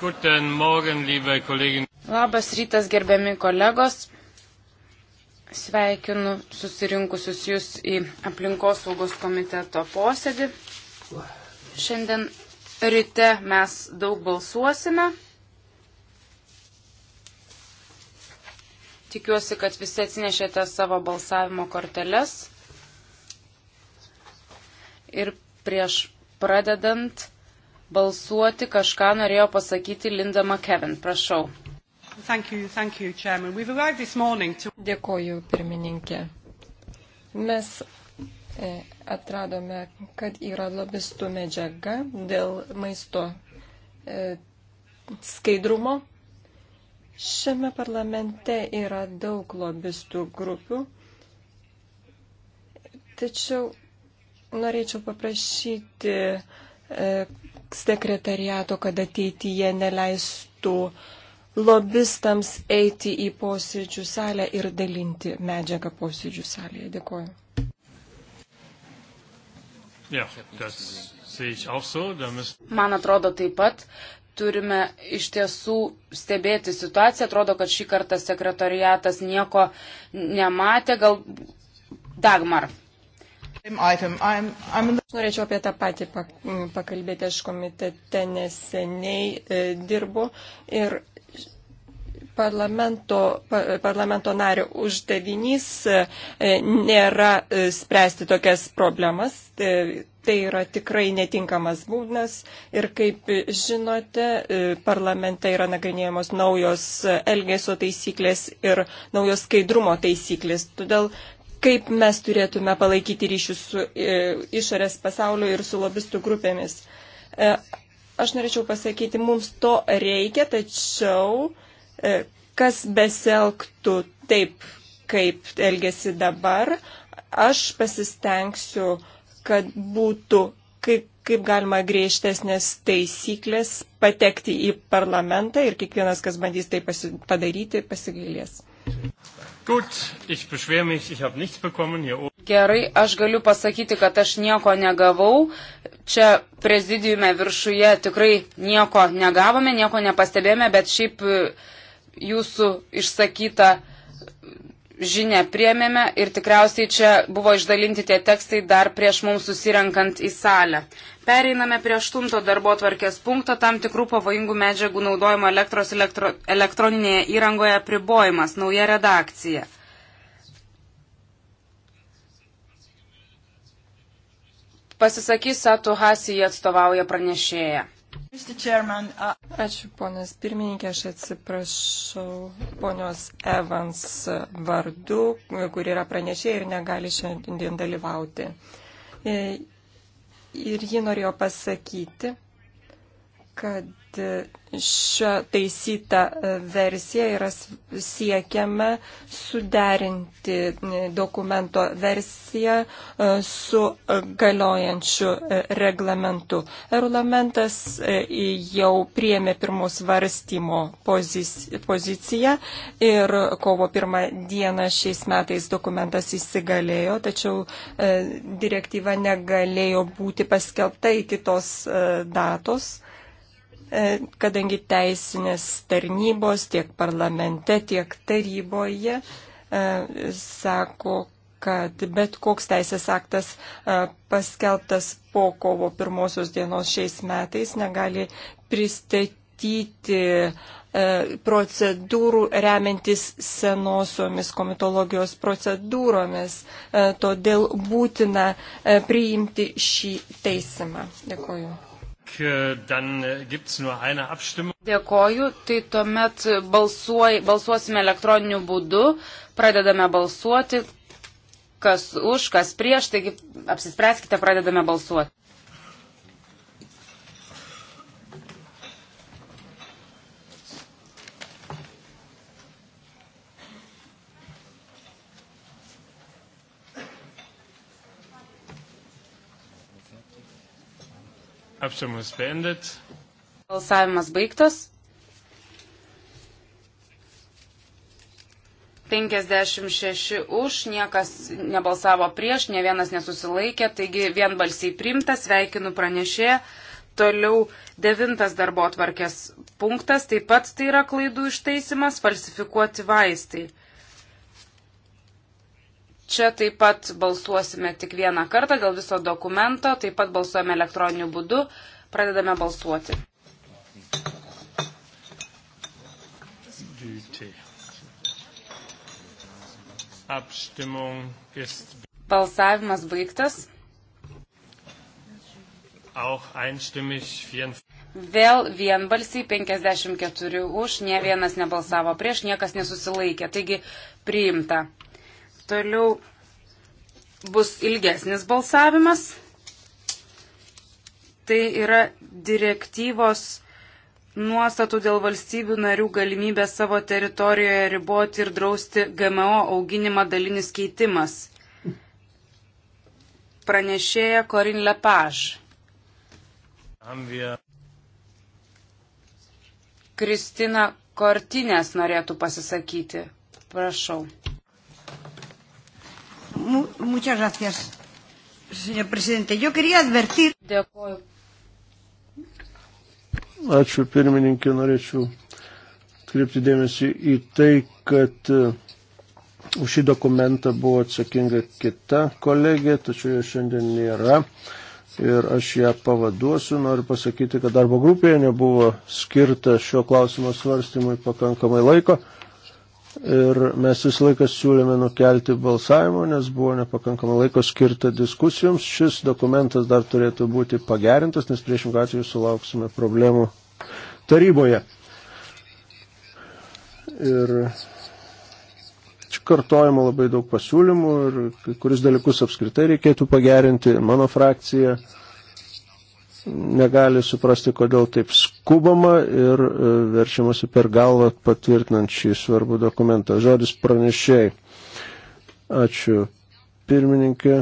Guten Morgen, liebe Kolleginnen. Labas rytas, gerbiami kolegos. Sveikinu susirinkusius jūs į aplinkosaugos komiteto posėdį. Šiandien ryte mes daug balsuosime. Tikiuosi, kad visi atsinešėte savo balsavimo korteles. Ir prieš pradedant balsuoti, kažką norėjo pasakyti Linda McKevin. Prašau. Thank you, thank you, to... Dėkoju, pirmininkė. Mes e, atradome, kad yra lobistų medžiaga dėl maisto e, skaidrumo. Šiame parlamente yra daug lobistų grupių, tačiau norėčiau paprašyti e, sekretariato, kad ateityje neleistų lobistams eiti į posėdžių salę ir dalinti medžiagą posėdžių salėje. Dėkuoju. Man atrodo taip pat, turime iš tiesų stebėti situaciją. Atrodo, kad šį kartą sekretariatas nieko nematė. Gal Dagmar. Norėčiau apie tą patį mm, pakalbėti, aš komitete neseniai e, dirbu ir parlamento, parlamento nario uždavinys e, nėra e, spręsti tokias problemas. Tai yra tikrai netinkamas būdas ir kaip žinote, parlamente yra nagrinėjamos naujos elgesio taisyklės ir naujos skaidrumo taisyklės. Todėl kaip mes turėtume palaikyti ryšius su e, išorės pasaulio ir su lobistų grupėmis. E, aš norėčiau pasakyti, mums to reikia, tačiau e, kas beselgtų taip, kaip elgesi dabar, aš pasistengsiu, kad būtų kaip, kaip galima griežtesnės taisyklės patekti į parlamentą ir kiekvienas, kas bandys tai pasi padaryti, pasigailės. Gut, ich beschwer mich, ich habe nichts bekommen hier oben. Gerai, aš galiu pasakyti, kad aš nieko negavau. Čia prezidiume viršuje tikrai nieko negavome, nieko nepastebėjome, bet šiaip e, jūsų išsakytą žinę priemėme ir tikriausiai čia buvo išdalinti tie tekstai dar prieš mums susirenkant į salę. Pereiname prie aštunto darbo tvarkės punkto tam tikrų pavojingų medžiagų naudojimo elektros elektro, elektroninėje įrangoje apribojimas, nauja redakcija. Pasisakys Satu Hasi, jie atstovauja pranešėją. Uh, Ačiū, ponas pirmininkė, aš atsiprašau ponios Evans vardu, kur yra pranešėja ir negali šiandien dalyvauti e, ir ji norėjo pasakyti, kad šią taisytą versiją yra siekiama suderinti dokumento versiją e, su galiojančiu e, reglamentu. Reglamentas e, jau priemė pirmos varstymo poziciją ir kovo pirmą dieną šiais metais dokumentas įsigalėjo, tačiau direktyva negalėjo būti paskelbta iki tos datos. E, kadangi teisinės tarnybos tiek parlamente, tiek taryboje e, sako, kad bet koks teisės aktas e, paskelbtas po kovo pirmosios dienos šiais metais negali pristatyti procedūrų remiantis senosiomis komitologijos procedūromis. Todėl būtina priimti šį teisimą. Dėkuoju. E, e, Dėkoju, tai tuomet balsuoj, balsuosime elektroniniu būdu, pradedame balsuoti, kas už, kas prieš, taigi apsispręskite, pradedame balsuoti. Apšimus bendit. Balsavimas baigtas. 56 už, niekas nebalsavo prieš, ne vienas nesusilaikė, taigi vienbalsiai primtas, sveikinu pranešė. Toliau devintas darbo atvarkės punktas, taip pat tai yra klaidų ištaisimas, falsifikuoti vaistai. Čia taip pat balsuosime tik vieną kartą dėl viso dokumento, taip pat balsuojame elektroniniu būdu, pradedame balsuoti. Balsavimas baigtas. Vėl vienbalsiai 54 už, ne vienas nebalsavo prieš, niekas nesusilaikė, taigi priimta. Toliau bus ilgesnis balsavimas. Tai yra direktyvos nuostatų dėl valstybių narių galimybę savo teritorijoje riboti ir drausti GMO auginimą dalinis keitimas. Pranešėja Korin Lepage. Kristina Kortinės norėtų pasisakyti. Prašau. Mu muchas gracias, señor presidente. Yo quería advertir. Dėkuoju. Ačiū pirmininkė, norėčiau kreipti dėmesį į tai, kad e, už šį dokumentą buvo atsakinga kita kolegė, tačiau jo šiandien nėra. Ir aš ją pavaduosiu, noriu pasakyti, kad darbo grupėje nebuvo skirta šio klausimo svarstymui pakankamai laiko ir mes visą laiką siūlėme nukelti balsavimo, nes buvo nepakankamai laiko skirta diskusijoms. Šis dokumentas dar turėtų būti pagerintas, nes priešingą atveju sulauksime problemų taryboje. Ir čia kartojama labai daug pasiūlymų ir kuris dalykus apskritai reikėtų pagerinti. Mano frakcija negali suprasti, kodėl taip skubama ir e, verčiamasi per galvą patvirtinant šį svarbų dokumentą. Žodis pranešėjai. Ačiū pirmininkė.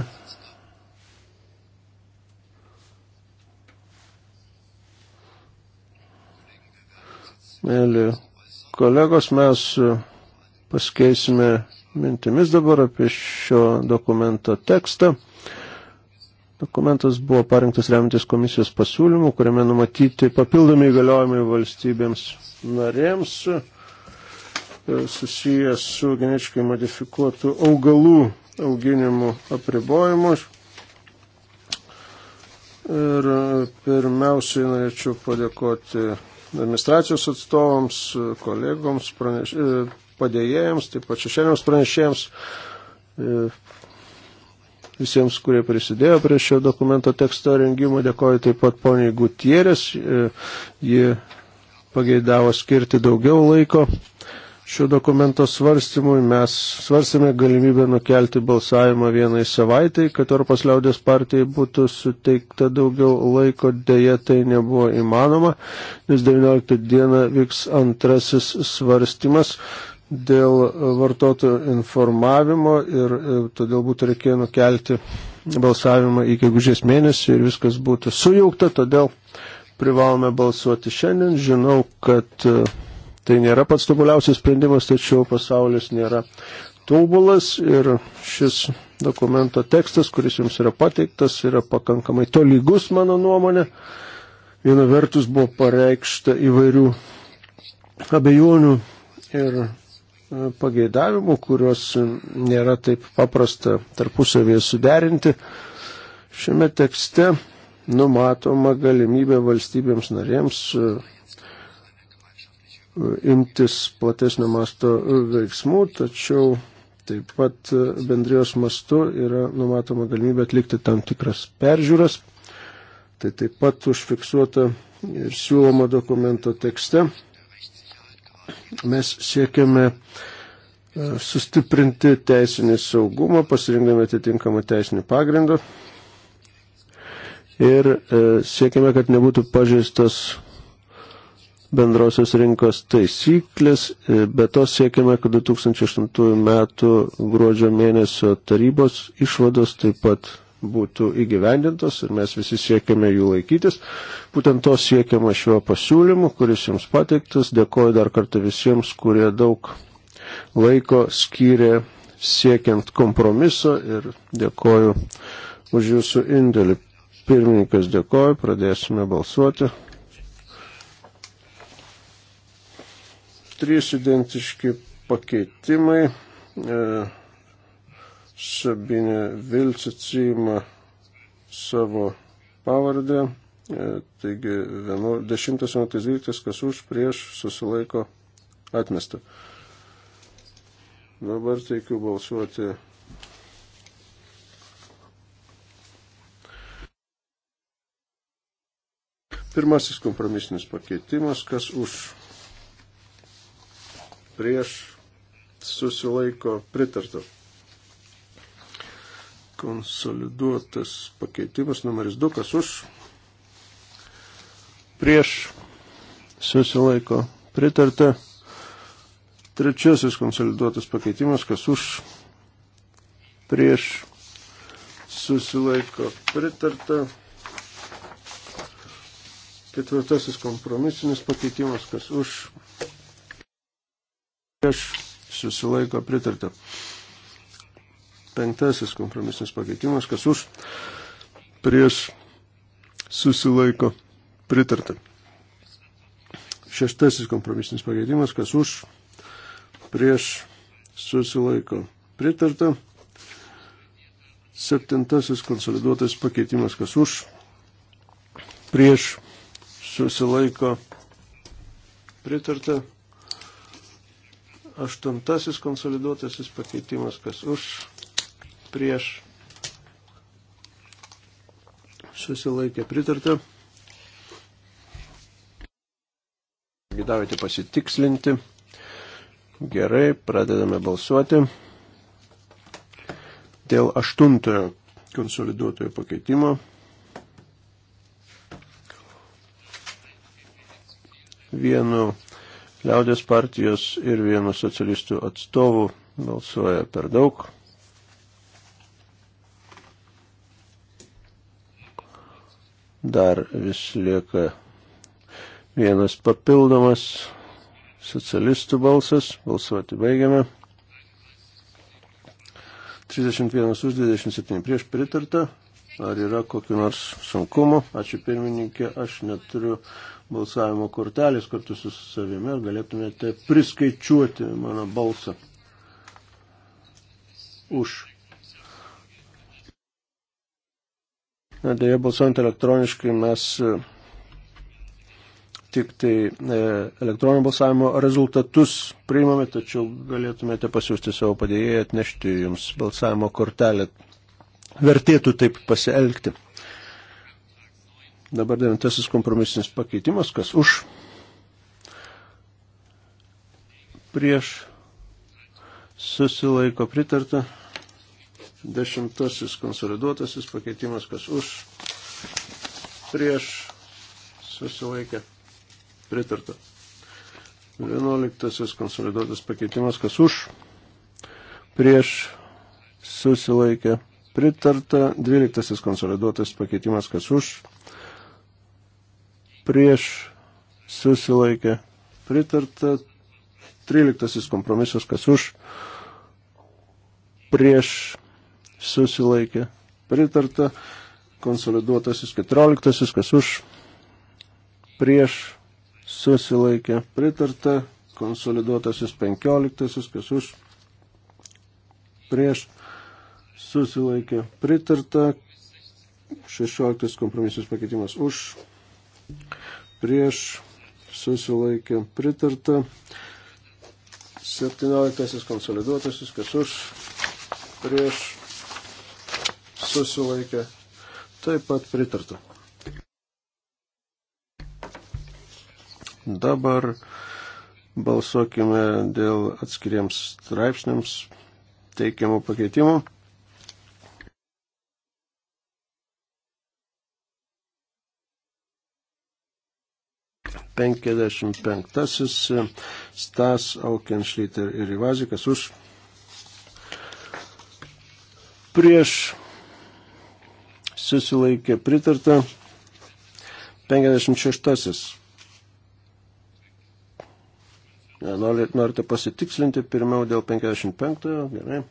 Mėly kolegos, mes paskeisime mintimis dabar apie šio dokumento tekstą. Dokumentas buvo parinktas remtis komisijos pasiūlymų, kuriame numatyti papildomi įgaliojimai valstybėms narėms e, susijęs su genetiškai modifikuotų augalų auginimu apribojimu. Ir e, pirmiausiai norėčiau padėkoti administracijos atstovams, kolegoms, praneš, e, padėjėjams, taip pat šešėliams pranešėjams visiems, kurie prisidėjo prie šio dokumento teksto rengimo. Dėkoju taip pat poniai Gutierės. Ji pageidavo skirti daugiau laiko šio dokumento svarstymui. Mes svarstėme galimybę nukelti balsavimą vienai savaitai, kad Europos liaudės partijai būtų suteikta daugiau laiko. Deja, tai nebuvo įmanoma, nes 19 dieną vyks antrasis svarstymas dėl vartotojų informavimo ir e, todėl būtų reikėjo nukelti balsavimą į gegužės mėnesį ir viskas būtų sujaukta, todėl privalome balsuoti šiandien. Žinau, kad e, tai nėra pats tobuliausias sprendimas, tačiau pasaulis nėra tobulas ir šis dokumento tekstas, kuris jums yra pateiktas, yra pakankamai tolygus mano nuomonė. Viena vertus buvo pareikšta įvairių abejonių ir pageidavimų, kuriuos nėra taip paprasta tarpusavėje suderinti. Šiame tekste numatoma galimybė valstybėms narėms e, imtis platesnio masto veiksmų, tačiau taip pat bendrijos mastu yra numatoma galimybė atlikti tam tikras peržiūras. Tai taip pat užfiksuota ir siūloma dokumento tekste. Mes siekiame e, sustiprinti teisinį saugumą, pasirinkdami atitinkamą teisinį pagrindą ir e, siekime, kad nebūtų pažeistas bendrosios rinkos taisyklės, e, bet to siekime, kad 2008 metų gruodžio mėnesio tarybos išvados taip pat būtų įgyvendintos ir mes visi siekiame jų laikytis. Būtent to siekiama šiuo pasiūlymu, kuris jums pateiktas. Dėkoju dar kartą visiems, kurie daug laiko skyrė siekiant kompromiso ir dėkoju už jūsų indėlį. Pirmininkas dėkoju, pradėsime balsuoti. Trys identiški pakeitimai. E, Sabinė Vilč atsijima savo pavardę. E, taigi 10.11.12, kas už, prieš, susilaiko, atmesta. Dabar teikiu balsuoti. Pirmasis kompromisinis pakeitimas, kas už, prieš, susilaiko, pritartas. Konsoliduotas pakeitimas numeris 2, kas už. Prieš susilaiko pritarta. Trečiasis konsoliduotas pakeitimas, kas už. Prieš susilaiko pritarta. Ketvirtasis kompromisinis pakeitimas, kas už. Prieš susilaiko pritarta. Penktasis kompromisinis pakeitimas, kas už prieš susilaiko pritarta. Šeštasis kompromisinis pakeitimas, kas už prieš susilaiko pritarta. Septintasis konsoliduotas pakeitimas, kas už prieš susilaiko pritarta. Aštuntasis konsoliduotasis pakeitimas, kas už prieš susilaikė pritarta. Gidavote pasitikslinti. Gerai, pradedame balsuoti. Dėl aštuntojo konsoliduotojo pakeitimo. Vienu liaudės partijos ir vienu socialistų atstovu balsuoja per daug. Dar vis lieka vienas papildomas socialistų balsas. Balsuoti baigiame. 31 už 27 prieš pritarta. Ar yra kokiu nors sunkumu? Ačiū pirmininkė, aš neturiu balsavimo kortelės kartu su savimi. Ar galėtumėte priskaičiuoti mano balsą? Už Dėja, balsuojant elektroniškai mes e, tik tai e, elektroninio balsavimo rezultatus priimame, tačiau galėtumėte pasiūsti savo padėjėją atnešti jums balsavimo kortelę. Vertėtų taip pasielgti. Dabar devintasis kompromisinis pakeitimas, kas už, prieš, susilaiko pritarta. Dešimtasis konsoliduotasis pakeitimas, kas už, prieš, susilaikė, pritarta. Vienuoliktasis konsoliduotas pakeitimas, kas už, prieš, susilaikė, pritarta. Dvyliktasis konsoliduotas pakeitimas, kas už, prieš, susilaikė, pritarta. Tryliktasis kompromisas, kas už, prieš susilaikė pritarta, konsoliduotasis 14, kas už, prieš susilaikė pritarta, konsoliduotasis 15, kas už, prieš susilaikė pritarta, 16 kompromisijos pakeitimas už, prieš susilaikė pritarta, 17 konsoliduotasis, kas už, prieš susilaikė, taip pat pritarta. Dabar balsuokime dėl atskiriems straipsniams teikiamų pakeitimų. Penkiasdešimt penktasis Stas Aukenšlyter ir Ivazikas už prieš susilaikė pritarta. 56. Norite pasitikslinti pirmiau dėl 55. Gerai.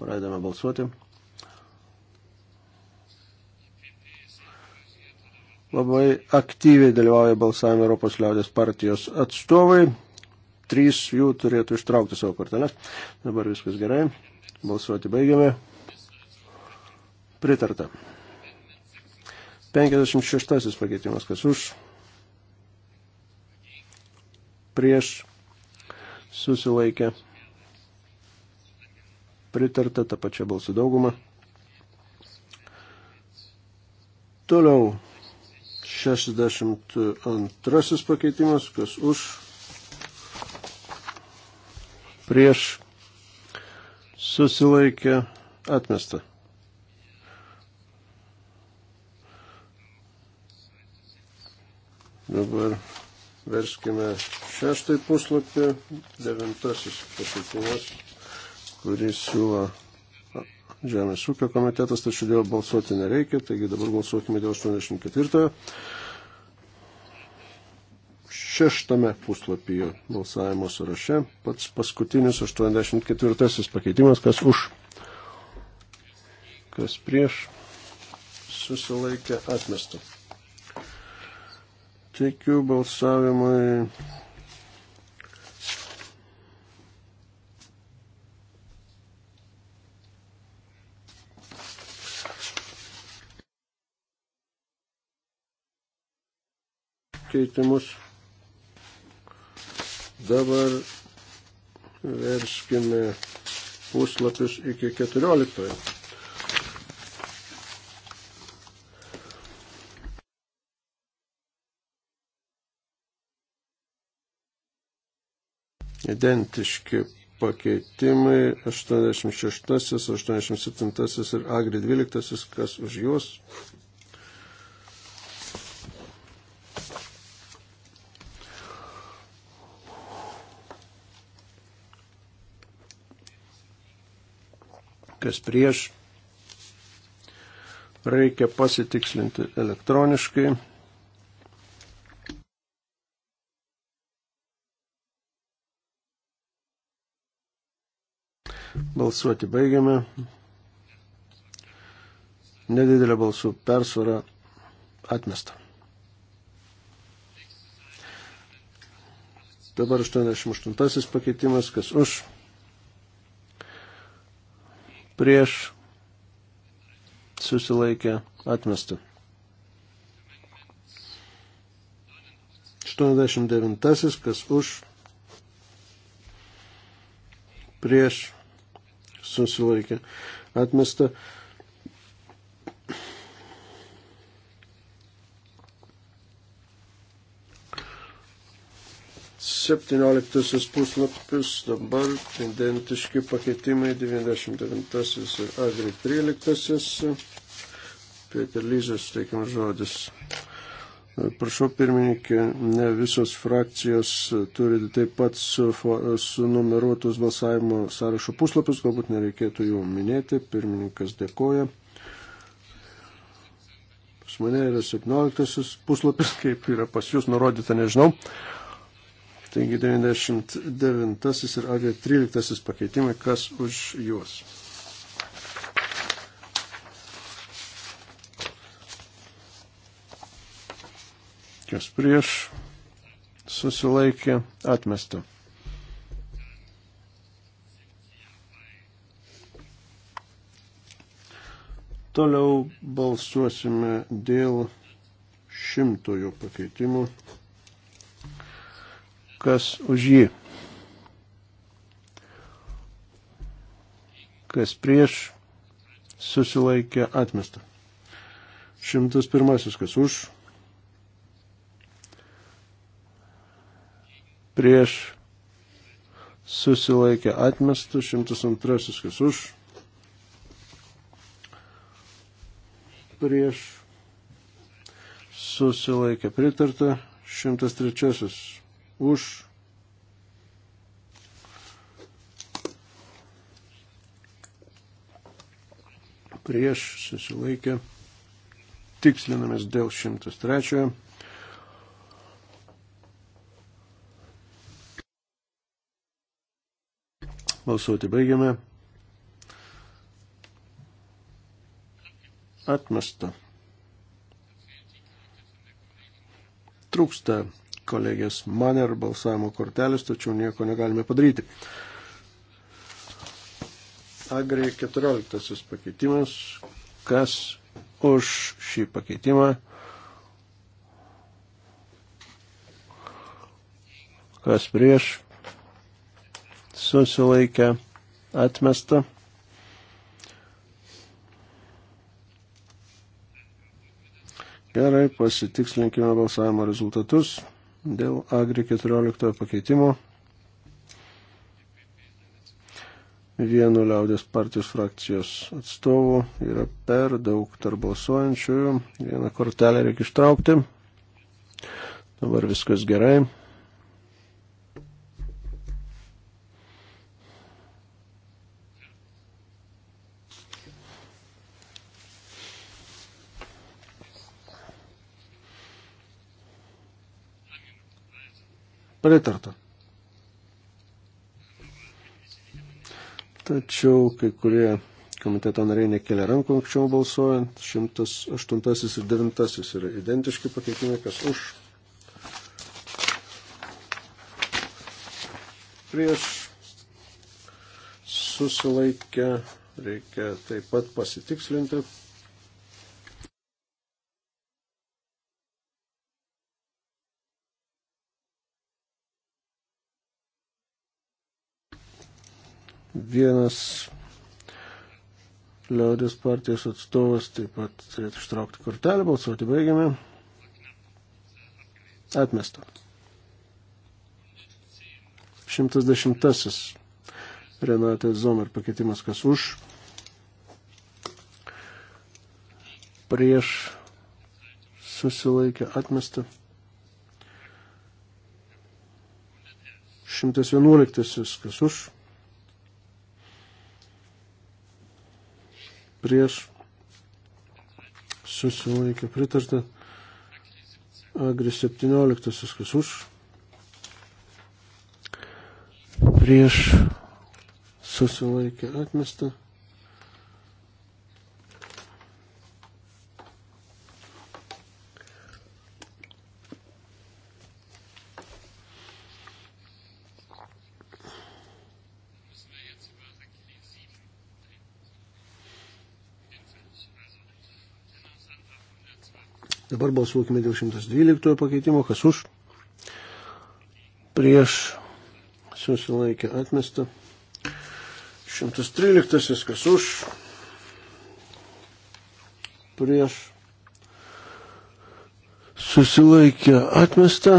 Pradedame balsuoti. Labai aktyviai dalyvauja balsavime Europos liaudės partijos atstovai. Trys jų turėtų ištraukti savo korteles. Dabar viskas gerai. Balsuoti baigiame. Pritarta. 56 pakeitimas, kas už, prieš, susilaikė, pritarta tą pačią balsų daugumą. Toliau 62 pakeitimas, kas už, prieš, susilaikė, atmesta. Dabar verskime šeštąjį puslapį, devintasis pakeitimas, kuris siūlo Žemės ūkio komitetas, tačiau dėl balsuoti nereikia, taigi dabar balsuokime dėl 84. Šeštame puslapyje balsavimo sąraše pats paskutinis 84 pakeitimas, kas už, kas prieš, susilaikė atmestą teikiu balsavimui. keitimus. Dabar verskime puslapius iki 14. Identiški pakeitimai 86, 87 ir Agri 12, kas už juos. Kas prieš. Reikia pasitikslinti elektroniškai. Balsuoti baigiame. Nedidelė balsų persvara atmesta. Dabar 88 pakeitimas, kas už, prieš, susilaikė, atmesta. 89 kas už, prieš, susilaikė atmesta. Septynioliktasis puslapis, dabar identiški pakeitimai, 99-asis ir agri 13-asis. Peter Lyzės teikiamas žodis. Prašau, pirmininkė, ne visos frakcijos turi taip pat sunumeruotus su balsavimo sąrašo puslapius, galbūt nereikėtų jų minėti. Pirmininkas dėkoja. Pas mane yra 17 puslapis, kaip yra pas jūs nurodyta, nežinau. Taigi 99 ir avė 13 pakeitimai, kas už juos. kas prieš, susilaikė, atmesta. Toliau balsuosime dėl šimtojo pakeitimo. Kas už jį? Kas prieš? Susilaikė atmestą. Šimtas pirmasis, kas už? prieš susilaikė atmestų, 102 kas už, prieš susilaikė pritarta, 103 už, prieš susilaikė, tikslinamės dėl 103. Balsuoti baigiame. Atmesta. Trūksta kolegės Maner balsavimo kortelės, tačiau nieko negalime padaryti. Agri 14 pakeitimas. Kas už šį pakeitimą? Kas prieš? susilaikę atmesta. Gerai, pasitikslinkime balsavimo rezultatus dėl Agri 14 pakeitimo. Vienu liaudės partijos frakcijos atstovų yra per daug tarp balsuojančiųjų. Vieną kortelę reikia ištraukti. Dabar viskas gerai. pritarta. Tačiau kai kurie komiteto nariai nekelia rankų anksčiau balsuojant. 108 ir 9 yra identiški pakeitimai, kas už. Prieš susilaikę reikia taip pat pasitikslinti. Vienas liaudės partijos atstovas taip pat turėtų ištraukti kortelę, balsuoti baigiame. Atmesta. 110. Renatė Zomer pakeitimas kas už. Prieš susilaikė atmesta. 111. kas už prieš susilaikė pritarta. Agri 17, kas už. Prieš susilaikė atmesta. Dabar balsuokime dėl 112 pakeitimo, kas už, prieš, susilaikė atmestą. 113 kas už, prieš, susilaikė atmestą.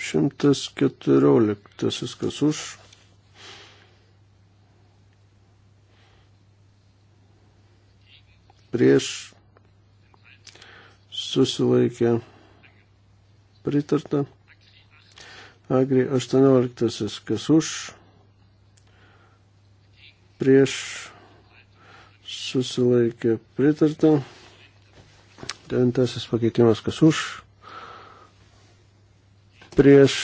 114 kas už. Prieš susilaikė pritarta. Agri 18, kas už, prieš susilaikė pritarta. Dentasis pakeitimas, kas už, prieš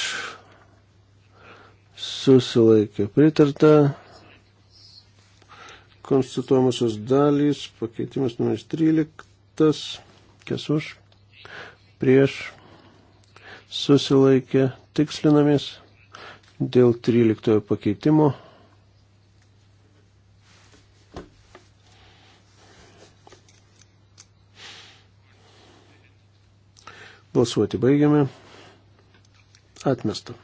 susilaikė pritarta. Konstituojamosios dalys, pakeitimas numeris 13 kas už, prieš, susilaikė, tikslinamis dėl 13 pakeitimo. Balsuoti baigiame. Atmesta.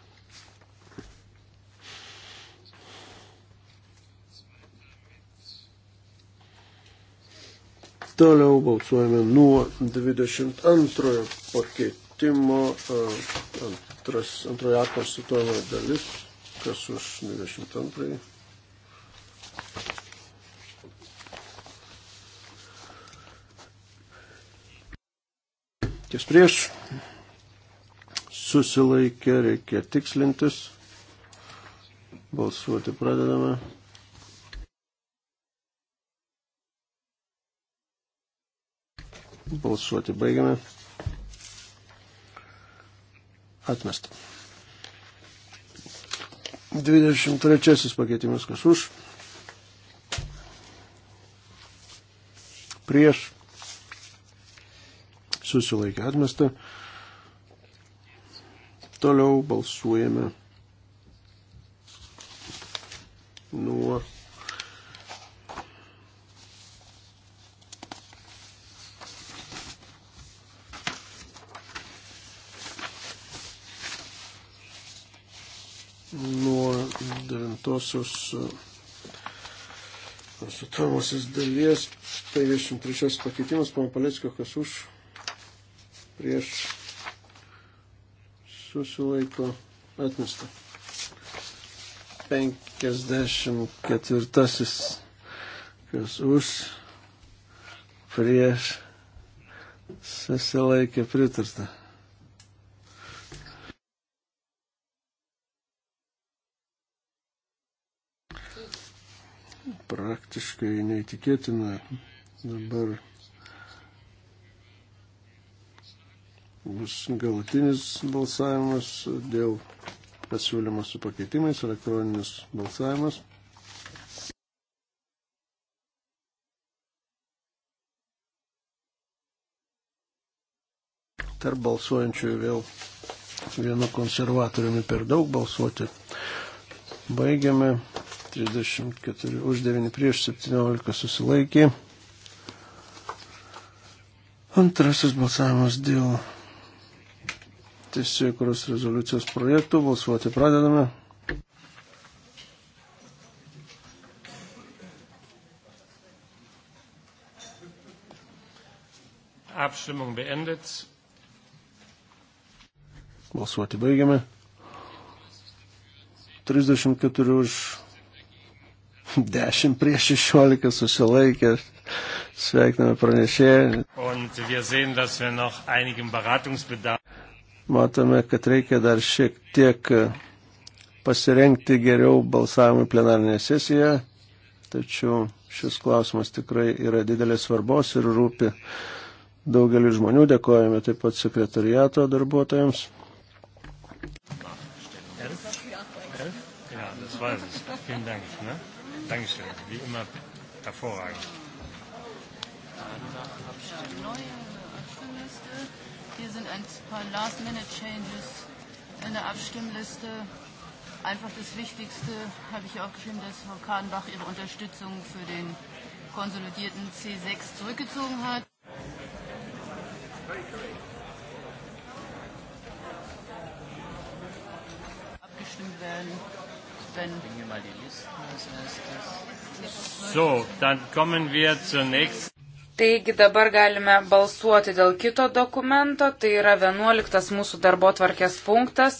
Toliau balsuojame nuo 22 pakeitimo e, antras, antrojo akto situojamoji dalis, kas už 22. Ties prieš susilaikė, reikia tikslintis. Balsuoti pradedame. Balsuoti baigiame. Atmesta. 23 pakeitimas kas už. Prieš. Susilaikė atmesta. Toliau balsuojame nuo pirmosios e, konsultuojamosios dalies, 53 pakeitimas, pana Paleckio, kas už, prieš, susilaiko, atmesta. 54, kas už, prieš, susilaikė, pritarta. praktiškai neįtikėtina dabar bus galutinis balsavimas dėl pasiūlymo su pakeitimais, elektroninis balsavimas. Tarp balsuojančiųjų vėl vienu konservatoriumi per daug balsuoti. Baigiame. 34 už 9 prieš 17 susilaikė. Antrasis balsavimas dėl teisėkuros rezoliucijos projektų. Balsuoti pradedame. Abstimmung beendet. Balsuoti baigiame. 34 už 10 prieš 16 susilaikė. Sveikiname pranešėją. Matome, kad reikia dar šiek tiek e, pasirengti geriau balsavimui plenarinėje sesijoje, tačiau šis klausimas tikrai yra didelės svarbos ir rūpi daugeliu žmonių. Dėkojame taip pat sekretariato darbuotojams. Ja, das weiß ich. Vielen Dank. Ne? Dankeschön. Wie immer hervorragend. Neue Abstimmliste. Hier sind ein paar Last-Minute-Changes in der Abstimmliste. Einfach das Wichtigste habe ich auch geschrieben, dass Frau Kahnbach ihre Unterstützung für den konsolidierten C6 zurückgezogen hat. Abgestimmt werden. So, dann kommen wir zur nächsten. Taigi dabar galime balsuoti dėl kito dokumento, tai yra 11 mūsų darbo tvarkės punktas.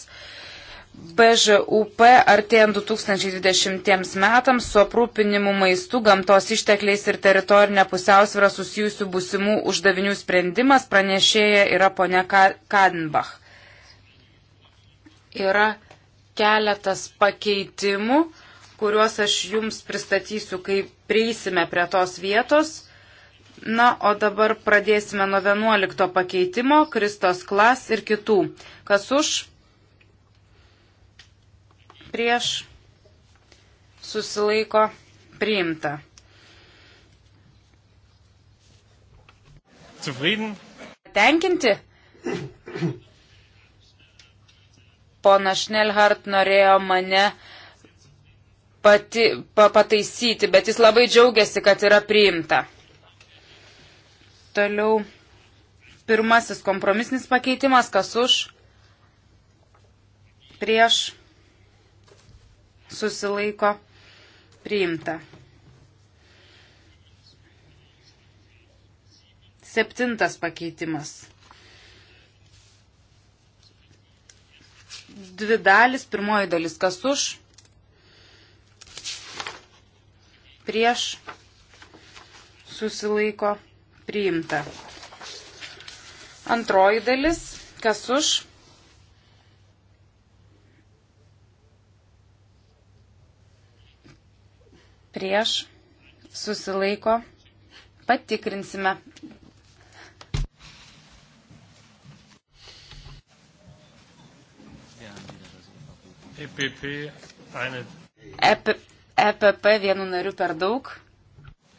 BŽUP artėjant 2020 metams su aprūpinimu maistu, gamtos ištekliais ir teritorinė pusiausvėra susijusių būsimų uždavinių sprendimas pranešėja yra ponia Kadenbach. Yra keletas pakeitimų, kuriuos aš jums pristatysiu, kai prieisime prie tos vietos. Na, o dabar pradėsime nuo 11 pakeitimo, Kristos klas ir kitų. Kas už? Prieš susilaiko priimta. Zufrieden? Tenkinti? pona Šnelhart norėjo mane pati, pa, pataisyti, bet jis labai džiaugiasi, kad yra priimta. Toliau pirmasis kompromisnis pakeitimas, kas už, prieš, susilaiko, priimta. Septintas pakeitimas. dvi dalis. Pirmoji dalis kas už, prieš, susilaiko, priimta. Antroji dalis kas už, prieš, susilaiko, patikrinsime EPP, eine... EP, EPP vienu nariu per daug.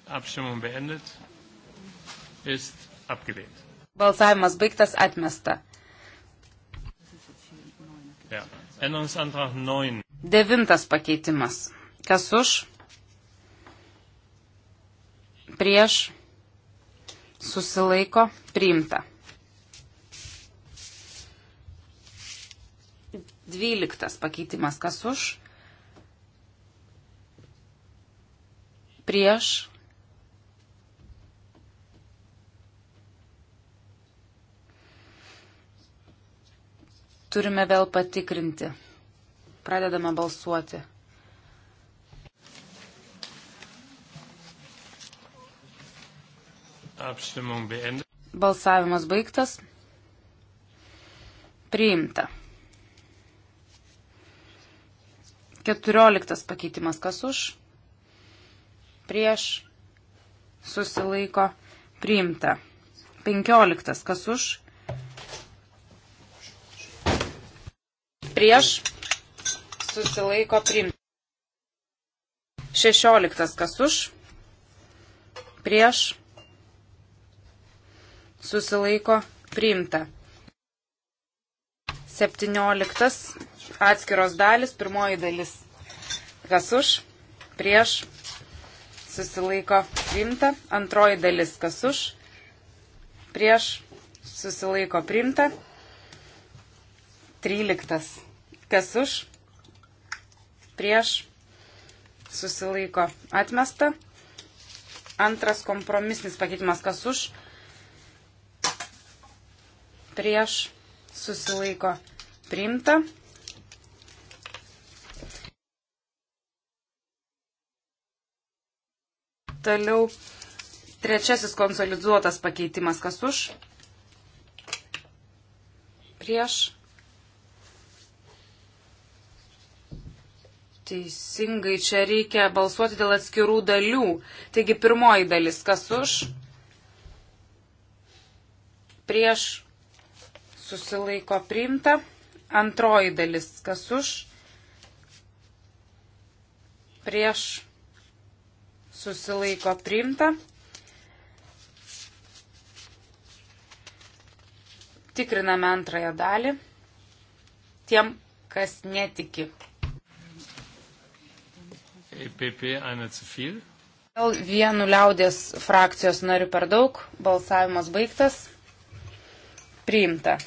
Apšimum beendet. Ist abgelehnt. Balsavimas baigtas atmesta. Ja. Änderungsantrag 9. Devintas pakeitimas. Kas už? Prieš. Susilaiko. Priimta. 12 pakeitimas kas už, prieš, turime vėl patikrinti. Pradedame balsuoti. Balsavimas baigtas. Priimta. Keturioliktas pakeitimas kas už, prieš, susilaiko, priimta. Penkioliktas kas už, prieš, susilaiko, priimta. Šešioliktas kas už, prieš, susilaiko, priimta. Septynioliktas atskiros dalis, pirmoji dalis, kas už, prieš, susilaiko priimta, antroji dalis, kas už, prieš, susilaiko priimta, tryliktas, kas už, prieš, susilaiko atmesta, antras kompromisnis pakeitimas, kas už, prieš, susilaiko priimta. Toliau trečiasis konsoliduotas pakeitimas. Kas už? Prieš. Teisingai, čia reikia balsuoti dėl atskirų dalių. Taigi pirmoji dalis. Kas už? Prieš. Susilaiko priimta. Antroji dalis. Kas už? Prieš susilaiko priimta. Tikriname antrąją dalį tiem, kas netiki. EPP eine zu viel. Vėl vienu liaudės frakcijos nariu per daug. Balsavimas baigtas. Priimta.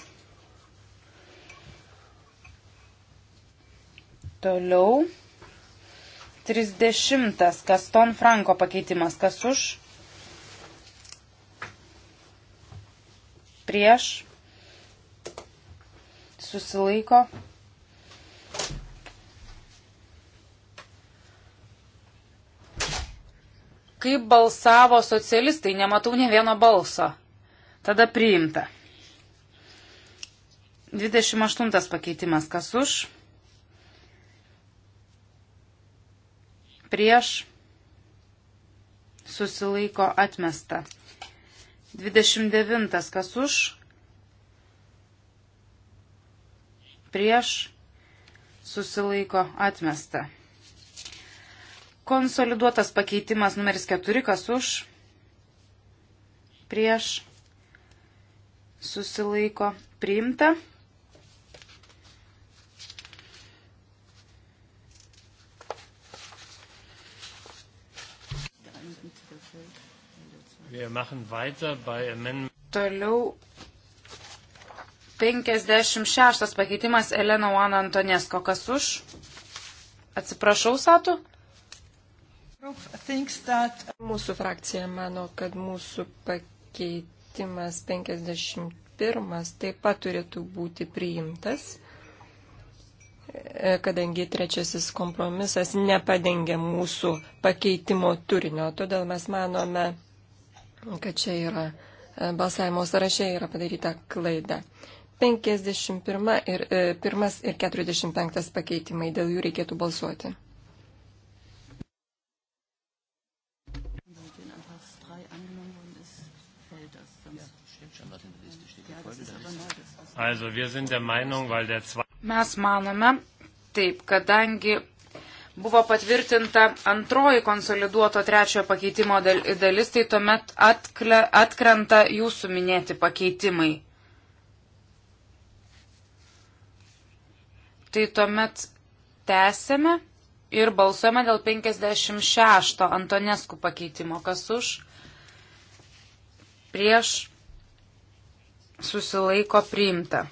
Toliau. 30. Kas Tom Franko pakeitimas. Kas už? Prieš. Susilaiko. Kaip balsavo socialistai, nematau ne vieno balso. Tada priimta. 28 pakeitimas. Kas už? prieš, susilaiko atmesta. 29 kas už, prieš, susilaiko atmesta. Konsoliduotas pakeitimas numeris 4 kas už, prieš, susilaiko priimta. Toliau 56 pakeitimas Elena Juan Antonesko. Kas už? Atsiprašau, Satu. That... Mūsų frakcija mano, kad mūsų pakeitimas 51 taip pat turėtų būti priimtas, e, kadangi trečiasis kompromisas nepadengia mūsų pakeitimo turinio. Todėl mes manome, kad čia yra e, balsavimo sąraše yra padaryta klaida. 51 ir, e, pirmas ir 45 pakeitimai, dėl jų reikėtų balsuoti. Mes manome, taip, kadangi buvo patvirtinta antroji konsoliduoto trečiojo pakeitimo dalis, tai tuomet atkle, atkrenta jūsų minėti pakeitimai. Tai tuomet tęsėme ir balsuojame dėl 56 Antoneskų pakeitimo. Kas už? Prieš susilaiko priimta.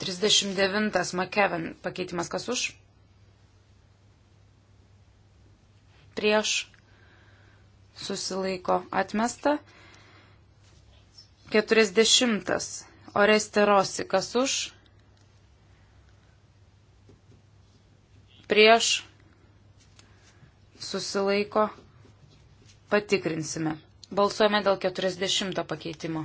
39 McKevin pakeitimas. Kas už? prieš susilaiko atmesta. 40. Oresterosi, kas už, prieš susilaiko patikrinsime. Balsuojame dėl 40 pakeitimo.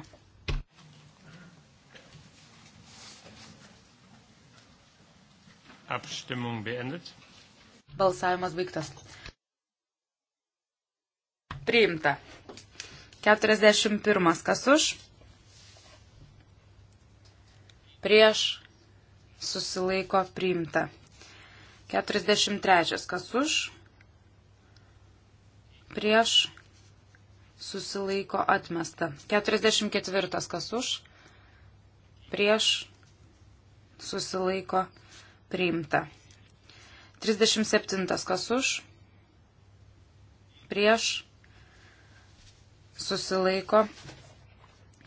Abstimmung beendet. Balsavimas baigtas priimta. 41. Kas už? Prieš susilaiko priimta. 43. Kas už? Prieš susilaiko atmesta. 44. Kas už? Prieš susilaiko priimta. 37. Kas už? Prieš susilaiko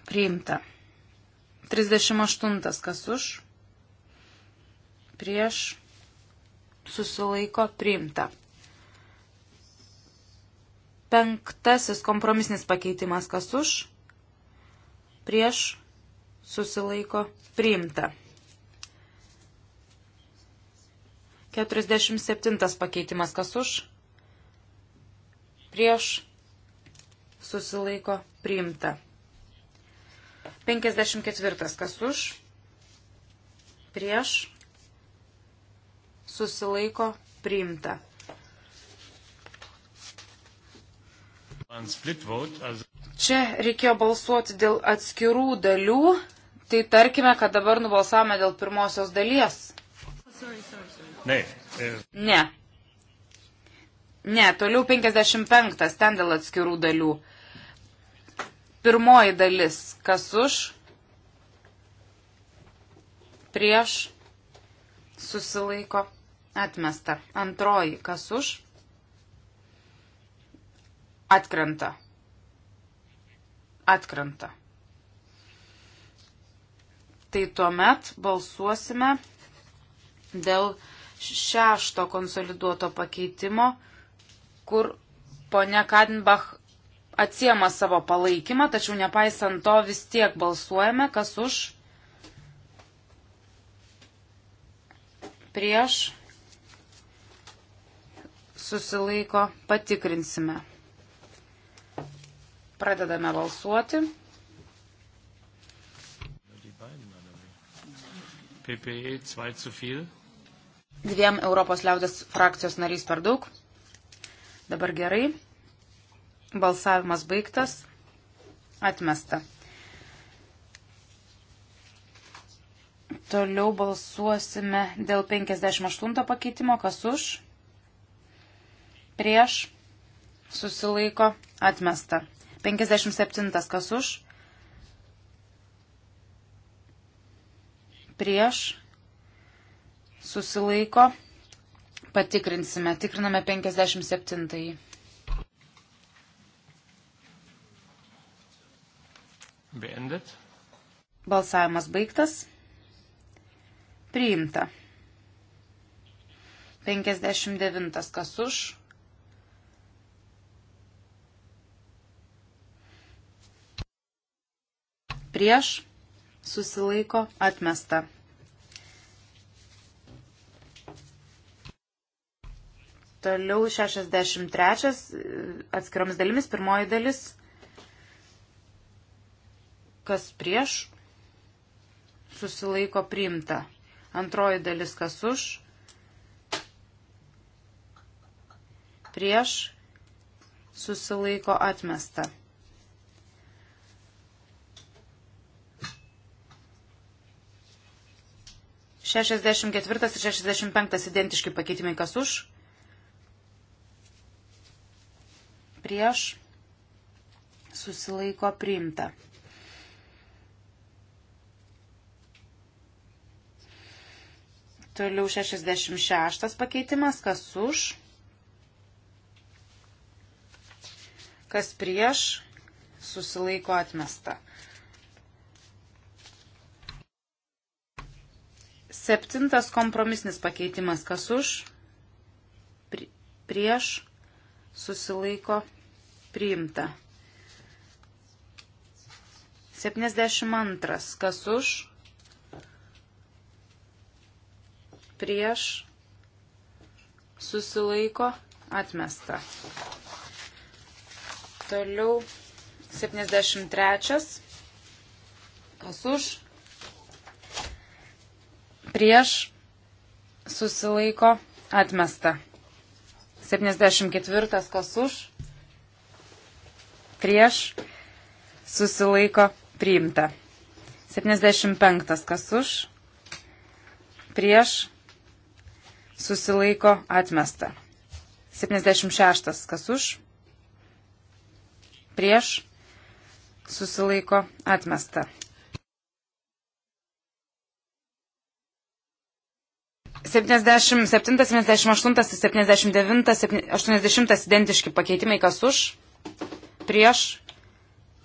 priimta. 38 kas už, prieš susilaiko priimta. Penktasis kompromisnis pakeitimas kas už, prieš susilaiko priimta. 47 pakeitimas kas už, prieš susilaiko priimta. 54. Kas už? Prieš susilaiko priimta. Čia reikėjo balsuoti dėl atskirų dalių, tai tarkime, kad dabar nubalsavome dėl pirmosios dalies. Ne. E- ne. Ne, toliau 55, ten dėl atskirų dalių. Pirmoji dalis, kas už, prieš, susilaiko, atmesta. Antroji, kas už, atkrenta. Atkrenta. Tai tuomet balsuosime dėl šešto konsoliduoto pakeitimo kur ponia Kadenbach atsiema savo palaikymą, tačiau nepaisant to vis tiek balsuojame, kas už, prieš, susilaiko, patikrinsime. Pradedame balsuoti. PPE 2 zu viel. Dviem Europos liaudės frakcijos narys per daug. Dabar gerai. Balsavimas baigtas. Atmesta. Toliau balsuosime dėl 58 pakeitimo. Kas už? Prieš. Susilaiko. Atmesta. 57. Kas už? Prieš. Susilaiko. Patikrinsime. Tikriname 57. Beendet. Balsavimas baigtas. Priimta. 59. Kas už? Prieš. Susilaiko. Atmesta. Toliau 63 atskiroms dalimis, pirmoji dalis, kas prieš, susilaiko priimta. Antroji dalis, kas už, prieš, susilaiko atmesta. Šešiasdešimt ketvirtas ir šešiasdešimt penktas identiški pakeitimai, kas už, prieš, susilaiko priimta. Toliau 66 pakeitimas, kas už, kas prieš, susilaiko atmesta. Septintas kompromisnis pakeitimas, kas už, prieš, susilaiko atmesta priimta. 72. Kas už? Prieš. Susilaiko. Atmesta. Toliau 73. Kas už? Prieš. Susilaiko. Atmesta. 74. Kas už? prieš, susilaiko priimta. 75 kas už, prieš, susilaiko atmesta. 76 kas už, prieš, susilaiko atmesta. 77, 78, 79, 80 identiški pakeitimai kas už, prieš,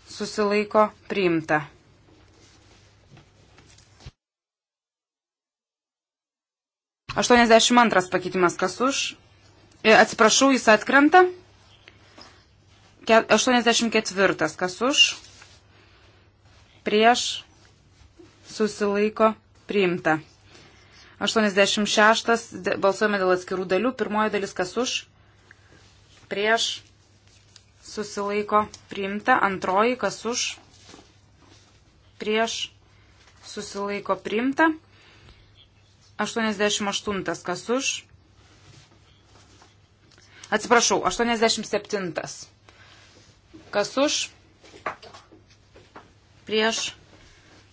susilaiko priimta. Aštuoniasdešimt antras pakeitimas kas už. E, atsiprašau, jis atkrenta. 84 kas už. Prieš susilaiko priimta. 86 balsuojame dėl atskirų dalių. Pirmoji dalis kas už. Prieš susilaiko priimta, antroji kas už, prieš susilaiko priimta, 88 kas už, atsiprašau, 87 kas už, prieš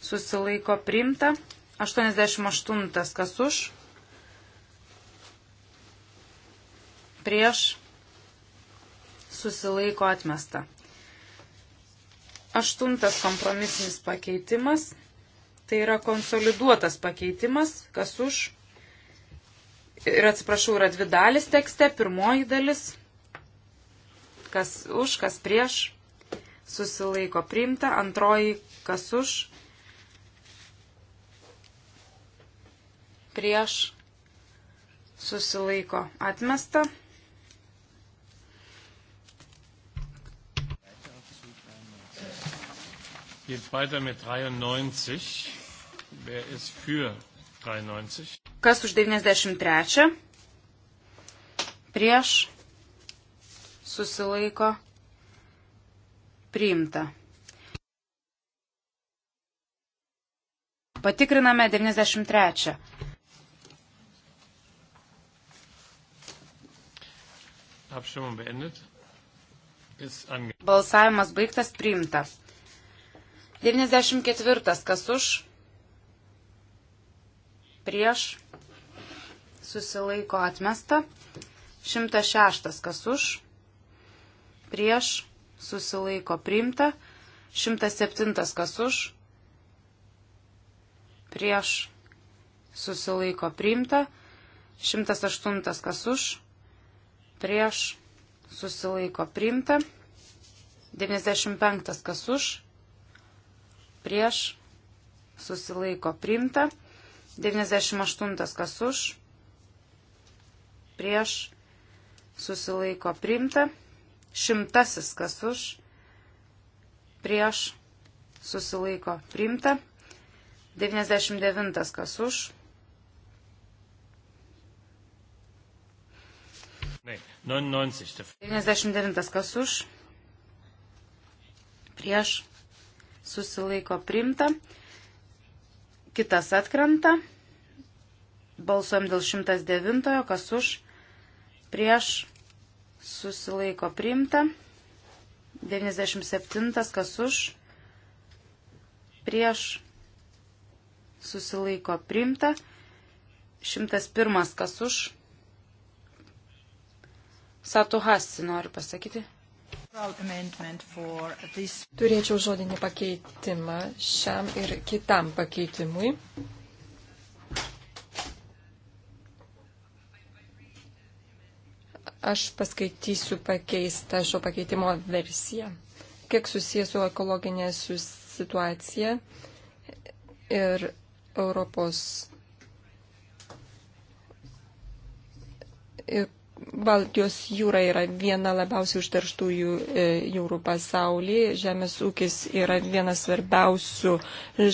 susilaiko priimta, 88 kas už, prieš susilaiko atmesta. Aštuntas kompromisinis pakeitimas. Tai yra konsoliduotas pakeitimas, kas už. Ir atsiprašau, yra dvi dalis tekste. Pirmoji dalis, kas už, kas prieš, susilaiko priimta. Antroji, kas už, prieš, susilaiko atmesta. geht weiter mit 93. Wer ist für 93? Kas už 93? Prieš susilaiko priimta. Patikriname 93. Balsavimas baigtas priimta. 94. Kas už? Prieš. Susilaiko atmesta. 106. Kas už? Prieš. Susilaiko priimta. 107. Kas už? Prieš. Susilaiko priimta. 108. Kas už? Prieš. Susilaiko priimta. 95. Kas už? prieš, susilaiko priimta. 98 kas už, prieš, susilaiko priimta. Šimtasis kas už, prieš, susilaiko priimta. 99 kas už. Ne, 99 kas už, prieš, susilaiko primta, kitas atkrenta, balsuojam dėl 109, kas už, prieš susilaiko primta, 97, kas už, prieš susilaiko primta, 101, kas už, Satuhasi noriu pasakyti, Turėčiau žodinį pakeitimą šiam ir kitam pakeitimui. Aš paskaitysiu pakeistą šio pakeitimo versiją. Kiek susijęs su ekologinė situacija ir Europos ir Baltijos jūra yra viena labiausiai užterštųjų e, jūrų pasaulyje. Žemės ūkis yra vienas svarbiausių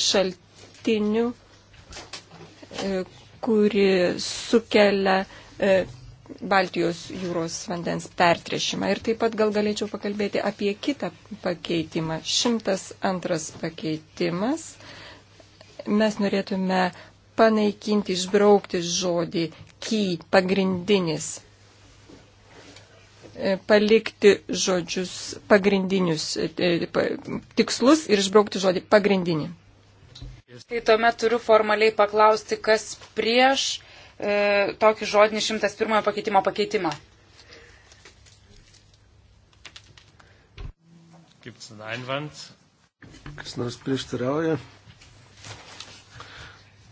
šaltinių, e, kuri sukelia e, Baltijos jūros vandens pertrešimą. Ir taip pat gal galėčiau pakalbėti apie kitą pakeitimą. 102 pakeitimas. Mes norėtume panaikinti, išbraukti žodį key, pagrindinis E, palikti žodžius pagrindinius e, e, tikslus ir išbraukti žodį pagrindinį. Tai tuomet turiu formaliai paklausti, kas prieš e, tokį žodinį 101 pakeitimo pakeitimą. Kas nors prieštarauja?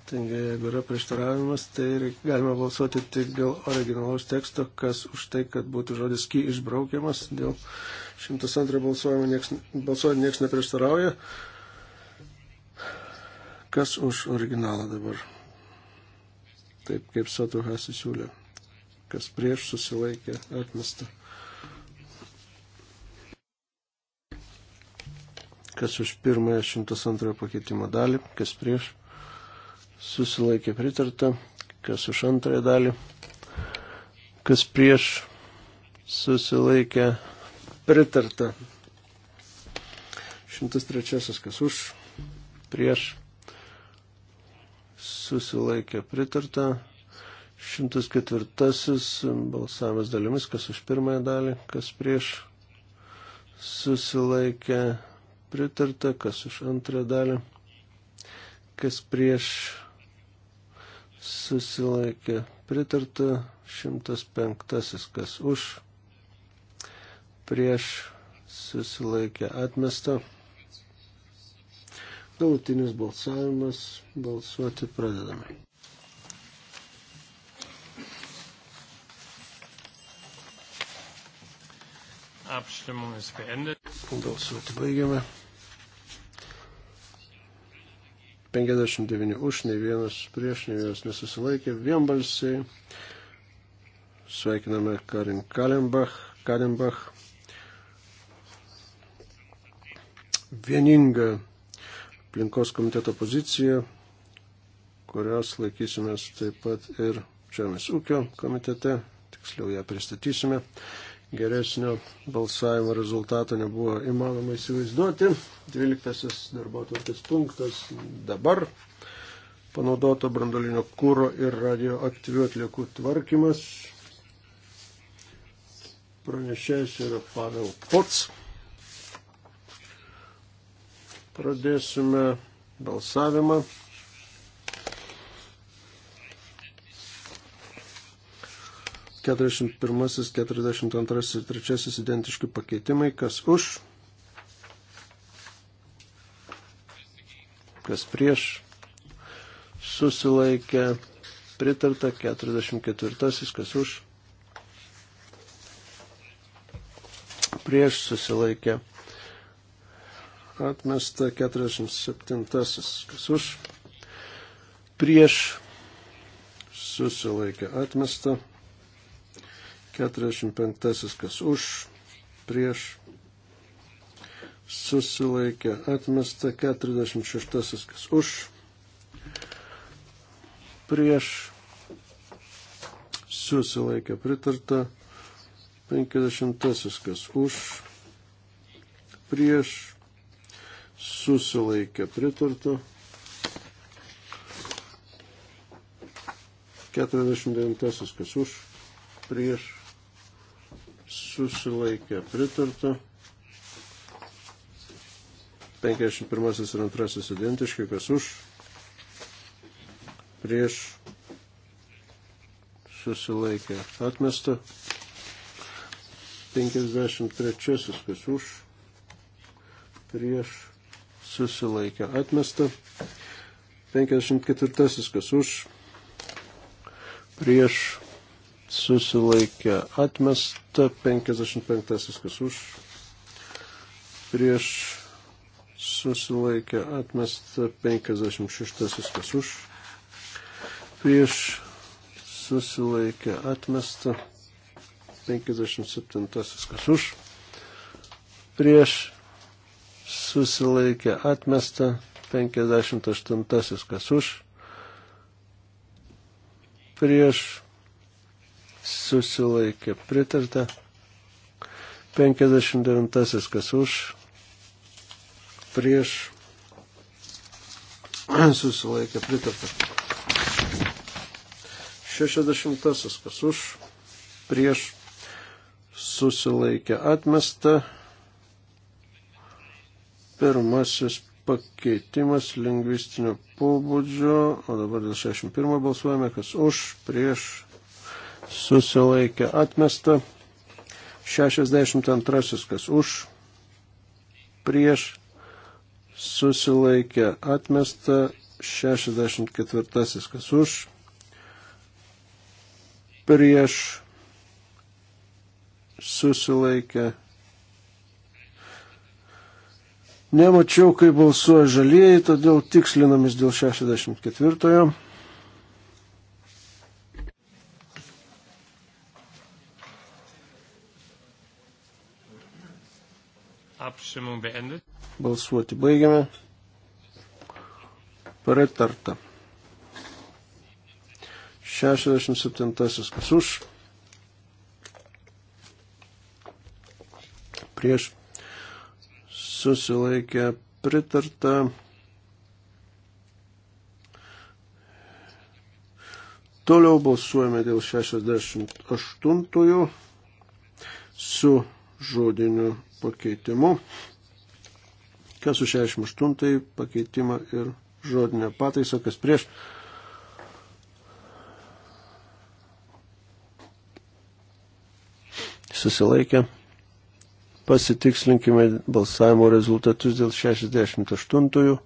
Taigi, jeigu yra prieštaravimas, tai galima balsuoti tik dėl originalaus teksto, kas už tai, kad būtų žodis ky išbraukiamas. Dėl 102 balsuojama nieks, balsuojant niekas neprieštarauja. Kas už originalą dabar? Taip kaip Satuhas įsiūlė. Kas prieš susilaikė atmestą. Kas už pirmąją 102 pakeitimo dalį, kas prieš susilaikė pritarta, kas už antrąją dalį, kas prieš susilaikė pritarta. 103 kas už, prieš susilaikė pritarta. 104 balsavimas dalimis, kas už pirmąją dalį, kas prieš susilaikė pritarta, kas už antrąją dalį, kas prieš susilaikė pritarta 105, kas už, prieš susilaikė atmesta. Galutinis balsavimas, balsuoti pradedame. Abstimmung ist beendet. Balsuoti baigiame. 59 už, ne vienas prieš, ne vienas nesusilaikė, vienbalsiai. Sveikiname Karin Kalembach. Kalembach. Vieninga aplinkos komiteto pozicija, kurios laikysimės taip pat ir Žemės ūkio komitete, tiksliau ją pristatysime geresnio balsavimo rezultato nebuvo įmanoma įsivaizduoti. 12 darbo atvarkės punktas dabar panaudoto brandolinio kūro ir radioaktyvių atliekų tvarkymas. Pranešėjas yra Pavel Pots. Pradėsime balsavimą. 41, 42 ir 3 identiški pakeitimai. Kas už? Kas prieš? Susilaikė. Pritarta 44, kas už? Prieš susilaikė. Atmesta 47, kas už? Prieš susilaikė. Atmesta 47 45. Kas už, prieš, susilaikė. Atmesta 46. Kas už, prieš, susilaikė. Pritarta 50. Kas už, prieš, susilaikė. Pritarta 49. Kas už, prieš, susilaikė pritarta. 51 ir 2 identiški, kas už, prieš, susilaikė atmesta. 53 kas už, prieš, susilaikė atmesta. 54 kas už, prieš, susilaikė atmesta 55 kas už prieš susilaikė atmesta 56 kas už prieš susilaikė atmesta 57 kas už prieš susilaikė atmesta 58 kas už prieš susilaikė pritarta. 59 kas už, prieš susilaikė pritarta. 60 kas už, prieš susilaikė atmesta. Pirmasis pakeitimas lingvistinio pobūdžio, o dabar dėl 61 balsuojame, kas už, prieš susilaikė atmesta. 62 kas už, prieš susilaikė atmesta. 64 kas už, prieš susilaikė. Nemačiau, kai balsuoja žalieji, todėl tikslinamis dėl 64. -ojo. Balsuoti baigiame. Pritarta. 67. Kas už? Prieš. Susilaikė pritarta. Toliau balsuojame dėl 68 su žodiniu pakeitimu. Kas už 68 pakeitimą ir žodinę pataisą, kas prieš. Susilaikė. Pasitikslinkime balsavimo rezultatus dėl 68. -ųjų.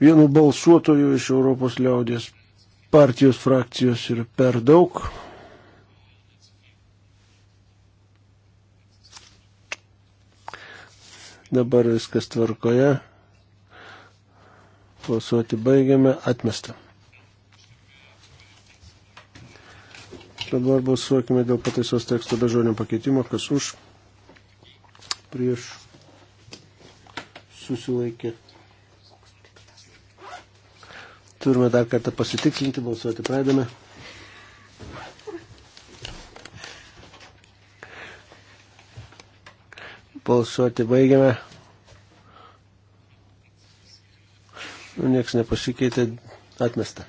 vienu balsuotoju iš Europos liaudės partijos frakcijos yra per daug. Dabar viskas tvarkoje. Balsuoti baigiame. Atmesta. Dabar balsuokime dėl pataisos teksto be žodinio pakeitimo. Kas už? Prieš. Susilaikė Turime dar kartą pasitikslinti, balsuoti pradame. Balsuoti baigiame. Nu, nieks nepasikeitė, atmesta.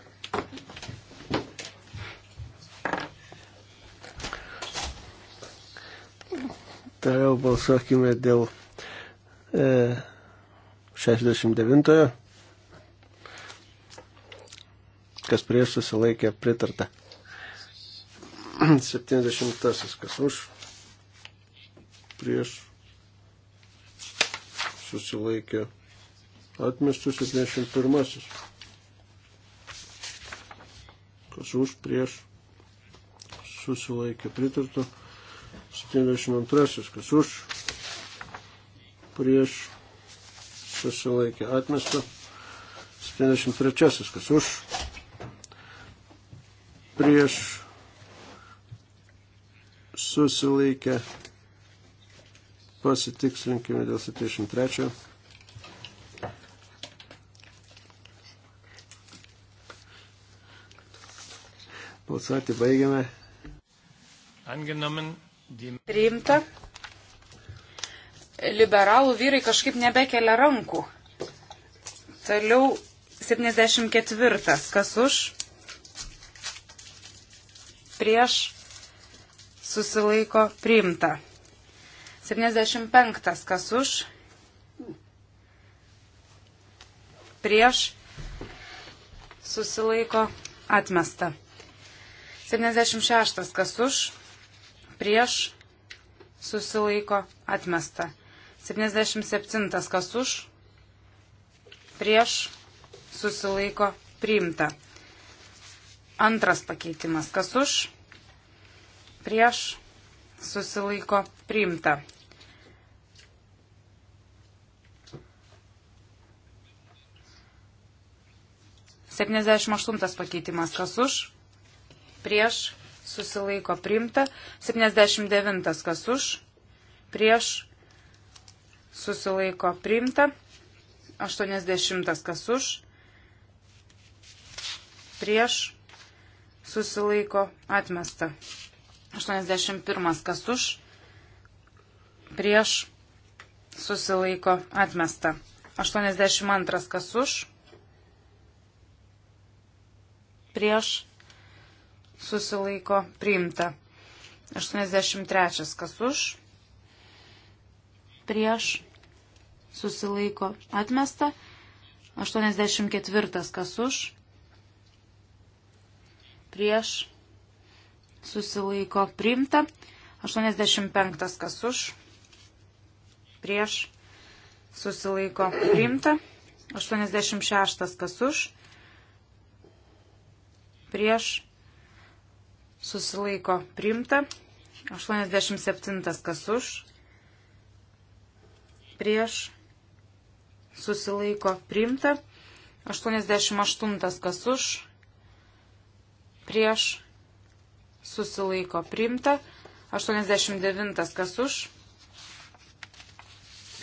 Toliau balsuokime dėl e, 69. -ojo kas prieš susilaikė pritarta. 70 kas už, prieš susilaikė atmestų 71. Kas už, prieš susilaikė pritarta. 72. Kas už, prieš susilaikė atmestą. 73. Kas už, prieš susilaikę. Pasitikslinkime dėl 73. Balsuoti baigiame. Priimta. Liberalų vyrai kažkaip nebekelia rankų. Toliau 74. Kas už? prieš susilaiko priimta. 75 kas už, prieš susilaiko atmesta. 76 kas už, prieš susilaiko atmesta. 77 kas už, prieš susilaiko priimta. Antras pakeitimas. Kas už? Prieš susilaiko priimta. Septyniasdešimt aštuntas pakeitimas. Kas už? Prieš susilaiko priimta. Septyniasdešimt devintas. Kas už? Prieš susilaiko priimta. 80 kas už, prieš susilaiko atmesta. 81 kas už, prieš susilaiko atmesta. 82 kas už, prieš susilaiko priimta. 83 kas už, prieš susilaiko atmesta. 84 kas už, prieš susilaiko priimta. 85 kas už, prieš susilaiko priimta. 86 kas už, prieš susilaiko priimta. 87 kas už, prieš susilaiko priimta. 88 kas už, prieš susilaiko priimta. 89 kas už,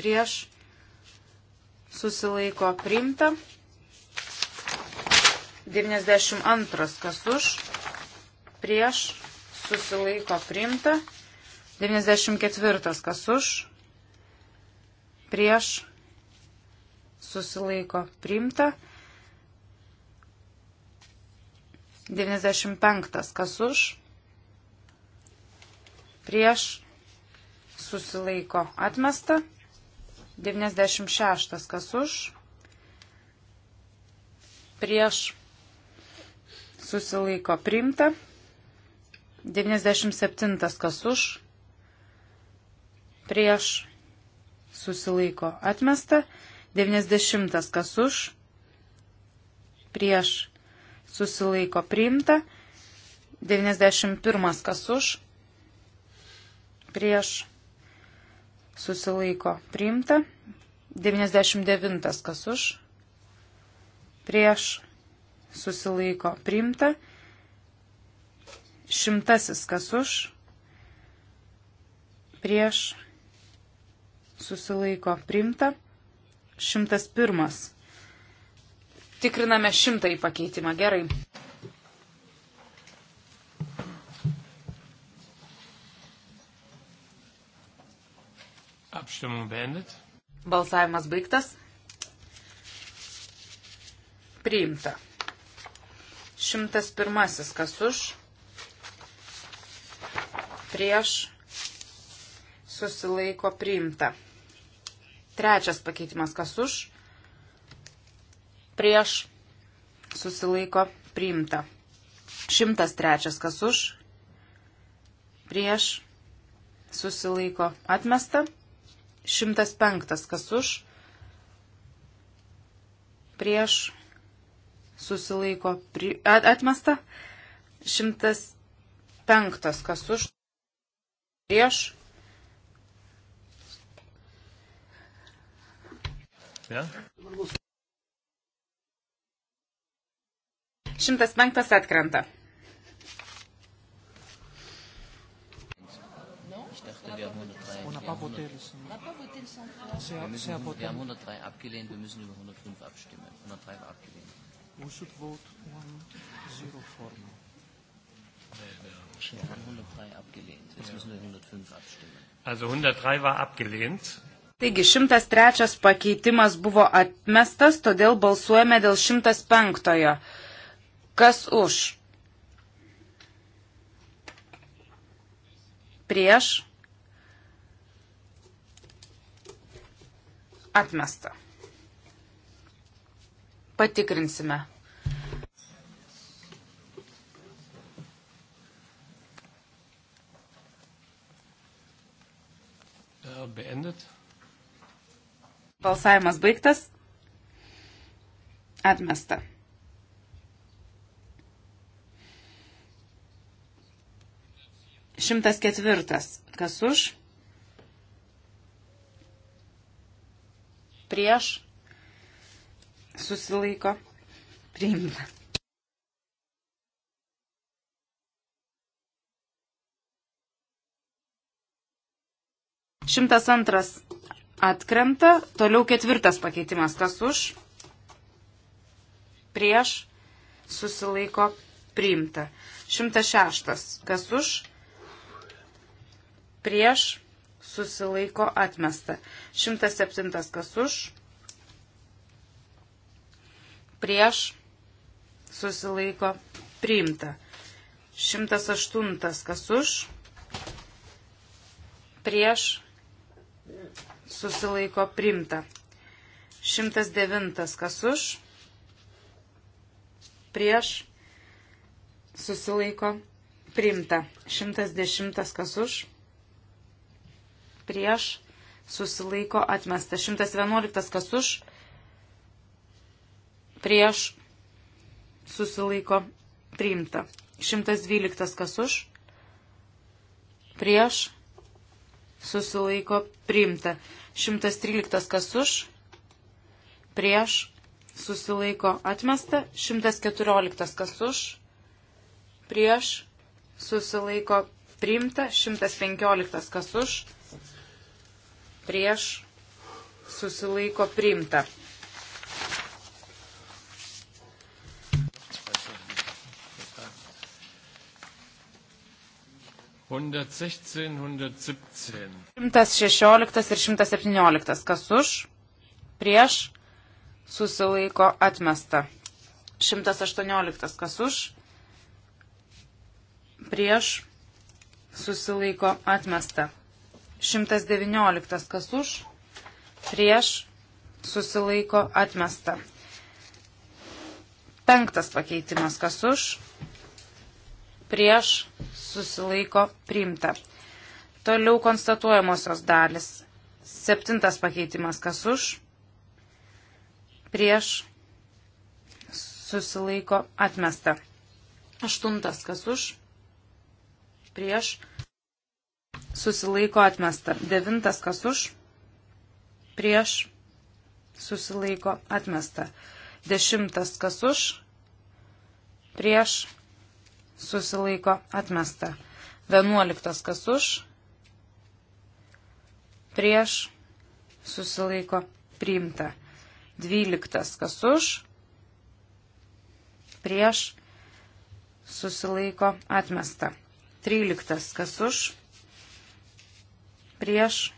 prieš susilaiko priimta. 92 kas už, prieš susilaiko priimta. 94 kas už, prieš susilaiko priimta. 95. Kas už? Prieš susilaiko atmesta. 96. Kas už? Prieš susilaiko primta. 97. Kas už? Prieš susilaiko atmesta. 90. Kas už? Prieš susilaiko priimta. 91 kas už, prieš susilaiko priimta. 99 kas už, prieš susilaiko priimta. Šimtasis kas už, prieš susilaiko priimta. Šimtas pirmas Tikriname šimtąjį pakeitimą. Gerai. Abstimmung beendet. Balsavimas baigtas. Priimta. 101. Kas už? Prieš. Susilaiko priimta. Trečias pakeitimas. Kas už? prieš susilaiko priimta. 103 kas už, prieš susilaiko atmesta. 105 kas už, prieš susilaiko pri, at, atmesta. 105 kas už, prieš. Ja? 105 atkrenta. On n'a pas voté le 103. C'est abordé. Wir haben 103 abgelehnt, wir müssen über 105 abstimmen. 103 war abgelehnt. We should vote 104 formal. Wir haben 103 abgelehnt, jetzt müssen wir 105 abstimmen. Also 103 war abgelehnt. Taigi 103 pakeitimas buvo atmestas, todėl balsuojame dėl 105. Kas už? Prieš. Atmesta. Patikrinsime. Äh, beendet. Balsavimas baigtas. Atmesta. 104. Kas už? Prieš. Susilaiko. Priimta. Šimtas antras atkrenta, toliau ketvirtas pakeitimas, kas už, prieš, susilaiko, priimta. Šimtas šeštas, kas už, prieš, susilaiko atmesta. 107 kas už, prieš, susilaiko priimta. 108 kas už, prieš, susilaiko priimta. 109 kas už, prieš, susilaiko priimta. 110 kas už prieš, susilaiko atmesta. 111 kas už, prieš, susilaiko priimta. 112 kas už, prieš, susilaiko priimta. 113 kas už, prieš, susilaiko atmesta. 114 kas už, prieš, susilaiko priimta. 115 kas už, prieš prieš susilaiko priimta. Šimtas šešioliktas ir šimtas septynioliktas. Kas už? Prieš susilaiko atmesta. Šimtas aštuonioliktas. Kas už? Prieš susilaiko atmesta. 119 kas už, prieš, susilaiko, atmesta. Penktas pakeitimas kas už, prieš, susilaiko, priimta. Toliau konstatuojamosios dalis. Septintas pakeitimas kas už, prieš, susilaiko, atmesta. Aštuntas kas už, prieš, susilaiko, atmesta susilaiko atmesta. Devintas kas už, prieš, susilaiko atmesta. Dešimtas kas už, prieš, susilaiko atmesta. Vienuoliktas kas už, prieš, susilaiko priimta. Dvyliktas kas už, prieš, susilaiko atmesta. Tryliktas kas už, prieš, susilaiko atmesta prieš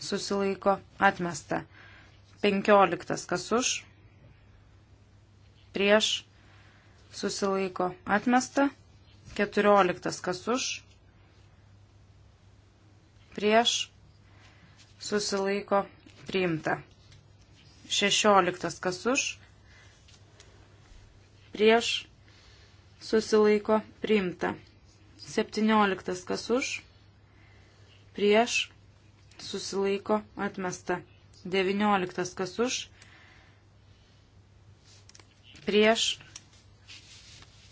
susilaiko atmesta. 15 kas už, prieš susilaiko atmesta. 14 kas už, prieš susilaiko priimta. 16 kas už, prieš susilaiko priimta. 17 kas už, prieš, susilaiko, atmesta. 19 kas už, prieš,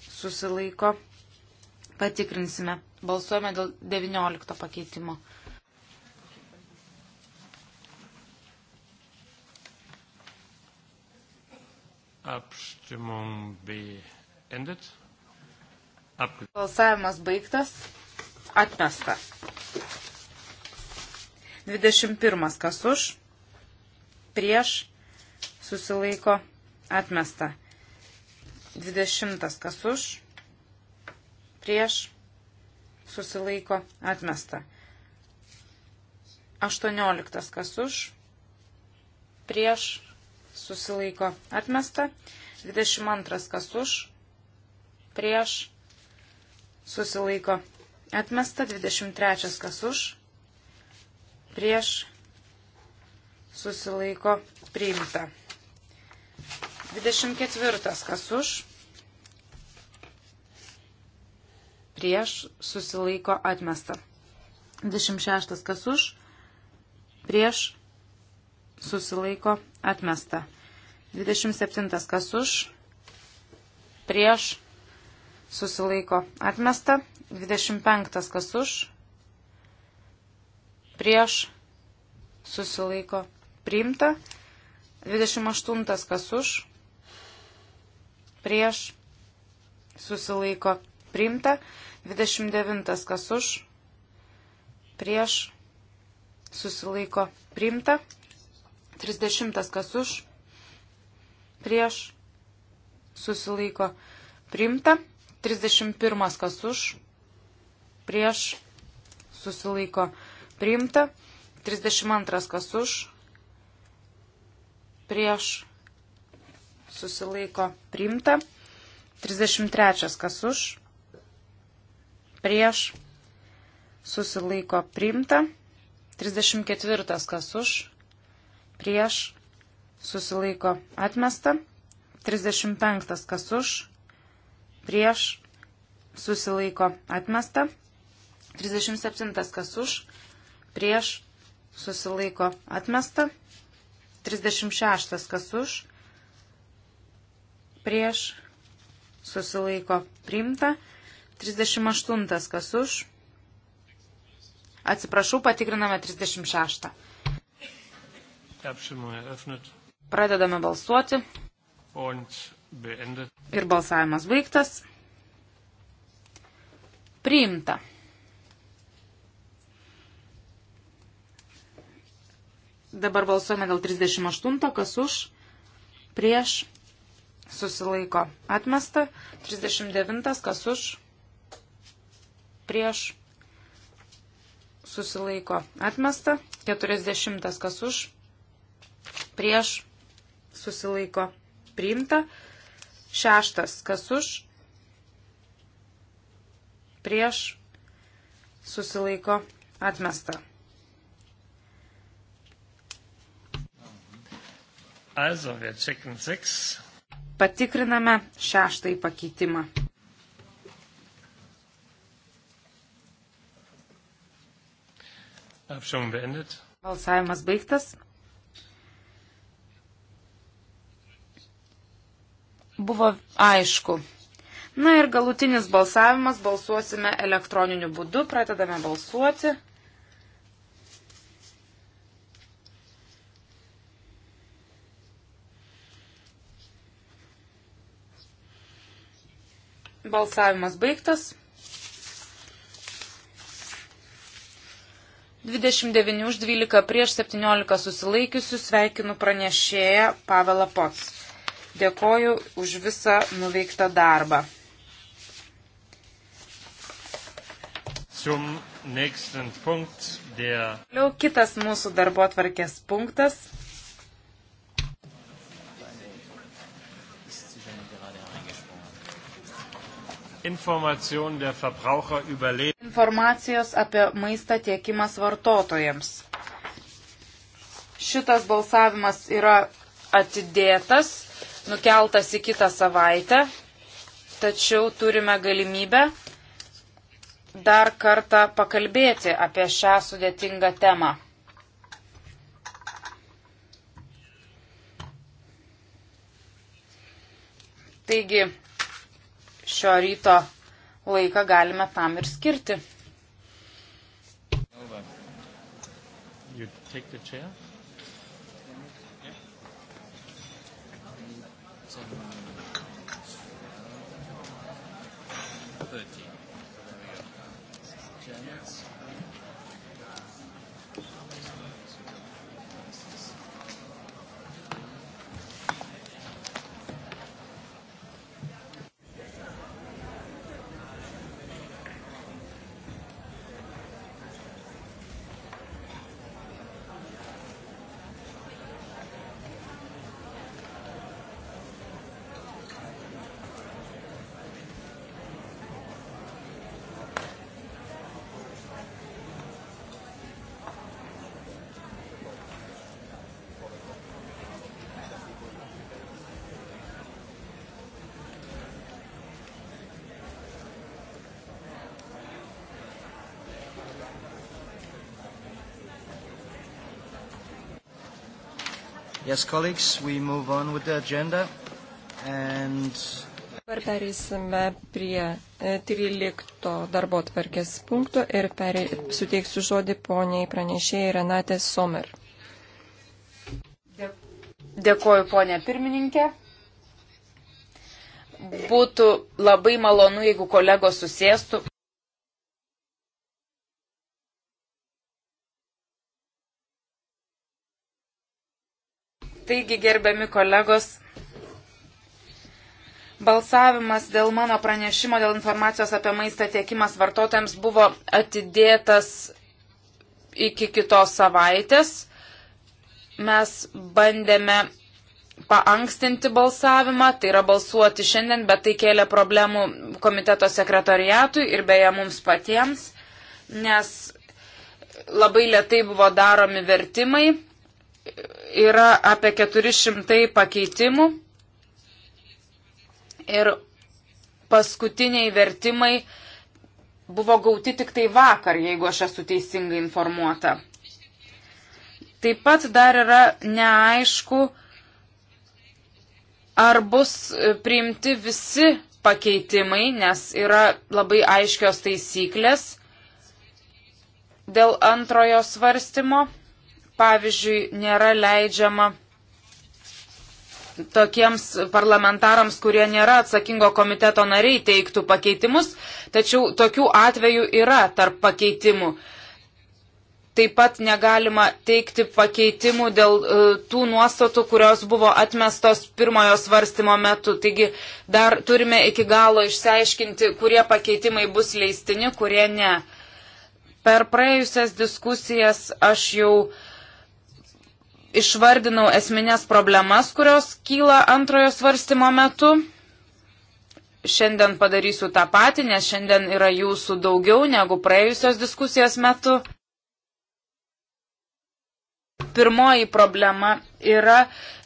susilaiko, patikrinsime. Balsuojame dėl 19 pakeitimo. Abstimmung beendet. Balsavimas baigtas. Atmesta. 21 kas už, prieš, susilaiko, atmesta. 20 kas už, prieš, susilaiko, atmesta. 18 kas už, prieš, susilaiko, atmesta. 22 kas už, prieš, susilaiko, atmesta. 23 kas už, prieš susilaiko priimta. 24. Kas už? Prieš susilaiko atmesta. 26. Kas už? Prieš susilaiko atmesta. 27. Kas už? Prieš susilaiko atmesta. 25. Kas už? prieš, susilaiko, priimta. 28 kas už, prieš, susilaiko, priimta. 29 kas už, prieš, susilaiko, priimta. 30 kas už, prieš, susilaiko, priimta. 31 kas už, prieš, susilaiko, priimta susilaiko priimta. 32 kas už, prieš susilaiko priimta. 33 kas už, prieš susilaiko priimta. 34 kas už, prieš susilaiko atmesta. 35 kas už, prieš susilaiko atmesta. 37 kas už, prieš susilaiko atmesta prieš, susilaiko atmesta. 36 kas už, prieš, susilaiko priimta. 38 kas už. Atsiprašau, patikriname 36. Pradedame balsuoti. Ir balsavimas baigtas. Priimta. Dabar balsuojame dėl 38, kas už, prieš, susilaiko atmesta, 39, kas už, prieš, susilaiko atmesta, 40, kas už, prieš, susilaiko priimta, 6, kas už, prieš, susilaiko atmesta. Also, wir checken 6. Patikriname šeštąjį pakeitimą. Apšom beendet. Balsavimas baigtas. Buvo aišku. Na ir galutinis balsavimas balsuosime elektroniniu būdu, pradedame balsuoti. Balsavimas baigtas. 29 už 12 prieš 17 susilaikiusių sveikinu pranešėją Pavelą Pots. Dėkoju už visą nuveiktą darbą. Toliau kitas mūsų darbo tvarkės punktas. Informacijos apie maistą tiekimas vartotojams. Šitas balsavimas yra atidėtas, nukeltas į kitą savaitę, tačiau turime galimybę dar kartą pakalbėti apie šią sudėtingą temą. Taigi, šio ryto laiką galime tam ir skirti. You take the chair? Yeah. Yeah. 30. Yes, colleagues, we move on with the agenda and... Dabar pereisime prie 13 e, darbo tvarkės punkto ir perė, suteiksiu žodį poniai pranešėjai Renatė Somer. Dėkoju, ponė pirmininkė. Būtų labai malonu, jeigu kolegos susėstų. Taigi, gerbiami kolegos, balsavimas dėl mano pranešimo dėl informacijos apie maistą tiekimas vartotojams buvo atidėtas iki kitos savaitės. Mes bandėme paankstinti balsavimą, tai yra balsuoti šiandien, bet tai kėlė problemų komiteto sekretariatui ir beje mums patiems, nes labai lietai buvo daromi vertimai yra apie 400 pakeitimų ir paskutiniai vertimai buvo gauti tik tai vakar, jeigu aš esu teisingai informuota. Taip pat dar yra neaišku, ar bus priimti visi pakeitimai, nes yra labai aiškios taisyklės dėl antrojo svarstymo pavyzdžiui, nėra leidžiama tokiems parlamentarams, kurie nėra atsakingo komiteto nariai, teiktų pakeitimus, tačiau tokių atvejų yra tarp pakeitimų. Taip pat negalima teikti pakeitimų dėl e, tų nuostatų, kurios buvo atmestos pirmojo svarstymo metu. Taigi dar turime iki galo išsiaiškinti, kurie pakeitimai bus leistini, kurie ne. Per praėjusias diskusijas aš jau uh, išvardinau esminės problemas, kurios kyla antrojo svarstymo metu. Šiandien padarysiu tą patį, nes šiandien yra jūsų daugiau negu praėjusios diskusijos metu. Pirmoji problema yra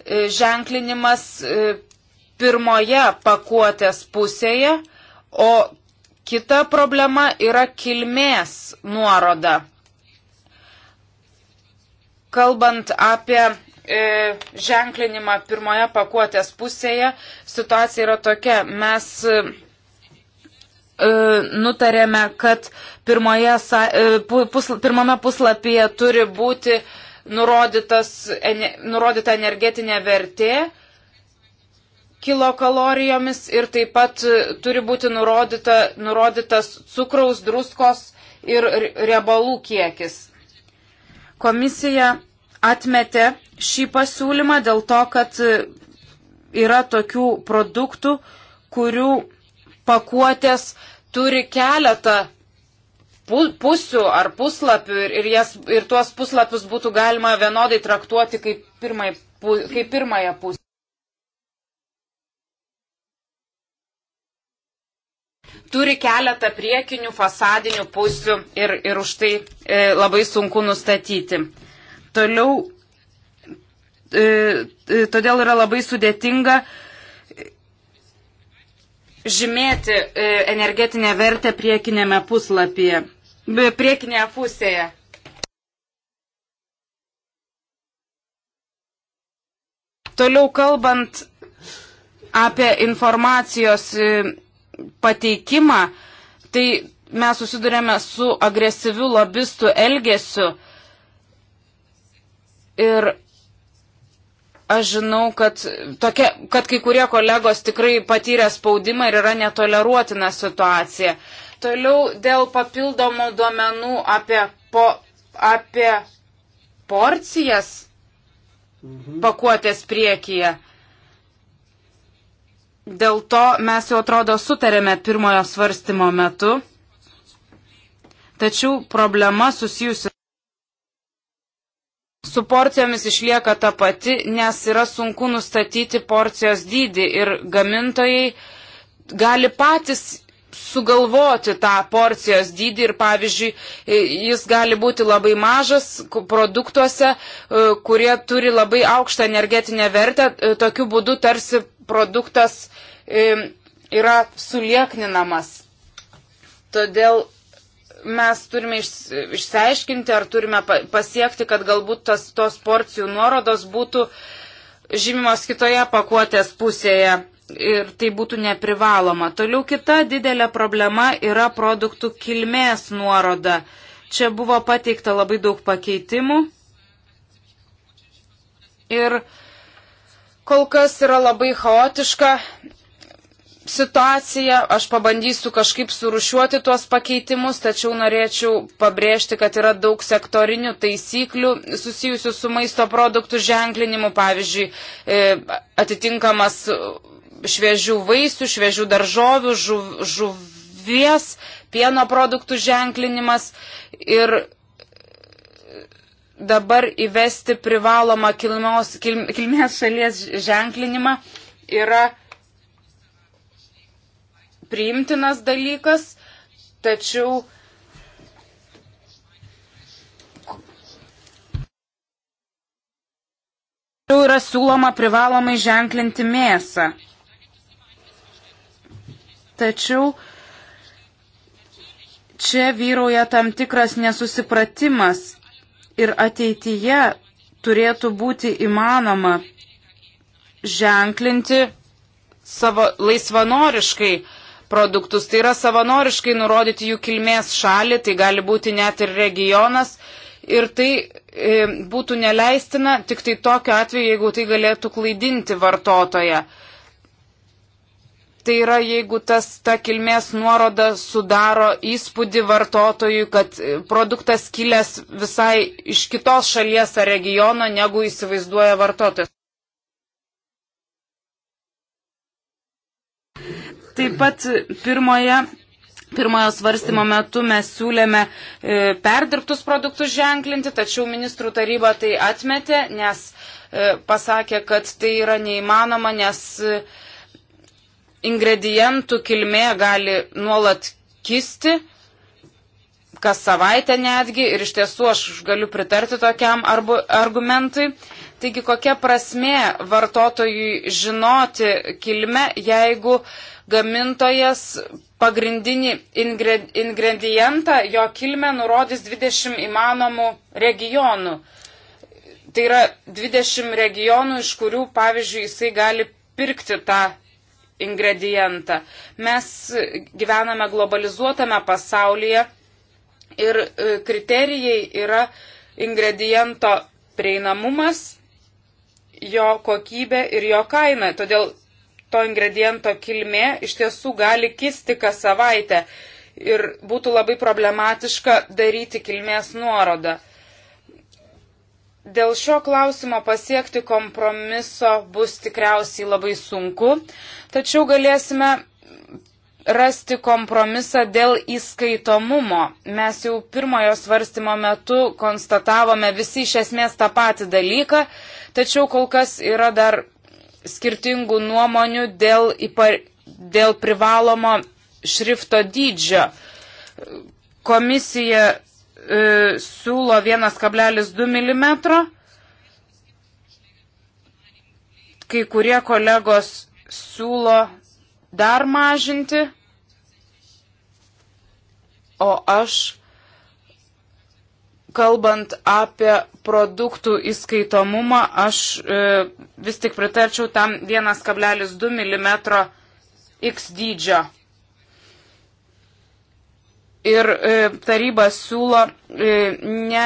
e, ženklinimas e, pirmoje pakuotės pusėje, o kita problema yra kilmės nuoroda kalbant apie e, ženklinimą pirmoje pakuotės pusėje, situacija yra tokia. Mes e, nutarėme, kad pirmoje, e, pusla, pirmame puslapyje turi būti ene, nurodyta energetinė vertė kilokalorijomis ir taip pat e, turi būti nurodyta, nurodytas cukraus, druskos ir riebalų kiekis Komisija atmetė šį pasiūlymą dėl to, kad e, yra tokių produktų, kurių pakuotės turi keletą pusių ar puslapių ir, ir, jas, ir tuos puslapius būtų galima vienodai traktuoti kaip, pirmai, kaip pirmąją pusę. turi keletą priekinių fasadinių pusių ir, ir už tai e, labai sunku nustatyti. Toliau, e, e todėl yra labai sudėtinga e, žymėti e, energetinę vertę priekinėme puslapyje, e, priekinėje pusėje. Toliau kalbant apie informacijos pateikimą, tai mes susidurėme su agresyviu lobistų elgesiu. Ir aš žinau, kad, tokia, kad kai kurie kolegos tikrai patyrė spaudimą ir yra netoleruotina situacija. Toliau dėl papildomų duomenų apie, po, apie porcijas mhm. pakuotės priekyje. Mhm Dėl to mes jau atrodo sutarėme pirmojo svarstymo metu, tačiau problema susijusi su porcijomis išlieka ta pati, nes yra sunku nustatyti porcijos dydį ir gamintojai gali patys sugalvoti tą porcijos dydį ir pavyzdžiui, jis gali būti labai mažas produktuose, e, kurie turi labai aukštą energetinę vertę, e, tokiu būdu tarsi produktas yra suliekninamas. Todėl mes turime išsiaiškinti, ar turime pasiekti, kad galbūt tas, tos porcijų nuorodos būtų žymimos kitoje pakuotės pusėje ir tai būtų neprivaloma. Toliau kita didelė problema yra produktų kilmės nuoroda. Čia buvo pateikta labai daug pakeitimų ir uh, kol kas yra labai chaotiška situacija. Aš pabandysiu kažkaip surušiuoti tuos pakeitimus, tačiau norėčiau pabrėžti, kad yra daug sektorinių taisyklių susijusių su maisto produktų ženklinimu. Pavyzdžiui, e, atitinkamas šviežių vaisių, šviežių daržovių, žuv, žuvies, pieno produktų ženklinimas. Ir dabar įvesti privalomą kilmos, kil, kilmės šalies ženklinimą yra priimtinas dalykas, tačiau yra siūloma privalomai ženklinti mėsą. Tačiau čia vyrauja tam tikras nesusipratimas ir ateityje turėtų būti įmanoma ženklinti savo laisvanoriškai produktus. Tai yra savanoriškai nurodyti jų kilmės šalį, tai gali būti net ir regionas. Ir tai e, būtų neleistina tik tai tokiu atveju, jeigu tai galėtų klaidinti vartotoją. E, Tai yra, jeigu tas, ta kilmės nuoroda sudaro įspūdį vartotojui, kad e, produktas kilęs visai iš kitos šalies ar regiono, negu įsivaizduoja vartotojas. Taip pat e, pirmoje Pirmojo svarstymo metu mes siūlėme e, perdirbtus produktus ženklinti, tačiau ministrų taryba tai atmetė, nes e, pasakė, kad tai yra neįmanoma, nes e, ingredientų kilmė gali nuolat kisti, kas savaitę netgi, ir iš tiesų aš galiu pritarti tokiam arbu, argumentui. Taigi, kokia prasmė vartotojui žinoti kilmę, jeigu gamintojas pagrindinį ingredientą, jo kilmę nurodys 20 įmanomų regionų. Tai yra 20 regionų, iš kurių, pavyzdžiui, jisai gali pirkti tą ingredientą. Mes gyvename globalizuotame pasaulyje ir e, kriterijai yra ingrediento prieinamumas, jo kokybė ir jo kaina. Todėl to ingrediento kilmė iš tiesų gali kisti kas savaitę ir būtų labai problematiška daryti kilmės nuorodą. Dėl šio klausimo pasiekti kompromiso bus tikriausiai labai sunku, tačiau galėsime rasti kompromisą dėl įskaitomumo. Mes jau pirmojo svarstymo metu konstatavome visi iš esmės tą patį dalyką, tačiau kol kas yra dar skirtingų nuomonių dėl, įpar, dėl privalomo šrifto dydžio. Komisija e, siūlo 1,2 mm. Kai kurie kolegos siūlo dar mažinti, o aš, kalbant apie produktų įskaitomumą, aš e, vis tik pritarčiau tam 1,2 mm x dydžio ir e, taryba siūlo e, ne,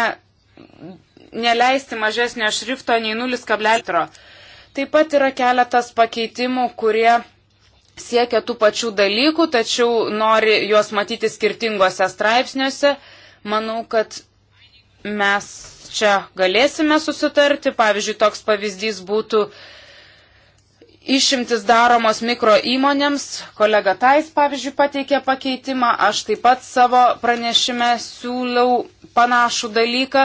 neleisti mažesnio šrifto nei 0,3. Taip pat yra keletas pakeitimų, kurie siekia tų pačių dalykų, tačiau nori juos matyti skirtingose straipsniuose. Manau, kad mes čia galėsime susitarti. Pavyzdžiui, toks pavyzdys būtų e, Išimtis daromos mikro įmonėms, kolega Tais, pavyzdžiui, pateikė pakeitimą, aš taip pat savo pranešime siūliau panašų dalyką.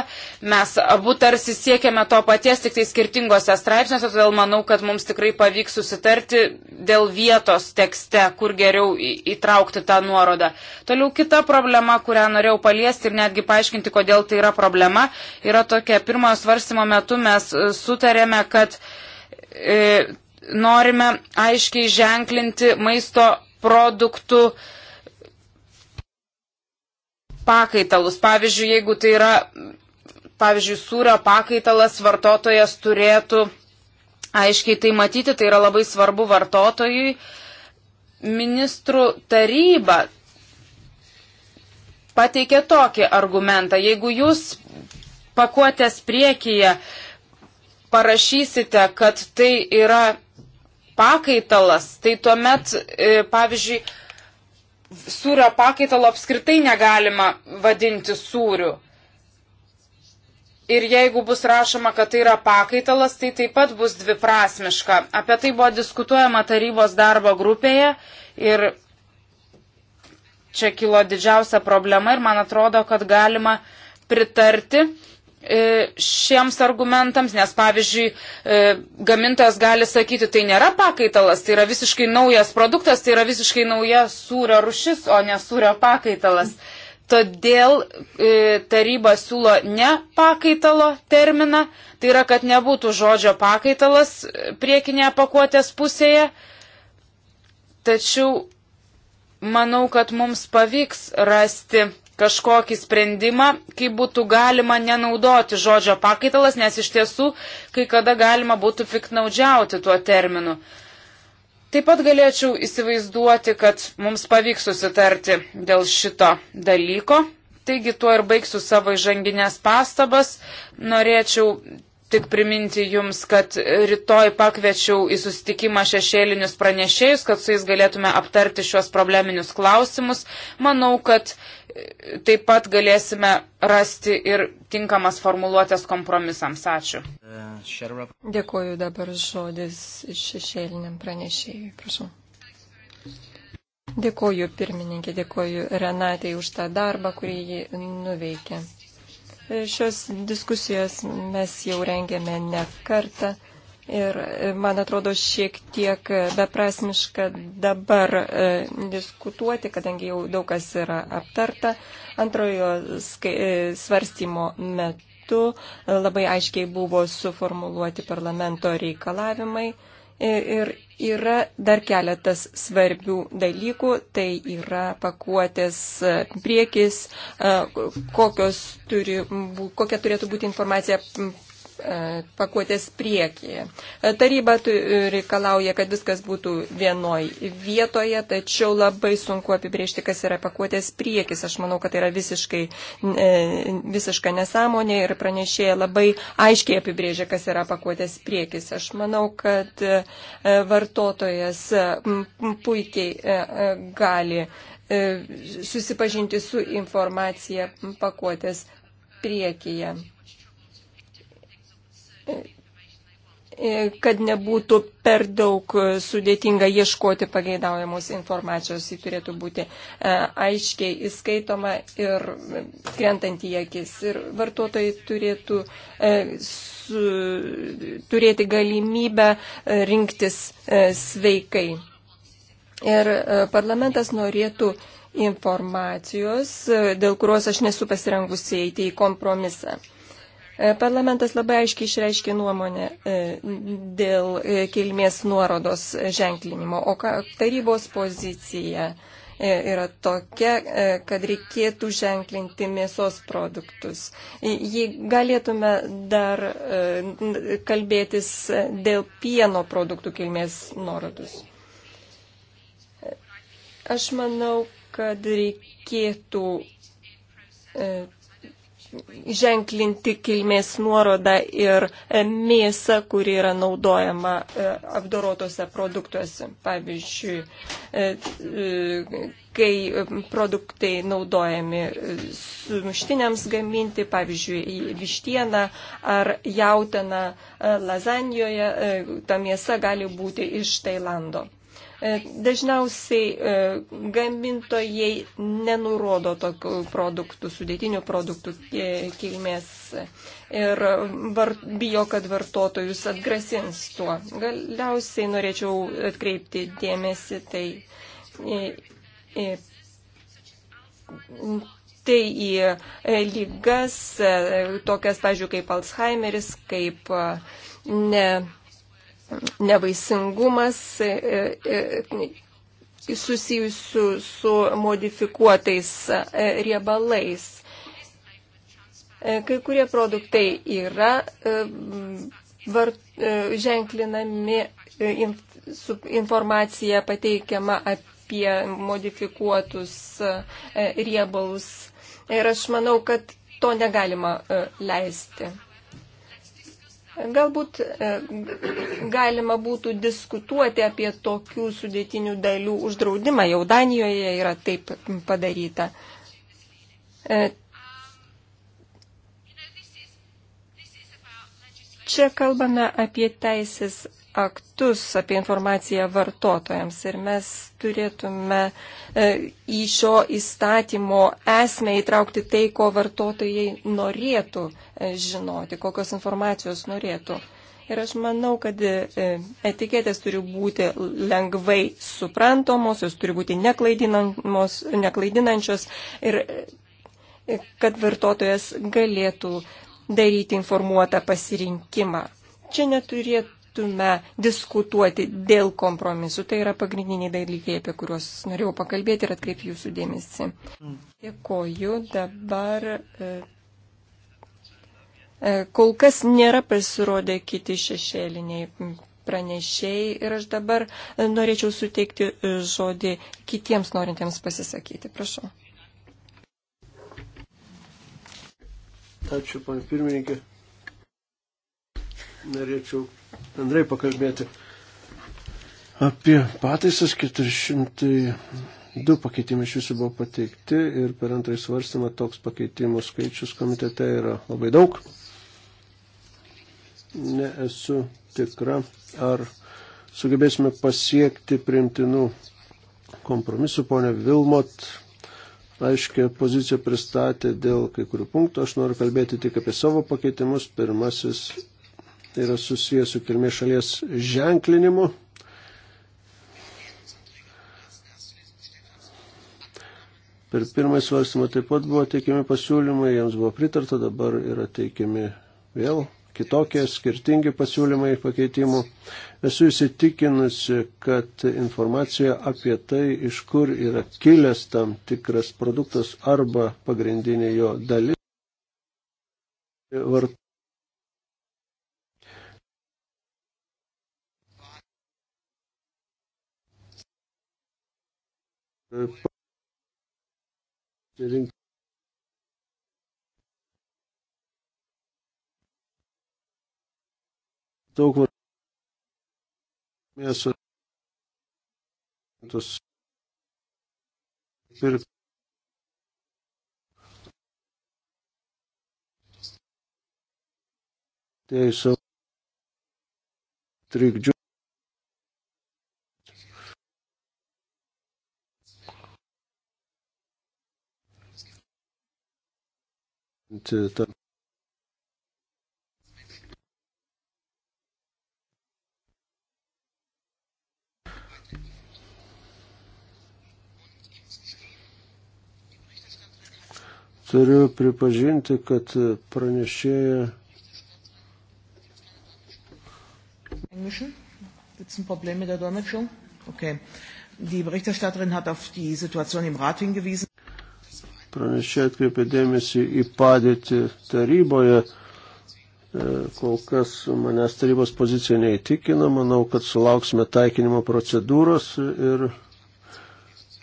Mes abu tarsi siekiame to paties, tik tai skirtingose straipsniuose, todėl manau, kad mums tikrai pavyks susitarti dėl vietos tekste, kur geriau įtraukti tą nuorodą. Toliau kita problema, kurią norėjau paliesti ir netgi paaiškinti, kodėl tai yra problema, yra tokia. Pirmojo svarstymo metu mes sutarėme, kad e, norime aiškiai ženklinti maisto produktų pakaitalus. Pavyzdžiui, jeigu tai yra, pavyzdžiui, sūrio pakaitalas, vartotojas turėtų aiškiai tai matyti, tai yra labai svarbu vartotojui. Ministrų taryba pateikė tokį argumentą. Jeigu jūs pakuotės priekyje parašysite, kad tai yra pakaitalas, tai tuomet, e, pavyzdžiui, sūrio pakaitalo apskritai negalima vadinti sūriu. Ir jeigu bus rašoma, kad tai yra pakaitalas, tai taip pat bus dviprasmiška. Apie tai buvo diskutuojama tarybos darbo grupėje ir čia kilo didžiausia problema ir man atrodo, kad galima pritarti E, šiems argumentams, nes pavyzdžiui, e, gamintojas gali sakyti, tai nėra pakaitalas, tai yra visiškai naujas produktas, tai yra visiškai nauja sūrio rušis, o ne sūrio pakaitalas. Todėl e, taryba siūlo ne pakaitalo terminą, tai yra, kad nebūtų žodžio pakaitalas priekinėje pakuotės pusėje. Tačiau manau, kad mums pavyks rasti kažkokį sprendimą, kaip būtų galima nenaudoti žodžio pakaitalas, nes iš tiesų kai kada galima būtų piknaudžiauti tuo terminu. Taip pat galėčiau įsivaizduoti, kad mums pavyks susitarti dėl šito dalyko. Taigi tuo ir baigsiu savo įžanginės pastabas. Norėčiau tik priminti Jums, kad rytoj pakviečiau į susitikimą šešėlinius pranešėjus, kad su jais galėtume aptarti šios probleminius klausimus. Manau, kad taip pat galėsime rasti ir tinkamas formuluotės kompromisams. Ačiū. Dėkuoju dabar žodis šešėliniam pranešėjui. Prašau. Dėkuoju pirmininkė, dėkuoju Renatai už tą darbą, kurį ji nuveikė. Šios diskusijos mes jau rengėme ne kartą. Ir e, man atrodo šiek tiek e, beprasmiška dabar e, diskutuoti, kadangi jau daug kas yra aptarta. Antrojo skai, e, svarstymo metu e, labai aiškiai buvo suformuluoti parlamento reikalavimai. Ir, e, ir yra dar keletas svarbių dalykų, tai yra pakuotės priekis, kokios turi, kokia turėtų būti informacija E, pakuotės priekyje. E, taryba e, reikalauja, kad viskas būtų vienoj vietoje, tačiau labai sunku apibriežti, kas yra pakuotės priekis. Aš manau, kad tai yra visiškai, visiška nesąmonė ir pranešėja labai aiškiai apibrėžia, kas yra pakuotės priekis. Aš manau, kad vartotojas puikiai gali susipažinti su informacija pakuotės priekyje kad nebūtų per daug sudėtinga ieškoti pageidaujamos informacijos, ji turėtų būti e, aiškiai įskaitoma ir krentant į akis. Ir vartotojai turėtų e, su, turėti galimybę e, rinktis sveikai. Ir parlamentas norėtų informacijos, dėl kurios aš nesu pasirengusi eiti į kompromisą. E, Parlamentas labai aiškiai išreiškė nuomonę e, dėl e, kilmės nuorodos ženklinimo, o tarybos pozicija yra tokia, kad reikėtų ženklinti mėsos produktus. Jei galėtume dar kalbėtis dėl pieno produktų kilmės nuorodus. Aš manau, kad reikėtų ženklinti kilmės nuorodą ir e, mėsą, kuri yra naudojama e, apdorotose produktuose. Pavyzdžiui, e, kai produktai naudojami sumuštiniams gaminti, pavyzdžiui, vištieną ar jautieną lazanijoje, ta mėsa gali būti iš Tailando. E, dažniausiai e, gamintojai nenurodo tokių produktų, sudėtinių produktų e, kilmės ir var, bijo, kad vartotojus atgrasins tuo. Galiausiai norėčiau atkreipti dėmesį tai. Tai į lygas, tokias, pažiūrėjau, kaip Alzheimeris, kaip ne nevaisingumas e, e, susijusių su modifikuotais e, riebalais. Kai kurie produktai yra vart, ženklinami, informacija pateikiama apie modifikuotus riebalus. Ir aš manau, kad to negalima leisti. Galbūt e, galima būtų diskutuoti apie tokių sudėtinių dalių uždraudimą. Jau Danijoje yra taip padaryta. E, Čia kalbame apie teisės aktus, apie informaciją vartotojams ir mes turėtume e, į šio įstatymo esmę įtraukti tai, ko vartotojai norėtų e, žinoti, kokios informacijos norėtų. Ir aš manau, kad e, etiketės turi būti lengvai suprantamos, jos turi būti neklaidinančios ir kad vartotojas galėtų daryti informuotą pasirinkimą. Čia neturėtume diskutuoti dėl kompromisų. Tai yra pagrindiniai dalykai, apie kuriuos norėjau pakalbėti ir atkreipti jūsų dėmesį. Dėkoju. Dabar e, e, kol kas nėra pasirodę kiti šešėliniai pranešėjai ir aš dabar norėčiau suteikti žodį kitiems norintiems pasisakyti. Prašau. Ačiū, pan pirmininkė. Norėčiau bendrai pakalbėti apie pataisas 402 pakeitimai iš viso buvo pateikti ir per antrąjį svarstymą toks pakeitimų skaičius komitete yra labai daug. Neesu tikra, ar sugebėsime pasiekti primtinų kompromisų, ponia Vilmot aiškę poziciją pristatė dėl kai kurių punktų. Aš noriu kalbėti tik apie savo pakeitimus. Pirmasis yra susijęs su kilmės šalies ženklinimu. Per pirmąjį svarstymą taip pat buvo teikiami pasiūlymai, jiems buvo pritarta, dabar yra teikiami vėl kitokie, skirtingi pasiūlymai pakeitimų. Esu įsitikinusi, kad informacija apie tai, iš kur yra kilęs tam tikras produktas arba pagrindinė jo dalis, vart... rinkti daug mėsų ir teisų trikdžių. Tam Turiu pripažinti, kad pranešėja. Englischen? Gibt es ein Problem mit der Dolmetschung? Okay. Die Berichterstatterin hat auf die Situation im Rat hingewiesen. Pranešė atkreipė dėmesį į padėtį taryboje. E, kol kas manęs tarybos pozicija neįtikina. Manau, kad sulauksime taikinimo procedūros ir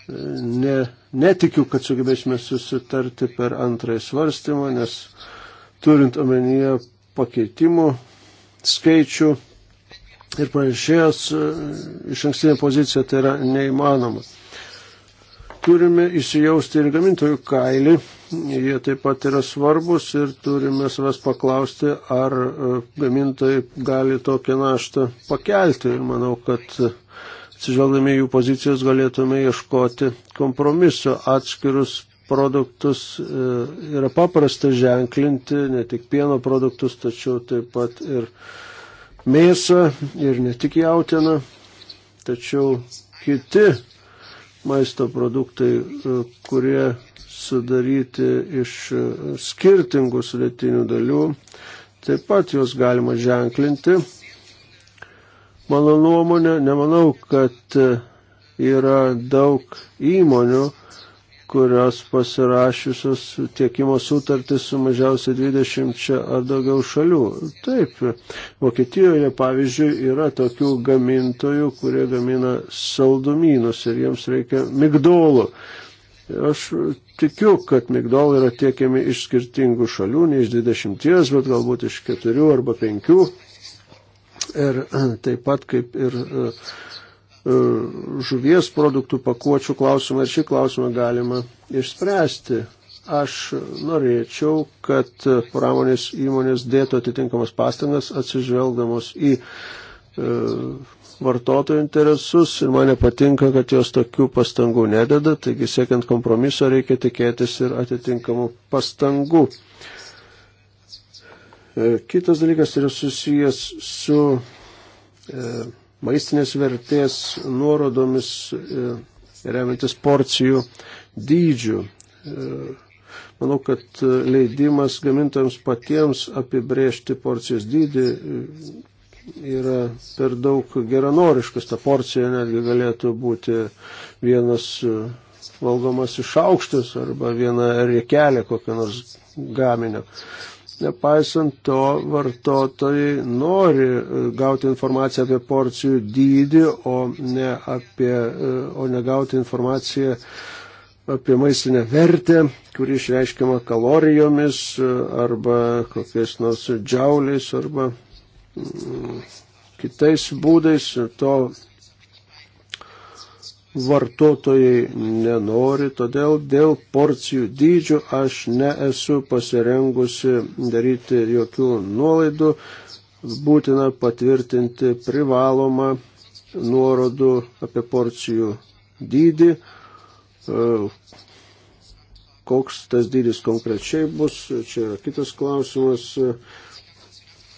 ne, netikiu, kad sugebėsime susitarti per antrąjį svarstymą, nes turint omenyje pakeitimų skaičių ir pranešėjos e, iš ankstinė pozicija tai yra neįmanoma. Turime įsijausti ir gamintojų kailį, jie taip pat yra svarbus ir turime savęs paklausti, ar e, gamintojai gali tokią naštą pakelti. Ir manau, kad atsižvelgdami jų pozicijos galėtume ieškoti kompromiso. Atskirus produktus e, yra paprasta ženklinti, ne tik pieno produktus, tačiau taip pat ir mėsą ir ne tik jautieną. Tačiau kiti maisto produktai, e, kurie sudaryti iš e, skirtingų sudėtinių dalių, taip pat juos galima ženklinti Mano nuomonė, nemanau, kad e, yra daug įmonių, kurios pasirašysios tiekimo sutartį su mažiausiai 20 ar daugiau šalių. Taip, Vokietijoje, pavyzdžiui, yra tokių gamintojų, kurie gamina saldumynus ir jiems reikia migdolų. Aš tikiu, kad migdolai yra tiekiami iš skirtingų šalių, ne iš 20, bet galbūt iš 4 arba 5 ir taip pat kaip ir e, e, žuvies produktų pakuočių klausimą ir šį klausimą galima išspręsti. Aš norėčiau, kad pramonės įmonės dėtų atitinkamas pastangas atsižvelgdamos į e, vartotojų interesus ir man nepatinka, kad jos tokių pastangų nededa, taigi siekiant kompromiso reikia tikėtis ir atitinkamų pastangų. E, kitas dalykas yra susijęs su e, maistinės vertės nuorodomis e, remiantis porcijų dydžių. Manau, kad leidimas gamintams patiems apibrėžti porcijos dydį yra per daug geranoriškas. Ta porcija netgi galėtų būti vienas valgomas iš aukštas arba viena riekelė kokią nors gaminio. Nepaisant to, vartotojai nori e, gauti informaciją apie porcijų dydį, o ne, apie, e, o ne gauti informaciją apie maistinę vertę, kuri išreiškiama kalorijomis e, arba kokiais nors džiauliais arba mm, kitais būdais. To vartotojai nenori, todėl dėl porcijų dydžių aš nesu pasirengusi daryti jokių nuolaidų, būtina patvirtinti privalomą nuorodų apie porcijų dydį, e, koks tas dydis konkrečiai bus, čia yra kitas klausimas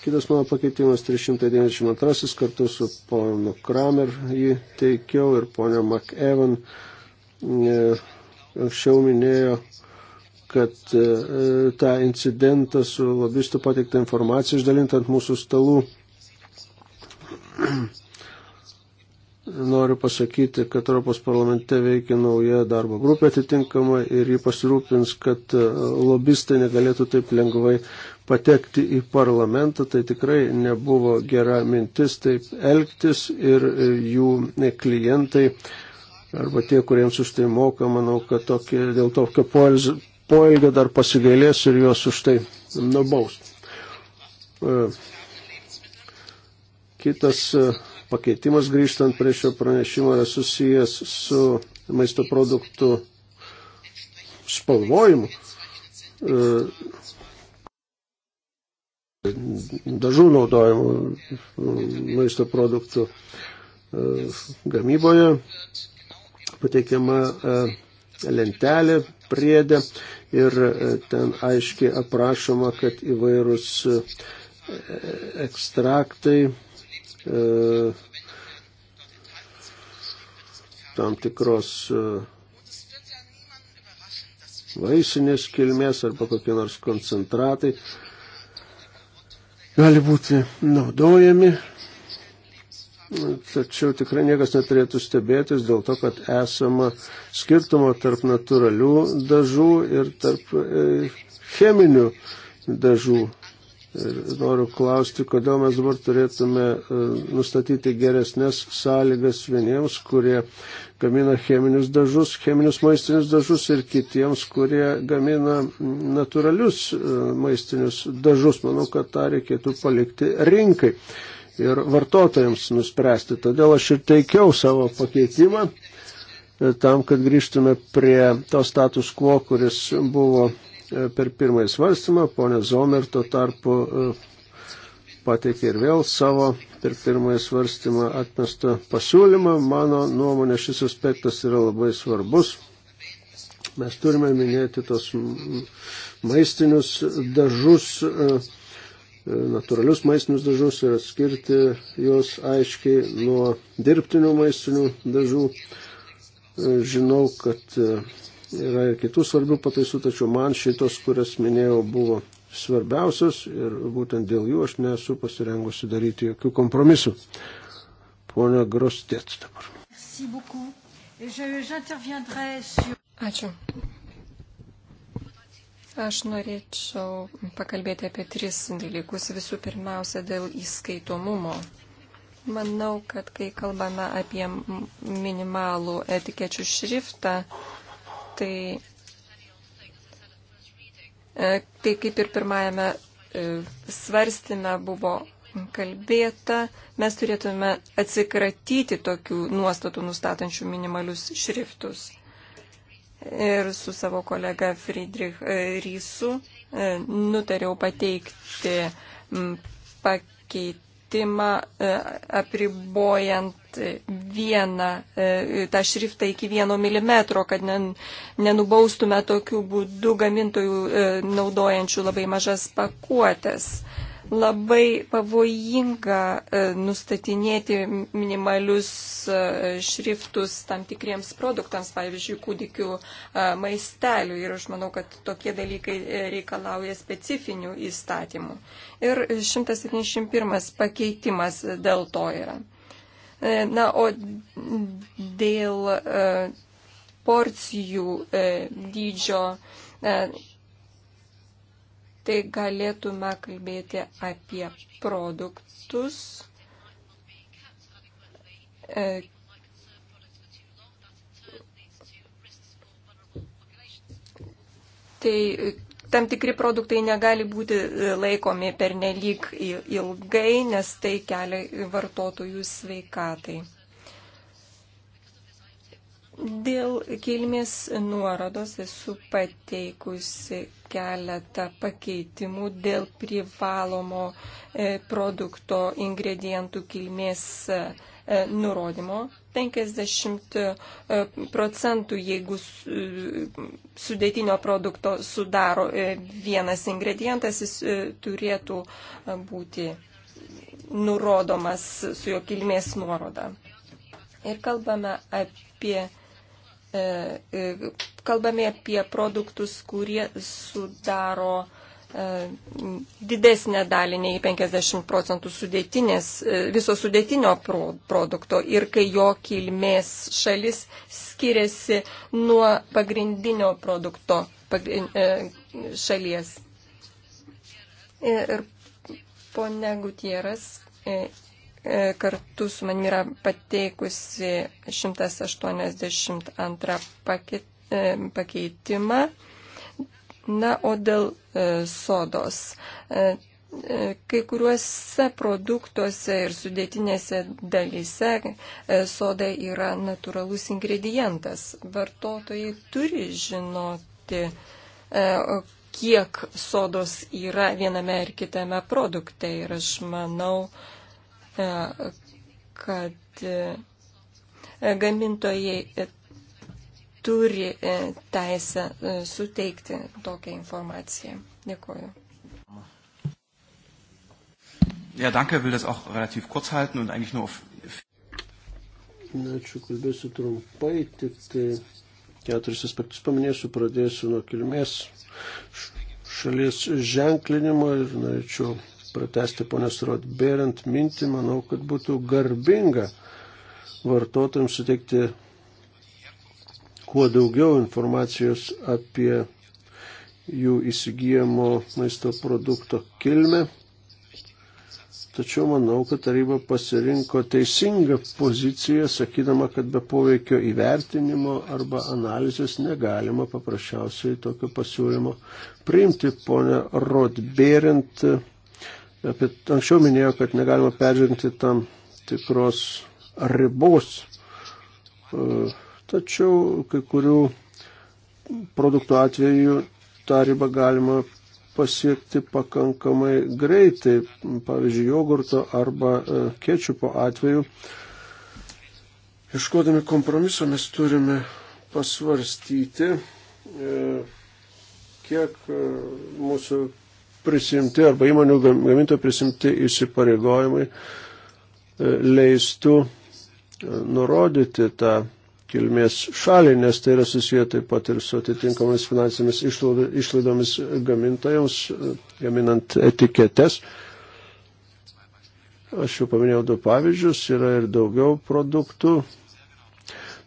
Kitas mano pakeitimas 392 kartu su ponu Kramer jį teikiau ir ponia McEvan e, anksčiau minėjo, kad e, tą incidentą su lobistų pateiktą informaciją išdalinti ant mūsų stalų noriu pasakyti, kad Europos parlamente veikia nauja darbo grupė atitinkama ir jį pasirūpins, kad e, lobistai negalėtų taip lengvai patekti į parlamentą. Tai tikrai nebuvo gera mintis taip elgtis ir e, jų klientai arba tie, kuriems už tai moka, manau, kad tokie, dėl tokio poelgio dar pasigailės ir juos už tai nubaus. E, kitas pakeitimas grįžtant prie šio pranešimo yra susijęs su maisto produktų spalvojimu. E, dažų naudojimu maisto produktų e, gamyboje pateikiama e, lentelė priedė ir ten aiškiai aprašoma, kad įvairūs ekstraktai E, tam tikros e, vaisinės kilmės arba kokie nors koncentratai gali būti naudojami, tačiau tikrai niekas neturėtų stebėtis dėl to, kad esama skirtumo tarp natūralių dažų ir tarp e, cheminių dažų. Ir noriu klausti, kodėl mes dabar turėtume e, nustatyti geresnės sąlygas vieniems, kurie gamina cheminius dažus, cheminius maistinius dažus ir kitiems, kurie gamina natūralius e, maistinius dažus. Manau, kad tą reikėtų palikti rinkai ir vartotojams nuspręsti. Todėl aš ir teikiau savo pakeitimą e, tam, kad grįžtume prie to status quo, kuris buvo E, per pirmąjį svarstymą, ponė Zomer tuo tarpu e, pateikė ir vėl savo per pirmąjį svarstymą atmestą pasiūlymą. Mano nuomonė šis aspektas yra labai svarbus. Mes turime minėti tos maistinius dažus, e, natūralius maistinius dažus ir atskirti juos aiškiai nuo dirbtinių maistinių dažų. Žinau, kad Yra ir kitų svarbių pataisų, tačiau man šitos, kurias minėjau, buvo svarbiausios ir būtent dėl jų aš nesu pasirengusi daryti jokių kompromisų. Pone Grostėt dabar. Ačiū. Aš norėčiau pakalbėti apie tris dalykus. Visų pirmiausia, dėl įskaitomumo. Manau, kad kai kalbame apie minimalų etikečių šriftą, tai, e, tai kaip ir pirmajame e, svarstime buvo kalbėta, mes turėtume atsikratyti tokių nuostatų nustatančių minimalius šriftus. Ir su savo kolega Friedrich e, Rysu nutariau pateikti pakeitimą vertimą e, apribojant vieną, e, tą šriftą iki vieno milimetro, kad nenubaustume tokiu būdu gamintojų e, naudojančių labai mažas pakuotės labai pavojinga e, nustatinėti minimalius e, šriftus tam tikriems produktams, pavyzdžiui, kūdikių e, maistelių. Ir aš manau, kad tokie dalykai reikalauja specifinių įstatymų. Ir 171 pakeitimas dėl to yra. Na, o dėl porcijų dydžio tai galėtume kalbėti apie produktus, e, Tai tam tikri produktai negali būti e, laikomi pernelyg ilgai, nes tai kelia vartotojų sveikatai. Dėl kilmės nuorodos esu pateikusi keletą pakeitimų dėl privalomo e, produkto ingredientų kilmės e, e, nurodymo. 50 procentų, jeigu sudėtinio produkto sudaro vienas ingredientas, jis turėtų būti nurodomas su jo kilmės nuoroda. Ir kalbame apie E, e, kalbame apie produktus, kurie sudaro e, didesnę dalį nei 50 procentų sudėtinės, viso sudėtinio produkto ir kai jo kilmės šalis skiriasi nuo pagrindinio produkto šalies. Ir ponia Gutieras E, kartu su manimi yra pateikusi 182 e, pakeitimą. Na, o dėl e, sodos. Kai kuriuose produktuose ir sudėtinėse dalyse soda yra natūralus ingredientas. Vartotojai turi žinoti, kiek sodos yra viename ar kitame produkte. Ir aš manau, kad e, gamintojai e, turi e, teisę suteikti tokią informaciją. Dėkuoju. Ja, danke, will das auch relativ kurz halten und eigentlich nur auf. Ačiū, kalbėsiu trumpai, tik tai keturis aspektus paminėsiu, pradėsiu nuo kilmės šalies ženklinimo ir norėčiau pratesti ponios Rodberent mintį, manau, kad būtų garbinga vartotojams suteikti kuo daugiau informacijos apie jų įsigijamo maisto produkto kilmę. Tačiau manau, kad taryba pasirinko teisingą poziciją, sakydama, kad be poveikio įvertinimo arba analizės negalima paprasčiausiai tokio pasiūlymo priimti. Pone Rodbėrint, apie, anksčiau minėjo, kad negalima peržengti tam tikros ribos. E, tačiau kai kurių produktų atveju tą ribą galima pasiekti pakankamai greitai. Pavyzdžiui, jogurto arba e, kečupo atveju. Iškodami kompromiso mes turime pasvarstyti, e, kiek mūsų prisimti arba įmonių gamintojų prisimti įsipareigojimai e, leistų e, nurodyti tą kilmės šalį, nes tai yra susiję taip pat ir su atitinkamomis finansinėmis išlaidomis gamintojams, e, gaminant etiketes. Aš jau paminėjau du pavyzdžius, yra ir daugiau produktų.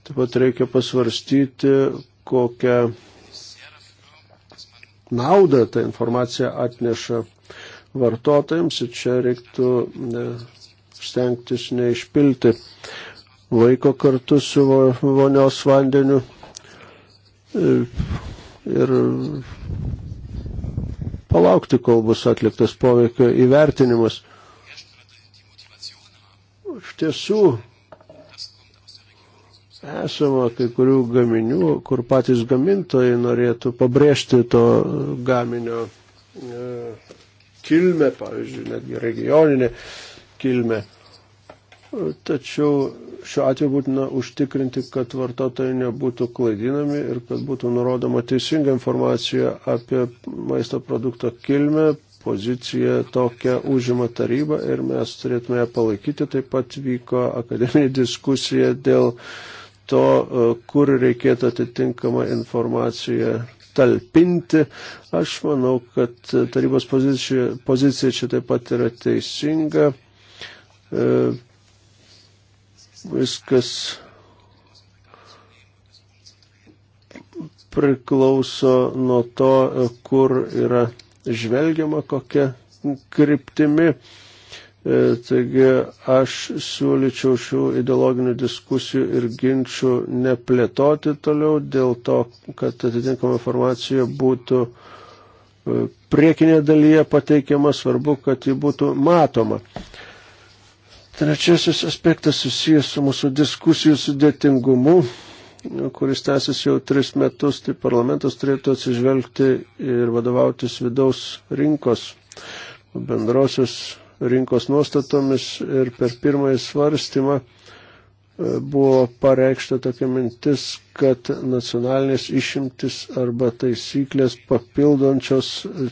Taip pat reikia pasvarstyti, kokią naudą ta informacija atneša vartotojams ir čia reiktų stengtis neišpilti laiko kartu su vonios vandeniu ir, ir palaukti, kol bus atliktas poveikio įvertinimas. Iš tiesų, esama kai kurių gaminių, kur patys gamintojai norėtų pabrėžti to gaminio e, kilmę, pavyzdžiui, netgi regioninę kilmę. Tačiau šiuo atveju būtina užtikrinti, kad vartotojai nebūtų klaidinami ir kad būtų nurodoma teisinga informacija apie maisto produkto kilmę, poziciją tokią užima taryba ir mes turėtume ją palaikyti. Taip pat vyko akademinė diskusija dėl uh, to, e, kur reikėtų atitinkamą informaciją talpinti. Aš manau, kad tarybos pozicija, pozicija čia taip pat yra teisinga. E, viskas priklauso nuo to, e, kur yra žvelgiama kokia kryptimi. E, E, taigi aš siūlyčiau šių ideologinių diskusijų ir ginčių neplėtoti toliau dėl to, kad atitinkama informacija būtų e, priekinėje dalyje pateikiama, svarbu, kad ji būtų matoma. Trečiasis aspektas susijęs su mūsų diskusijų sudėtingumu, kuris tęsis jau tris metus, tai parlamentas turėtų atsižvelgti ir vadovautis vidaus rinkos bendrosios rinkos nuostatomis ir per pirmąjį svarstymą e, buvo pareikšta tokia mintis, kad nacionalinės išimtis arba taisyklės papildančios e,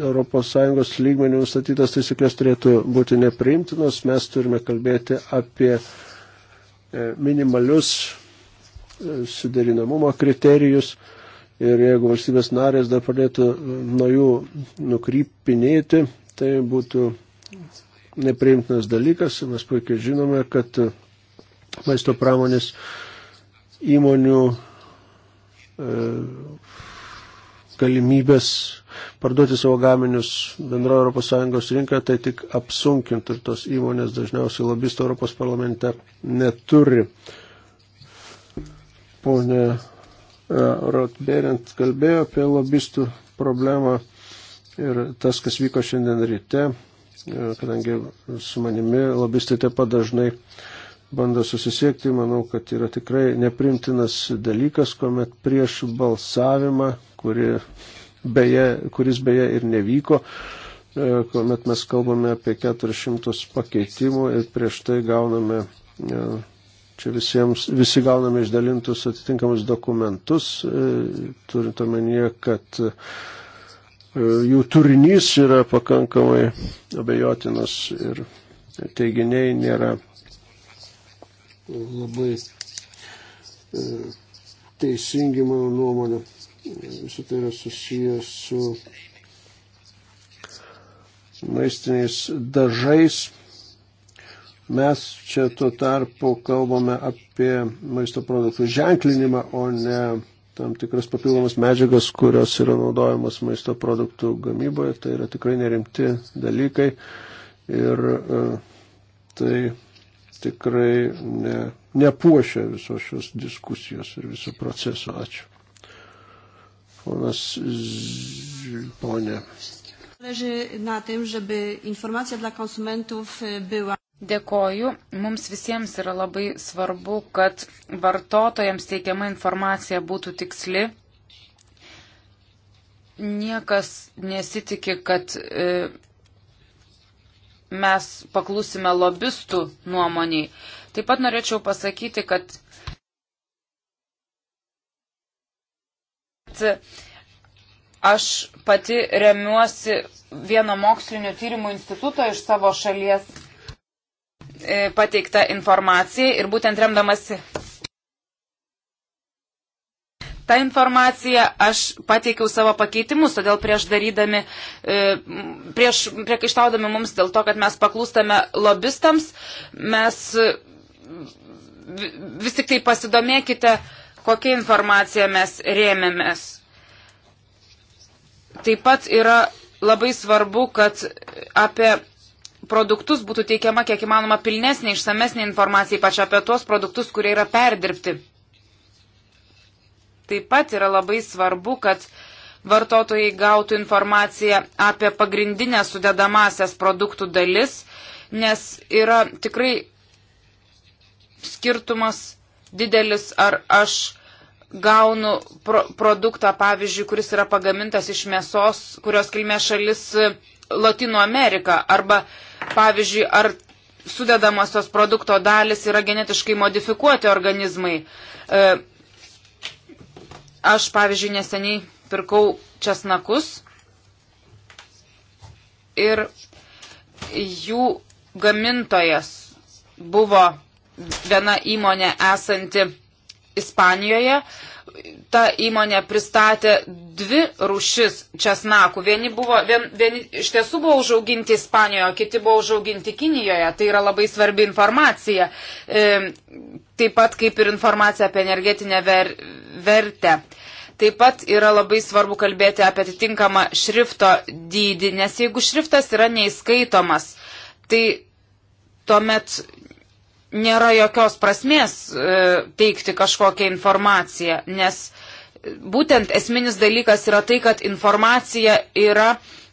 ES lygmenių nustatytas taisyklės turėtų būti nepriimtinos. Mes turime kalbėti apie e, minimalius suderinamumo kriterijus ir jeigu valstybės narės dar pradėtų nuo jų nukrypinėti, tai būtų nepriimtinas dalykas. Mes puikiai žinome, kad maisto pramonės įmonių e, galimybės parduoti savo gaminius bendro ES rinką, tai tik apsunkintų ir tos įmonės dažniausiai lobisto Europos parlamente neturi. Pone e, Rotberint kalbėjo apie lobistų problemą ir tas, kas vyko šiandien ryte, E, kadangi su manimi lobistai taip pat dažnai bando susisiekti, manau, kad yra tikrai neprimtinas dalykas, kuomet prieš balsavimą, kuri beje, kuris beje ir nevyko, e, kuomet mes kalbame apie 400 pakeitimų ir prieš tai gauname, e, čia visiems, visi gauname išdalintus atitinkamus dokumentus, turint omenyje, kad jų turinys yra pakankamai abejotinas ir teiginiai nėra labai e, teisingi mano nuomonė. Visą tai yra susijęs su maistiniais dažais. Mes čia tuo tarpu kalbame apie maisto produktų ženklinimą, o ne tam tikras papildomas medžiagas, kurios yra naudojamas maisto produktų gamyboje. Tai yra tikrai nerimti dalykai ir e, tai tikrai ne, nepuošia visos šios diskusijos ir viso proceso. Ačiū. Ponas Ponė. Zależy na tym, żeby informacja dla konsumentów e, była. Dėkoju. Mums visiems yra labai svarbu, kad vartotojams teikiama informacija būtų tiksli. Niekas nesitikė, kad e, mes paklusime lobistų nuomoniai. Taip pat norėčiau pasakyti, kad aš pati remiuosi vieno mokslinio tyrimų instituto iš savo šalies E, pateiktą informaciją ir būtent remdamasi tą informaciją aš pateikiau savo pakeitimus, todėl prieš darydami, e, prieš priekaištaudami mums dėl to, kad mes paklūstame lobistams, mes e, vis tik tai pasidomėkite, kokią informaciją mes rėmėmės. Taip pat yra labai svarbu, kad apie produktus būtų teikiama kiek įmanoma pilnesnė, išsamesnė informacija, ypač apie tuos produktus, kurie yra perdirbti. Taip pat yra labai svarbu, kad vartotojai gautų informaciją apie pagrindinę sudedamasias produktų dalis, nes yra tikrai skirtumas didelis, ar aš gaunu pro produktą, pavyzdžiui, kuris yra pagamintas iš mėsos, kurios kilmė šalis Latino Amerika, arba pavyzdžiui, ar sudedamas tos produkto dalis yra genetiškai modifikuoti organizmai. E, aš, pavyzdžiui, neseniai pirkau česnakus ir jų gamintojas buvo viena įmonė esanti Ispanijoje, ta įmonė pristatė dvi rušis česnakų. Vieni, buvo, vien, vieni iš tiesų buvo užauginti Ispanijoje, kiti buvo užauginti Kinijoje. Tai yra labai svarbi informacija. E, taip pat kaip ir informacija apie energetinę ver, vertę. Taip pat yra labai svarbu kalbėti apie atitinkamą šrifto dydį, nes jeigu šriftas yra neįskaitomas, tai tuomet nėra jokios prasmės e, teikti kažkokią informaciją, nes būtent esminis dalykas yra tai, kad informacija yra,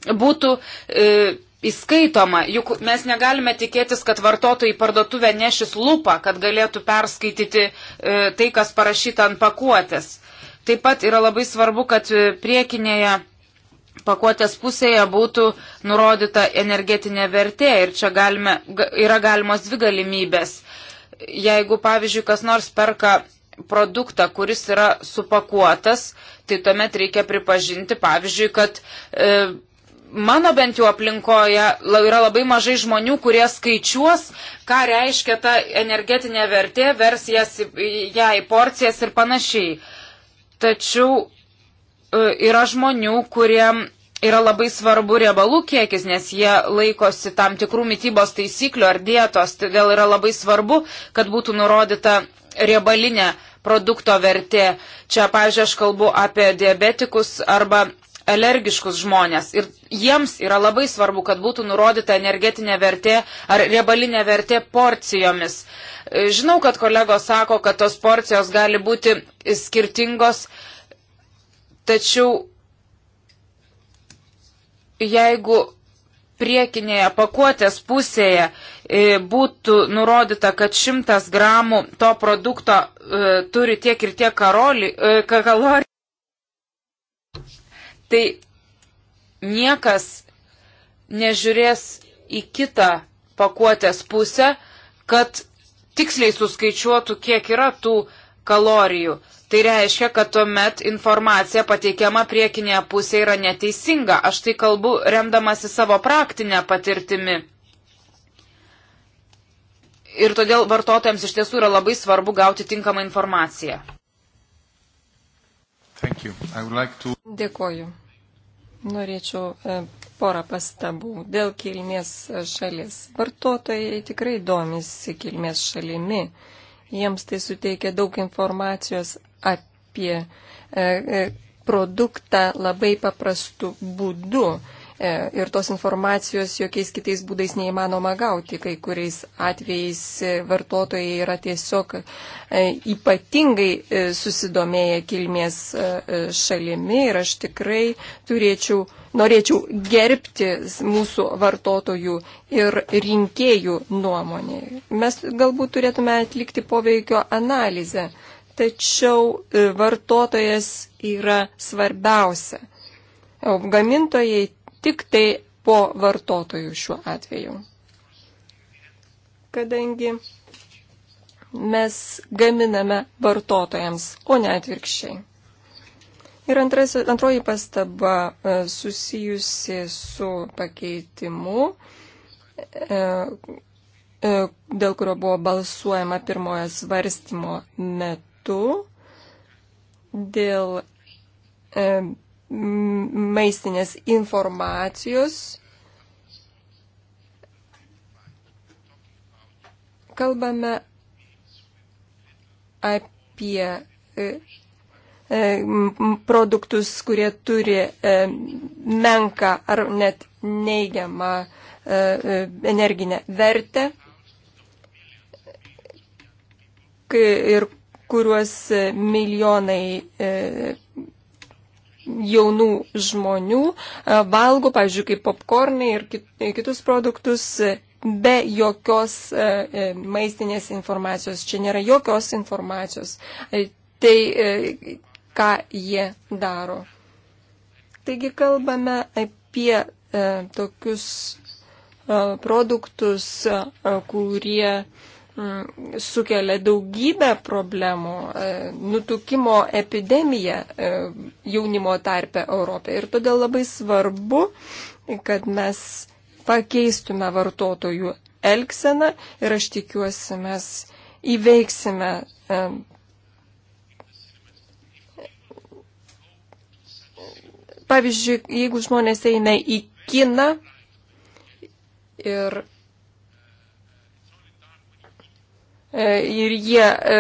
būtų e, įskaitoma, juk mes negalime tikėtis, kad vartotojai parduotuvę nešis lupą, kad galėtų perskaityti e, tai, kas parašyta ant pakuotės. Taip pat yra labai svarbu, kad priekinėje pakuotės pusėje būtų nurodyta energetinė vertė ir čia galime, yra galimos dvi galimybės. Jeigu, pavyzdžiui, kas nors perka produktą, kuris yra supakuotas, tai tuomet reikia pripažinti, pavyzdžiui, kad e, mano bent jau aplinkoje yra labai mažai žmonių, kurie skaičiuos, ką reiškia ta energetinė vertė, vers jas, ją į porcijas ir panašiai. Tačiau E, yra žmonių, kurie yra labai svarbu riebalų kiekis, nes jie laikosi tam tikrų mytybos taisyklių ar dietos, todėl yra labai svarbu, kad būtų nurodyta riebalinė produkto vertė. Čia, pavyzdžiui, aš kalbu apie diabetikus arba alergiškus žmonės ir jiems yra labai svarbu, kad būtų nurodyta energetinė vertė ar riebalinė vertė porcijomis. E, žinau, kad kolegos sako, kad tos porcijos gali būti skirtingos, Tačiau jeigu priekinėje pakuotės pusėje e, būtų nurodyta, kad 100 gramų to produkto e, turi tiek ir tiek karoli, e, kalorijų, tai niekas nežiūrės į kitą pakuotės pusę, kad tiksliai suskaičiuotų, kiek yra tų kalorijų. Tai reiškia, kad tuomet informacija pateikiama priekinėje pusėje yra neteisinga. Aš tai kalbu remdamasi savo praktinę patirtimi. Ir todėl vartotojams iš tiesų yra labai svarbu gauti tinkamą informaciją. Like to... Dėkoju. Norėčiau e, porą pastabų dėl kilmės šalies. Vartotojai tikrai domisi kilmės šalimi. Jiems tai suteikia daug informacijos apie e, e, produktą labai paprastu būdu e, ir tos informacijos jokiais kitais būdais neįmanoma gauti. Kai kuriais atvejais vartotojai yra tiesiog ypatingai susidomėję kilmės šalimi ir aš tikrai turėčiau, norėčiau gerbti mūsų vartotojų ir rinkėjų nuomonę. Mes galbūt turėtume atlikti poveikio analizę tačiau e, vartotojas yra svarbiausia. O gamintojai tik tai po vartotojų šiuo atveju. Kadangi mes gaminame vartotojams, o ne atvirkščiai. Ir antras, antroji pastaba e, susijusi su pakeitimu, e, dėl kurio buvo balsuojama pirmojo svarstymo metu metu dėl e, maistinės informacijos kalbame apie e, e, produktus, kurie turi e, menką ar net neigiamą e, e energinę vertę ir kuriuos milijonai e, jaunų žmonių e, valgo, pavyzdžiui, kaip popkornai ir e, kitus produktus be jokios maistinės informacijos. Čia nėra jokios informacijos. Tai ką jie daro. Taigi kalbame apie tokius produktus, kurie Mm, sukelia daugybę problemų, e, nutukimo epidemiją e, jaunimo tarpe Europoje. Ir todėl labai svarbu, kad mes pakeistume vartotojų elgseną ir aš tikiuosi mes įveiksime e, Pavyzdžiui, jeigu žmonės eina į kiną ir E, ir jie, e,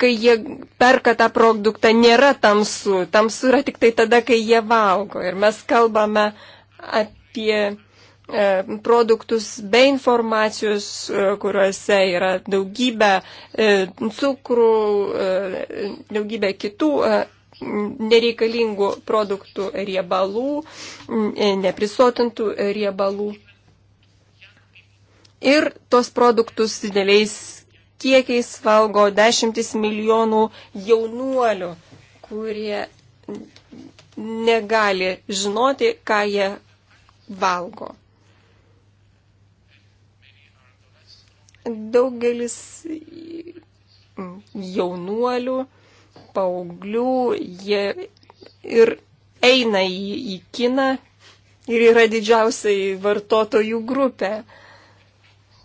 kai jie perka tą produktą, nėra tamsu. Tamsu yra tik tai tada, kai jie valgo. Ir mes kalbame apie e, produktus be informacijos, kuriuose yra daugybė cukrų, daugybė kitų nereikalingų produktų riebalų, neprisotintų riebalų. Ir tos produktus dideliais kiekiais valgo dešimtis milijonų jaunuolių, kurie negali žinoti, ką jie valgo. Daugelis jaunuolių, paauglių, jie ir eina į, į kiną ir yra didžiausiai vartotojų grupė.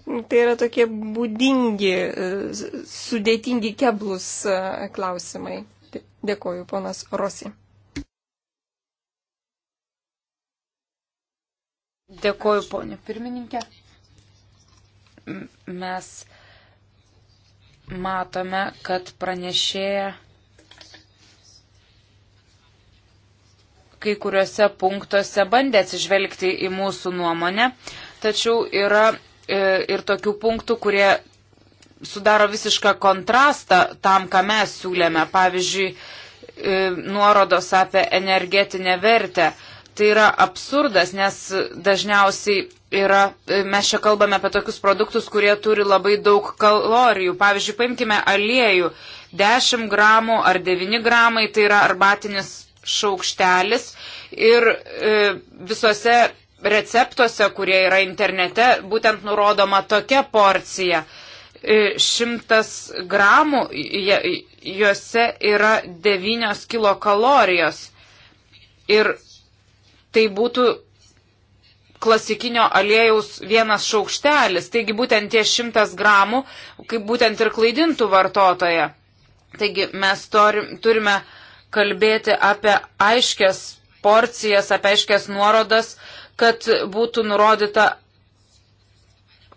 Tai yra tokie būdingi, e, sudėtingi, keblus e, klausimai. Dėkoju, ponas Rosi. Dėkoju, ponė pirmininkė. Mes matome, kad pranešėja kai kuriuose punktuose bandė atsižvelgti į mūsų nuomonę, tačiau yra E, ir tokių punktų, kurie sudaro visišką kontrastą tam, ką mes siūlėme. Pavyzdžiui, e, nuorodos apie energetinę vertę. Tai yra absurdas, nes dažniausiai yra, e, mes čia kalbame apie tokius produktus, kurie turi labai daug kalorijų. Pavyzdžiui, paimkime aliejų. 10 gramų ar 9 gramai tai yra arbatinis šaukštelis ir e, visose receptuose, kurie yra internete, būtent nurodoma tokia porcija. E, šimtas gramų, juose yra devynios kilokalorijos. Ir tai būtų klasikinio aliejaus vienas šaukštelis. Taigi būtent tie šimtas gramų, kaip būtent ir klaidintų vartotoje. Taigi mes turime kalbėti apie aiškės porcijas, apie aiškės nuorodas, kad būtų nurodyta,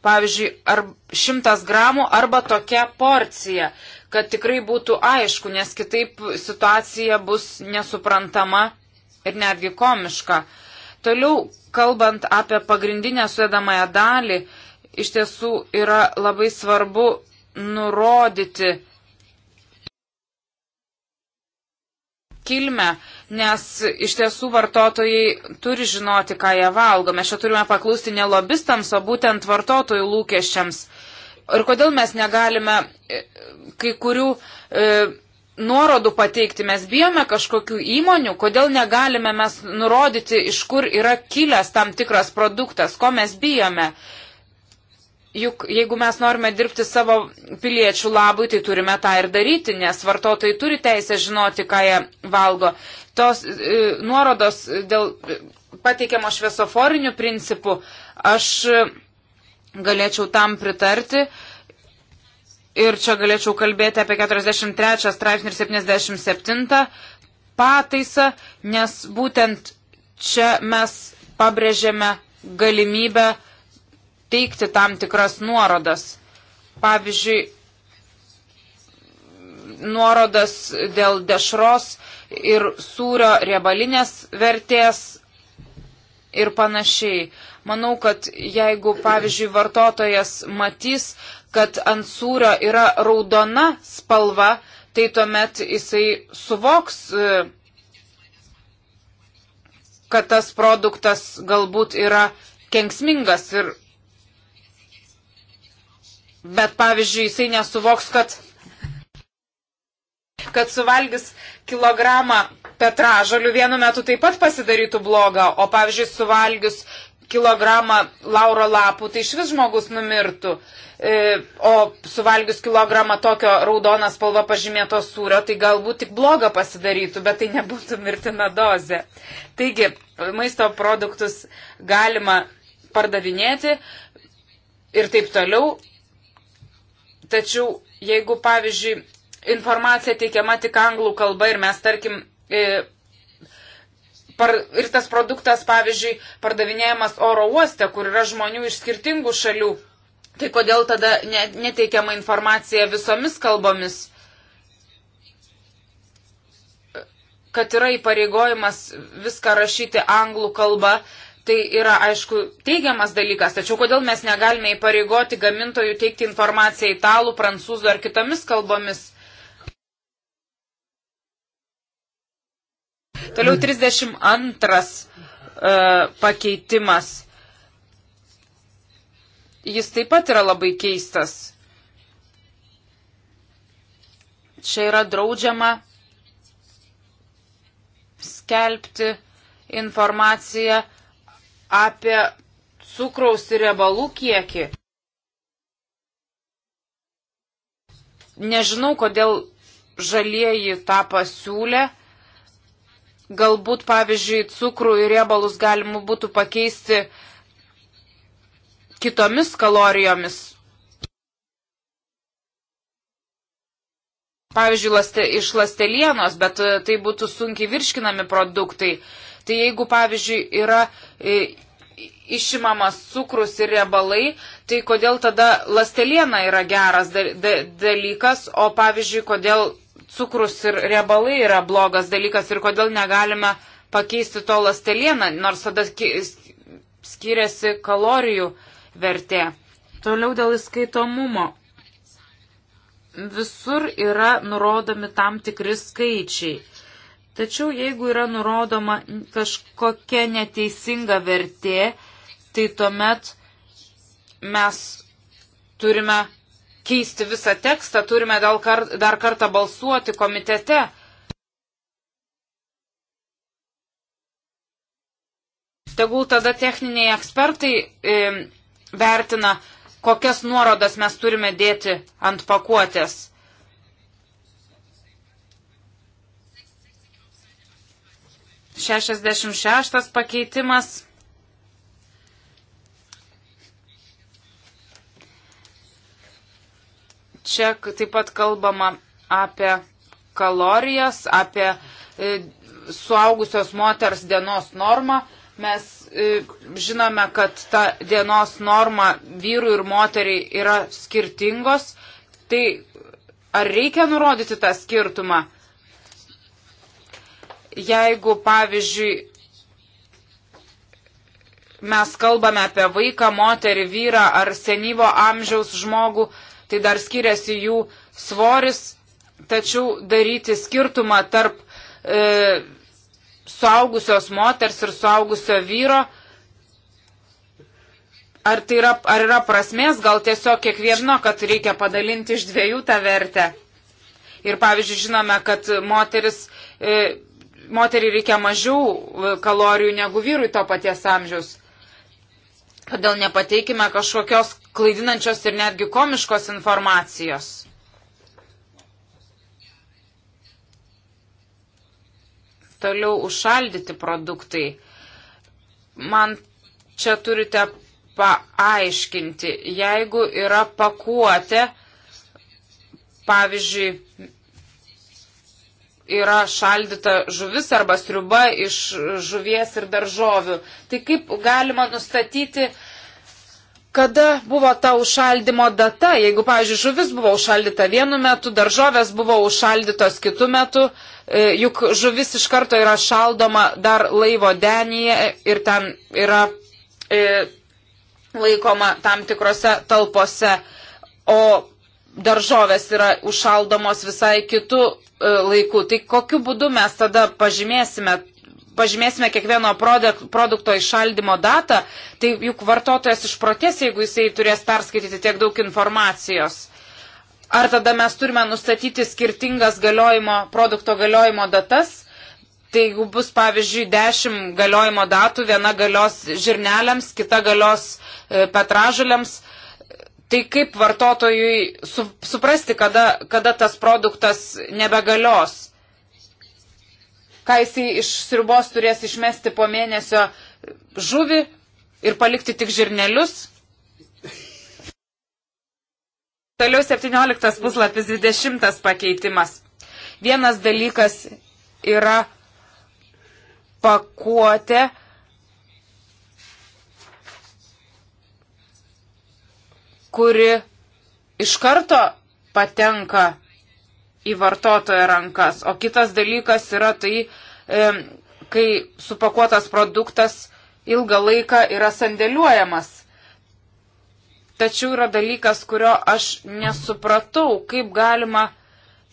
pavyzdžiui, ar 100 gramų arba tokia porcija, kad tikrai būtų aišku, nes kitaip situacija bus nesuprantama ir netgi komiška. Toliau, kalbant apie pagrindinę sudedamąją dalį, iš tiesų yra labai svarbu nurodyti, kilmę, nes iš tiesų vartotojai turi žinoti, ką jie valgo. Mes čia turime paklusti ne lobistams, o būtent vartotojų lūkesčiams. Ir kodėl mes negalime e, kai kurių e, nuorodų pateikti, mes bijome kažkokių įmonių, kodėl negalime mes nurodyti, iš kur yra kilęs tam tikras produktas, ko mes bijome. E, Juk jeigu mes norime dirbti savo piliečių labui, tai turime tą ir daryti, nes vartotojai turi teisę žinoti, ką jie valgo. Tos e, nuorodos dėl pateikiamo šviesoforinių principų aš e, galėčiau tam pritarti. Ir čia galėčiau kalbėti apie 43 straipsnį ir 77 pataisą, nes būtent čia mes pabrėžėme galimybę teikti tam tikras nuorodas. Pavyzdžiui, nuorodas dėl dešros ir sūrio riebalinės vertės ir panašiai. Manau, kad jeigu, pavyzdžiui, vartotojas matys, kad ant sūrio yra raudona spalva, tai tuomet jisai suvoks, e, kad tas produktas galbūt yra kenksmingas ir bet pavyzdžiui, jisai nesuvoks, kad, kad suvalgys kilogramą petražolių vienu metu taip pat pasidarytų blogą, o pavyzdžiui, suvalgius kilogramą lauro lapų, tai iš vis žmogus numirtų. E, o suvalgius kilogramą tokio raudoną spalvą pažymėto sūrio, tai galbūt tik blogą pasidarytų, bet tai nebūtų mirtina dozė. Taigi, maisto produktus galima pardavinėti ir taip toliau, Tačiau jeigu, pavyzdžiui, informacija teikiama tik anglų kalba ir mes, tarkim, e, par, ir tas produktas, pavyzdžiui, pardavinėjamas oro uoste, kur yra žmonių iš skirtingų šalių, tai kodėl tada neteikiama informacija visomis kalbomis? kad yra įpareigojimas viską rašyti anglų kalba, Tai yra, aišku, teigiamas dalykas, tačiau kodėl mes negalime įpareigoti gamintojų teikti informaciją italų, prancūzų ar kitomis kalbomis? Toliau 32 mm. uh, e, pakeitimas. Jis taip pat yra labai keistas. Čia yra draudžiama skelbti informaciją apie cukraus ir riebalų kiekį. Nežinau, kodėl žalieji tą pasiūlė. Galbūt, pavyzdžiui, cukrų ir riebalus galima būtų pakeisti kitomis kalorijomis. Pavyzdžiui, laste, iš lastelienos, bet e, tai būtų sunkiai virškinami produktai. Uh, Tai jeigu, pavyzdžiui, yra e, išimamas cukrus ir riebalai, tai kodėl tada lasteliena yra geras dalykas, o pavyzdžiui, kodėl cukrus ir riebalai yra blogas dalykas ir kodėl negalime pakeisti to lastelieną, nors tada skiriasi kalorijų vertė. Toliau dėl įskaitomumo. Visur yra nurodomi tam tikri skaičiai. Tačiau jeigu yra nurodoma kažkokia neteisinga vertė, tai tuomet mes turime keisti visą tekstą, turime dar kartą balsuoti komitete. Tegul tada techniniai ekspertai e, vertina, kokias nuorodas mes turime dėti ant pakuotės. 66 pakeitimas. Čia taip pat kalbama apie kalorijas, apie e, suaugusios moters dienos normą. Mes e, žinome, kad ta dienos norma vyrui ir moteriai yra skirtingos. Tai ar reikia nurodyti tą skirtumą? Jeigu, pavyzdžiui, mes kalbame apie vaiką, moterį, vyrą ar senyvo amžiaus žmogų, tai dar skiriasi jų svoris, tačiau daryti skirtumą tarp e, suaugusios moters ir suaugusio vyro, ar, tai yra, ar yra prasmės, gal tiesiog kiekvieno, kad reikia padalinti iš dviejų tą vertę. Ir pavyzdžiui, žinome, kad moteris e, moteriai reikia mažiau e, kalorijų negu vyrui to paties amžiaus. Todėl nepateikime kažkokios klaidinančios ir netgi komiškos informacijos. Toliau užšaldyti produktai. Man čia turite paaiškinti, jeigu yra pakuotė, pavyzdžiui, yra šaldyta žuvis arba sriuba iš žuvies ir daržovių. Tai kaip galima nustatyti, kada buvo ta užšaldimo data? Jeigu, pavyzdžiui, žuvis buvo užšaldyta vienu metu, daržovės buvo užšaldytos kitu metu, e, juk žuvis iš karto yra šaldoma dar laivo denyje ir ten yra e, laikoma tam tikrose talpose. O daržovės yra užšaldomos visai kitų e, laikų. Tai kokiu būdu mes tada pažymėsime, pažymėsime kiekvieno produkto iššaldimo datą, tai juk vartotojas išprotės, jeigu jisai turės perskaityti tiek daug informacijos. Ar tada mes turime nustatyti skirtingas galiojimo, produkto galiojimo datas? Tai jeigu bus, pavyzdžiui, 10 galiojimo datų, viena galios žirneliams, kita galios e, petražaliams, tai kaip vartotojui su, suprasti, kada, kada tas produktas nebegalios? Ką jisai iš sriubos turės išmesti po mėnesio žuvį ir palikti tik žirnelius? Toliau 17 puslapis 20 pakeitimas. Vienas dalykas yra pakuotė, kuri iš karto patenka į vartotojo rankas, o kitas dalykas yra tai, e, kai supakuotas produktas ilgą laiką yra sandėliuojamas. Tačiau yra dalykas, kurio aš nesupratau, kaip galima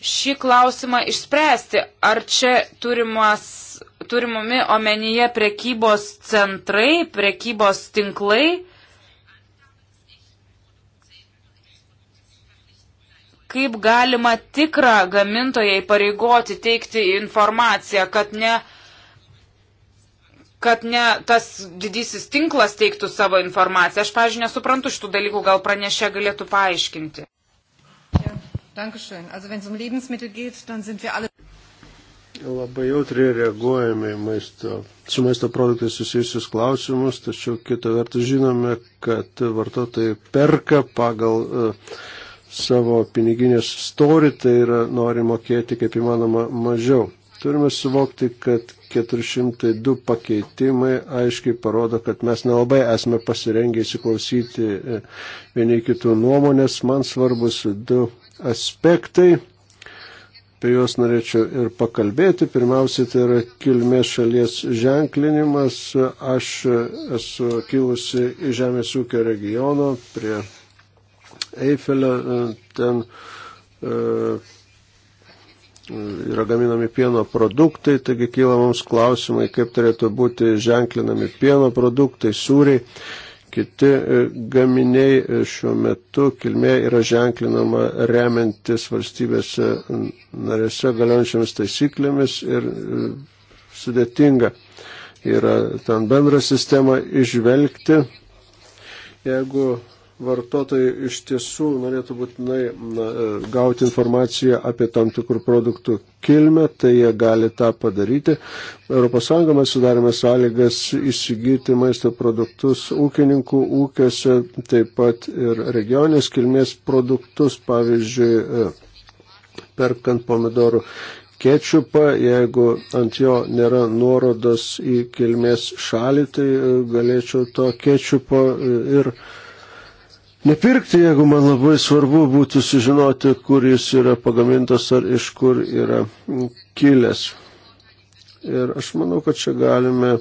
šį klausimą išspręsti. Ar čia turimas, turimami omenyje prekybos centrai, prekybos tinklai? kaip galima tikrą gamintoją įpareigoti teikti informaciją, kad ne, kad ne tas didysis tinklas teiktų savo informaciją. Aš, pažiūrėjau, nesuprantu šitų dalykų, gal pranešė galėtų paaiškinti. Um Labai jautriai reaguojame į maisto, su maisto produktais susijusius klausimus, tačiau kitą vertus žinome, kad vartotojai perka pagal uh, savo piniginės storį, tai yra nori mokėti kaip įmanoma mažiau. Turime suvokti, kad 402 pakeitimai aiškiai parodo, kad mes nelabai esame pasirengę įsiklausyti e, vieni kitų nuomonės. Man svarbus du aspektai, apie juos norėčiau ir pakalbėti. Pirmiausia, tai yra kilmės šalies ženklinimas. Aš esu kilusi iš Žemės ūkio regiono prie Eifelio, e, ten e, yra gaminami pieno produktai, taigi kyla mums klausimai, kaip turėtų būti ženklinami pieno produktai, sūriai. Kiti e, gaminiai šiuo metu kilmė yra ženklinama remiantis valstybėse narėse galiojančiamis taisyklėmis ir sudėtinga yra ten bendrą sistemą išvelgti. Jeigu vartotojai iš tiesų norėtų būtinai na, e, gauti informaciją apie tam tikrų produktų kilmę, tai jie gali tą padaryti. ES mes sudarėme sąlygas įsigyti maisto produktus ūkininkų ūkiuose, taip pat ir regionės kilmės produktus, pavyzdžiui, e, perkant pomidorų kečupą, jeigu ant jo nėra nuorodos į kilmės šalį, tai e, galėčiau to kečupo ir nepirkti, jeigu man labai svarbu būtų sužinoti, kur jis yra pagamintas ar iš kur yra kilęs. Ir aš manau, kad čia galime e,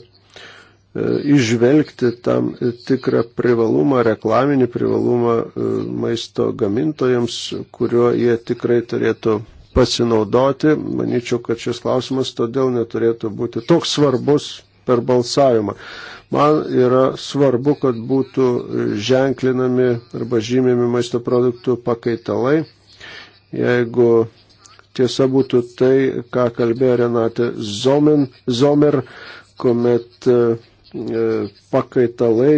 išvelgti tam tikrą privalumą, reklaminį privalumą e, maisto gamintojams, kuriuo jie tikrai turėtų pasinaudoti. Manyčiau, kad šis klausimas todėl neturėtų būti toks svarbus per balsavimą. Man yra svarbu, kad būtų ženklinami arba žymimi maisto produktų pakaitalai. Jeigu tiesa būtų tai, ką kalbėjo Renate Zomen, Zomer, kuomet e, pakaitalai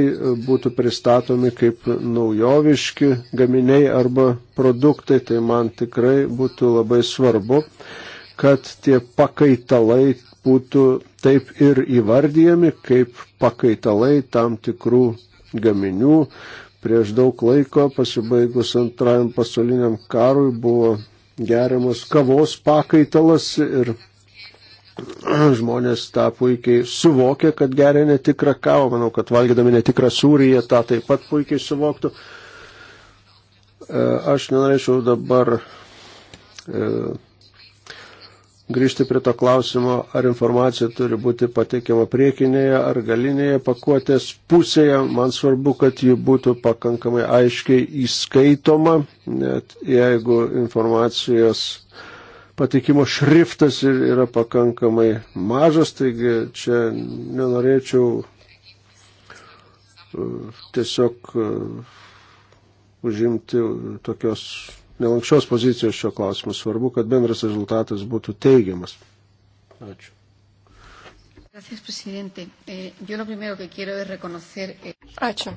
būtų pristatomi kaip naujoviški gaminiai arba produktai, tai man tikrai būtų labai svarbu, kad tie pakaitalai būtų taip ir įvardyjami kaip pakaitalai tam tikrų gaminių. Prieš daug laiko, pasibaigus antrajam pasauliniam karui, buvo geriamas kavos pakaitalas ir žmonės tą puikiai suvokė, kad geria netikrą kavą. Manau, kad valgydami netikrą sūrį jie tą taip pat puikiai suvoktų. E, aš nenorėčiau dabar e, grįžti prie to klausimo, ar informacija turi būti pateikiama priekinėje ar galinėje pakuotės pusėje. Man svarbu, kad ji būtų pakankamai aiškiai įskaitoma, net jeigu informacijos patikimo šriftas yra pakankamai mažas, taigi čia nenorėčiau uh, tiesiog uh, užimti tokios nelankščios pozicijos šio klausimu. Svarbu, kad bendras rezultatas būtų teigiamas. Ačiū. Gracias, presidente. Eh, yo lo primero que quiero es reconocer. Eh... Ačiū.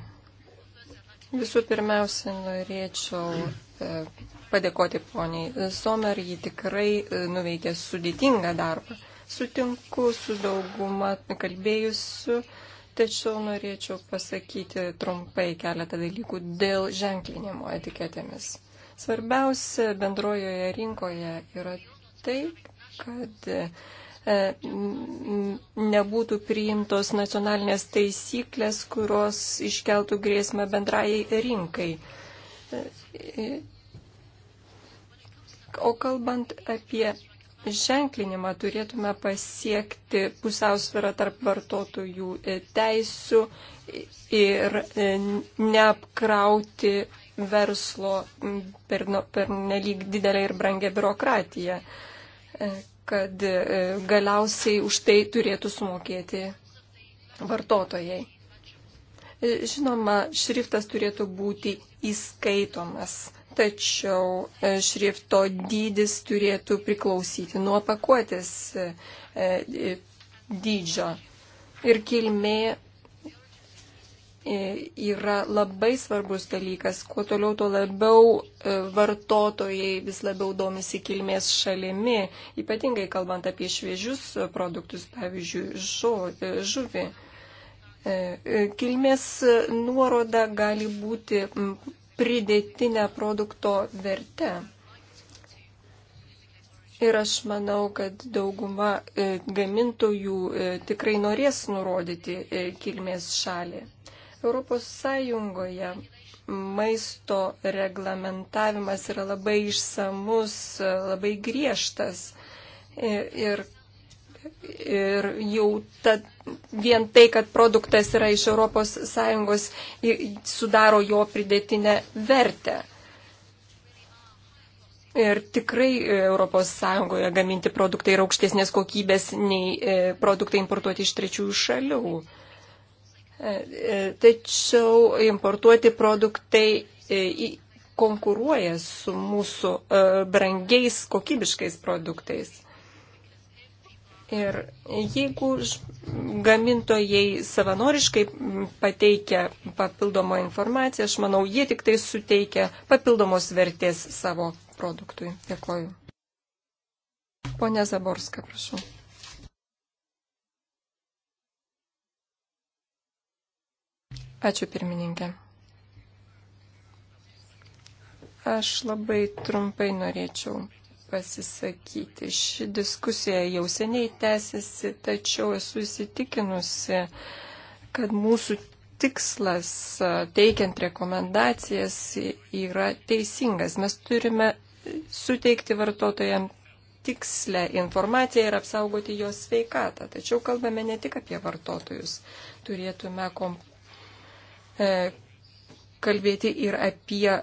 Visų pirmiausia, norėčiau eh, padėkoti poniai Somer, ji tikrai eh, nuveikė sudėtingą darbą. Sutinku su dauguma kalbėjusiu, tačiau norėčiau pasakyti trumpai keletą dalykų dėl ženklinimo etiketėmis. Svarbiausia bendrojoje rinkoje yra tai, kad e, nebūtų priimtos nacionalinės taisyklės, kurios iškeltų grėsmę bendrajai rinkai. E, e, o kalbant apie ženklinimą, turėtume pasiekti pusiausvyrą tarp vartotojų teisų ir neapkrauti verslo per, nu, per nelik didelę ir brangę biurokratiją, e, kad e, galiausiai už tai turėtų sumokėti vartotojai. E, žinoma, šriftas turėtų būti įskaitomas, tačiau šrifto dydis turėtų priklausyti nuo pakuotės dydžio. Ir kilmė E, yra labai svarbus dalykas. Kuo toliau, tuo labiau e, vartotojai vis labiau domisi kilmės šalimi, ypatingai kalbant apie šviežius produktus, pavyzdžiui, e, žuvį. Kilmės nuoroda gali būti pridėtinė produkto verte. Ir aš manau, kad dauguma gamintojų tikrai norės nurodyti kilmės šalį. Europos Sąjungoje maisto reglamentavimas yra labai išsamus, labai griežtas. Ir, ir jau ta, vien tai, kad produktas yra iš Europos Sąjungos, sudaro jo pridėtinę vertę. Ir tikrai ES gaminti produktai yra aukštesnės kokybės nei e, produktai importuoti iš trečiųjų šalių. Tačiau importuoti produktai e, konkuruoja su mūsų e, brangiais kokybiškais produktais. Ir jeigu gamintojai savanoriškai pateikia papildomą informaciją, aš manau, jie tik tai suteikia papildomos vertės savo produktui. Dėkoju. Pone Zaborska, prašau. Ačiū pirmininkė. Aš labai trumpai norėčiau pasisakyti. Ši diskusija jau seniai tęsiasi, tačiau esu įsitikinusi, kad mūsų tikslas teikiant rekomendacijas yra teisingas. Mes turime suteikti vartotojams tikslę informaciją ir apsaugoti jos sveikatą. Tačiau kalbame ne tik apie vartotojus. Turėtume komp E, kalbėti ir apie e,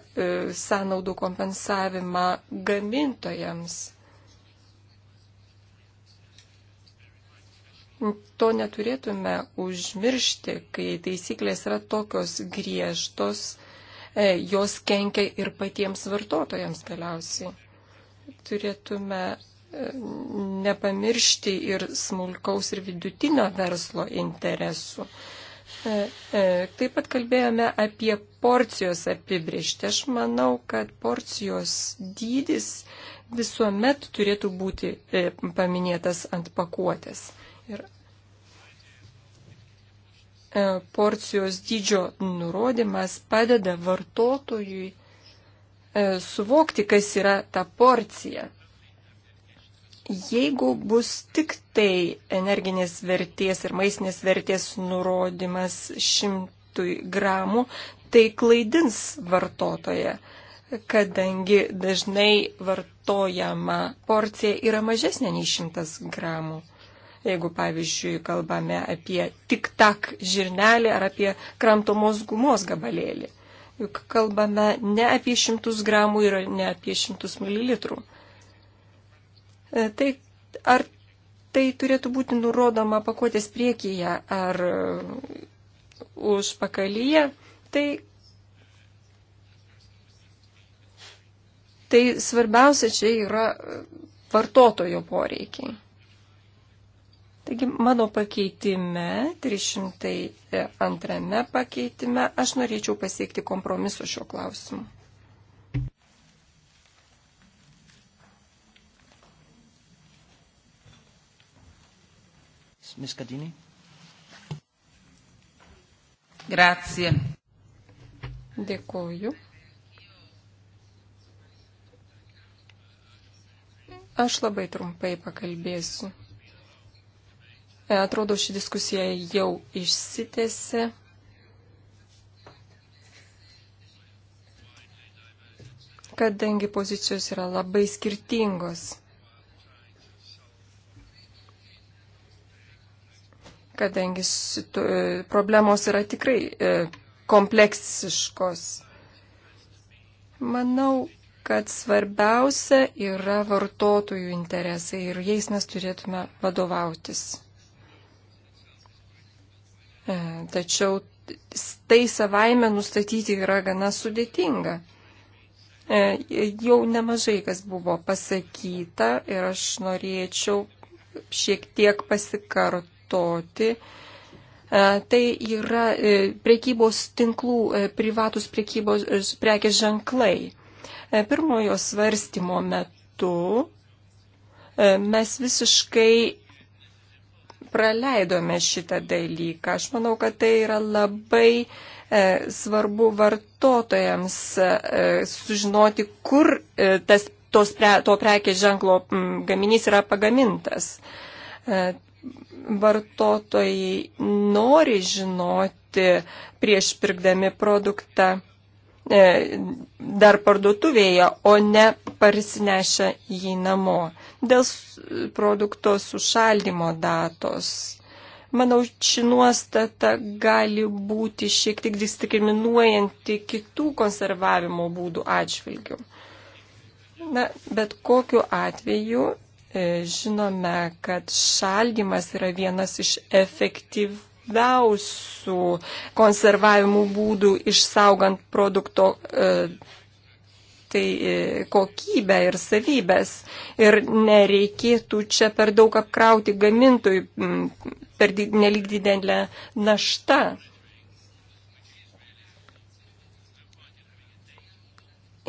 sąnaudų kompensavimą gamintojams. To neturėtume užmiršti, kai taisyklės yra tokios griežtos, e, jos kenkia ir patiems vartotojams galiausiai. Turėtume nepamiršti ir smulkaus ir vidutinio verslo interesų. E, e, taip pat kalbėjome apie porcijos apibriežtį. Aš manau, kad porcijos dydis visuomet turėtų būti e, paminėtas ant pakuotės. Ir porcijos dydžio nurodymas padeda vartotojui suvokti, kas yra ta porcija. Jeigu bus tik tai energinės vertės ir maistinės vertės nurodymas šimtui gramų, tai klaidins vartotoje, kadangi dažnai vartojama porcija yra mažesnė nei šimtas gramų. Jeigu, pavyzdžiui, kalbame apie tik tak žirnelį ar apie kramtomos gumos gabalėlį. Juk kalbame ne apie šimtus gramų ir ne apie šimtus mililitrų. E, tai ar tai turėtų būti nurodoma pakuotės priekyje ar e, už pakalyje, tai, tai svarbiausia čia yra vartotojo poreikiai. Taigi mano pakeitime, 302 e, pakeitime, aš norėčiau pasiekti kompromisu šiuo klausimu. Ms. Cadini. Grazie. Dėkoju. Aš labai trumpai pakalbėsiu. Atrodo, ši diskusija jau išsitėsi. Kadangi pozicijos yra labai skirtingos. kadangi situ, problemos yra tikrai e, kompleksiškos. Manau, kad svarbiausia yra vartotojų interesai ir jais mes turėtume vadovautis. E, tačiau tai savaime nustatyti yra gana sudėtinga. E, jau nemažai kas buvo pasakyta ir aš norėčiau šiek tiek pasikartoti plėtoti. E, tai yra e, prekybos tinklų e, privatus prekybos prekės ženklai. Pirmojo svarstymo metu mes visiškai praleidome šitą dalyką. Aš manau, kad tai yra labai svarbu vartotojams sužinoti, kur tas, tos, pre, to prekės ženklo gaminys yra pagamintas vartotojai nori žinoti prieš pirkdami produktą e, dar parduotuvėje, o ne parsinešę jį namo. Dėl produkto sušaldimo datos. Manau, ši nuostata gali būti šiek tiek diskriminuojanti kitų konservavimo būdų atžvilgių. Na, bet kokiu atveju E, žinome, kad šaldymas yra vienas iš efektyviausių konservavimų būdų išsaugant produkto e, tai e, kokybę ir savybės. Ir nereikėtų čia per daug apkrauti gamintojų per nelik didelę naštą.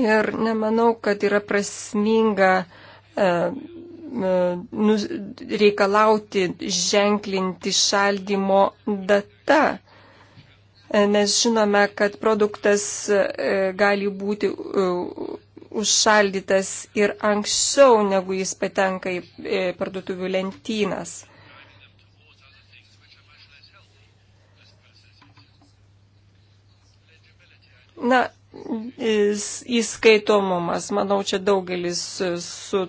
Ir nemanau, kad yra prasminga uh, E, nu, reikalauti ženklinti šaldymo datą. E, mes žinome, kad produktas e, gali būti užšaldytas ir anksčiau, negu jis patenka į parduotuvių lentynas. Na, įskaitomumas, manau, čia daugelis su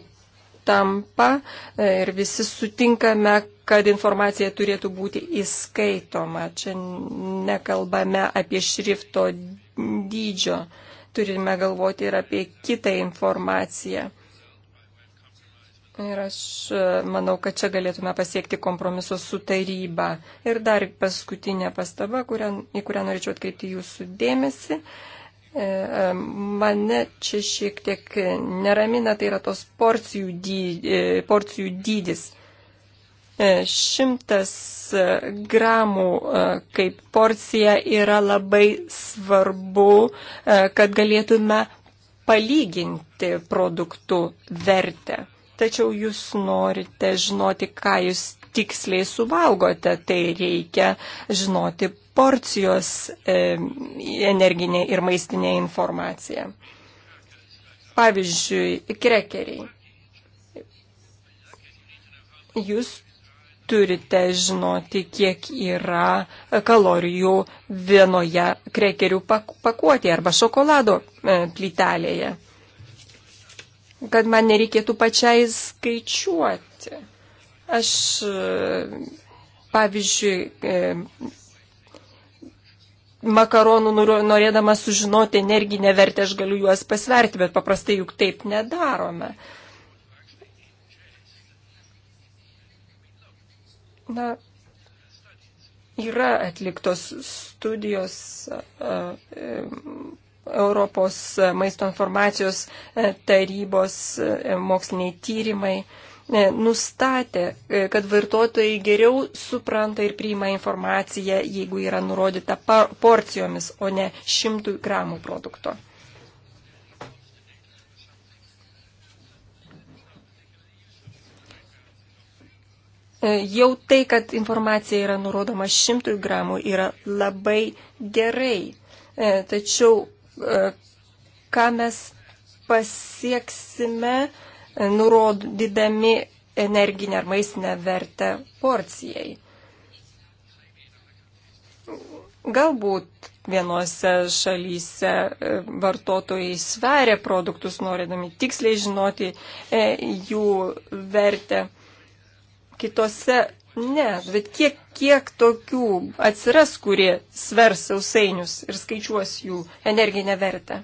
sutampa e, ir visi sutinkame, kad informacija turėtų būti įskaitoma. Čia nekalbame apie šrifto dydžio, turime galvoti ir apie kitą informaciją. Ir aš e, manau, kad čia galėtume pasiekti kompromiso su taryba. Ir dar paskutinė pastaba, kurią, į kurią norėčiau atkreipti jūsų dėmesį. Uh, E, e, mane čia šiek tiek neramina, tai yra tos porcijų, dy, e, porcijų dydis. Šimtas gramų kaip porcija yra labai svarbu, kad galėtume palyginti produktų vertę tačiau jūs norite žinoti, ką jūs tiksliai suvalgote, tai reikia žinoti porcijos e, energinė ir maistinė informacija. Pavyzdžiui, krekeriai. Jūs turite žinoti, kiek yra kalorijų vienoje krekerių pakuotėje arba šokolado e, plytelėje kad man nereikėtų pačiai skaičiuoti. Aš, pavyzdžiui, e, makaronų norėdama sužinoti energinę vertę, aš galiu juos pasverti, bet paprastai juk taip nedarome. Na, yra atliktos studijos, Europos maisto informacijos e, tarybos e, moksliniai tyrimai e, nustatė, kad vartotojai geriau supranta ir priima informaciją, jeigu yra nurodyta porcijomis, o ne šimtų gramų produkto. Jau tai, kad informacija yra nurodoma šimtų gramų, yra labai gerai. Tačiau ką mes pasieksime, nurodydami energinę ar maistinę vertę porcijai. Galbūt vienose šalyse e, vartotojai sveria produktus, norėdami tiksliai žinoti e, jų vertę. Kitose Ne, bet kiek, kiek tokių atsiras, kurie svers sausainius ir skaičiuos jų energinę vertę?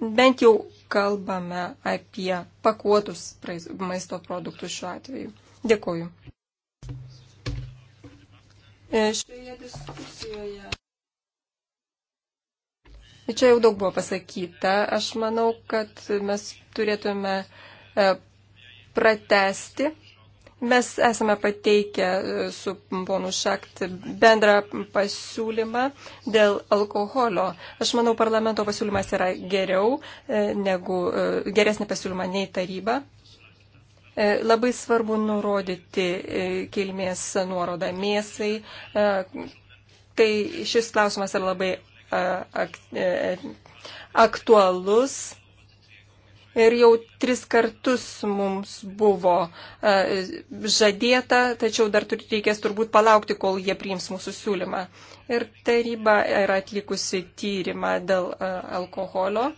Bent jau kalbame apie pakuotus maisto produktus šiuo atveju. Dėkuoju. E, šioje diskusijoje. Čia jau daug buvo pasakyta. Aš manau, kad mes turėtume e, pratesti. Mes esame pateikę e, su ponu Šakt bendrą pasiūlymą dėl alkoholio. Aš manau, parlamento pasiūlymas yra geriau e, negu e, geresnė pasiūlyma nei taryba. Labai svarbu nurodyti kilmės nuorodą mėsai. Tai šis klausimas yra labai aktualus ir jau tris kartus mums buvo e, žadėta, tačiau dar reikės turbūt palaukti, kol jie priims mūsų siūlymą. Ir taryba yra atlikusi tyrimą dėl e, alkoholio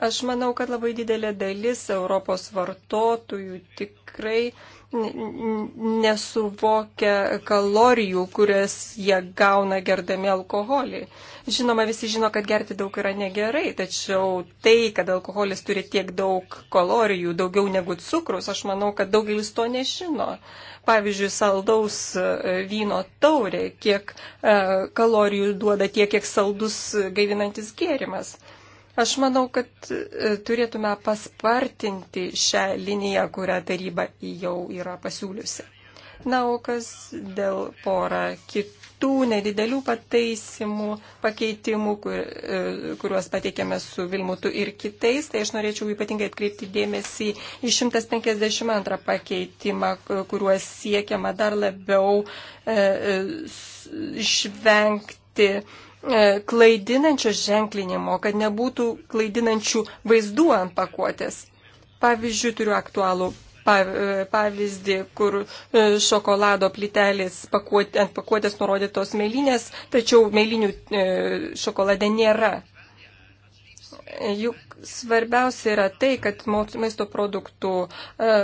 Aš manau, kad labai didelė dalis Europos vartotojų tikrai nesuvokia kalorijų, kurias jie gauna gerdami alkoholį. Žinoma, visi žino, kad gerti daug yra negerai, tačiau tai, kad alkoholis turi tiek daug kalorijų, daugiau negu cukrus, aš manau, kad daugelis to nežino. Pavyzdžiui, saldaus e, vyno taurė, kiek e, kalorijų duoda tiek, kiek saldus gaivinantis gėrimas. Aš manau, kad e, turėtume paspartinti šią liniją, kurią taryba jau yra pasiūliusi. Na, o kas dėl porą kitų nedidelių pataisimų, pakeitimų, kur, e, kuriuos pateikėme su Vilmutu ir kitais, tai aš norėčiau ypatingai atkreipti dėmesį į 152 pakeitimą, kuriuo siekiama dar labiau e, e išvengti. E, E, klaidinančio ženklinimo, kad nebūtų klaidinančių vaizdų ant pakuotės. Pavyzdžiui, turiu aktualų e, pavyzdį, kur e, šokolado plytelės pakuotė, ant pakuotės nurodytos mėlynės, tačiau mėlynių šokolade nėra. Juk svarbiausia yra tai, kad maisto produktų e,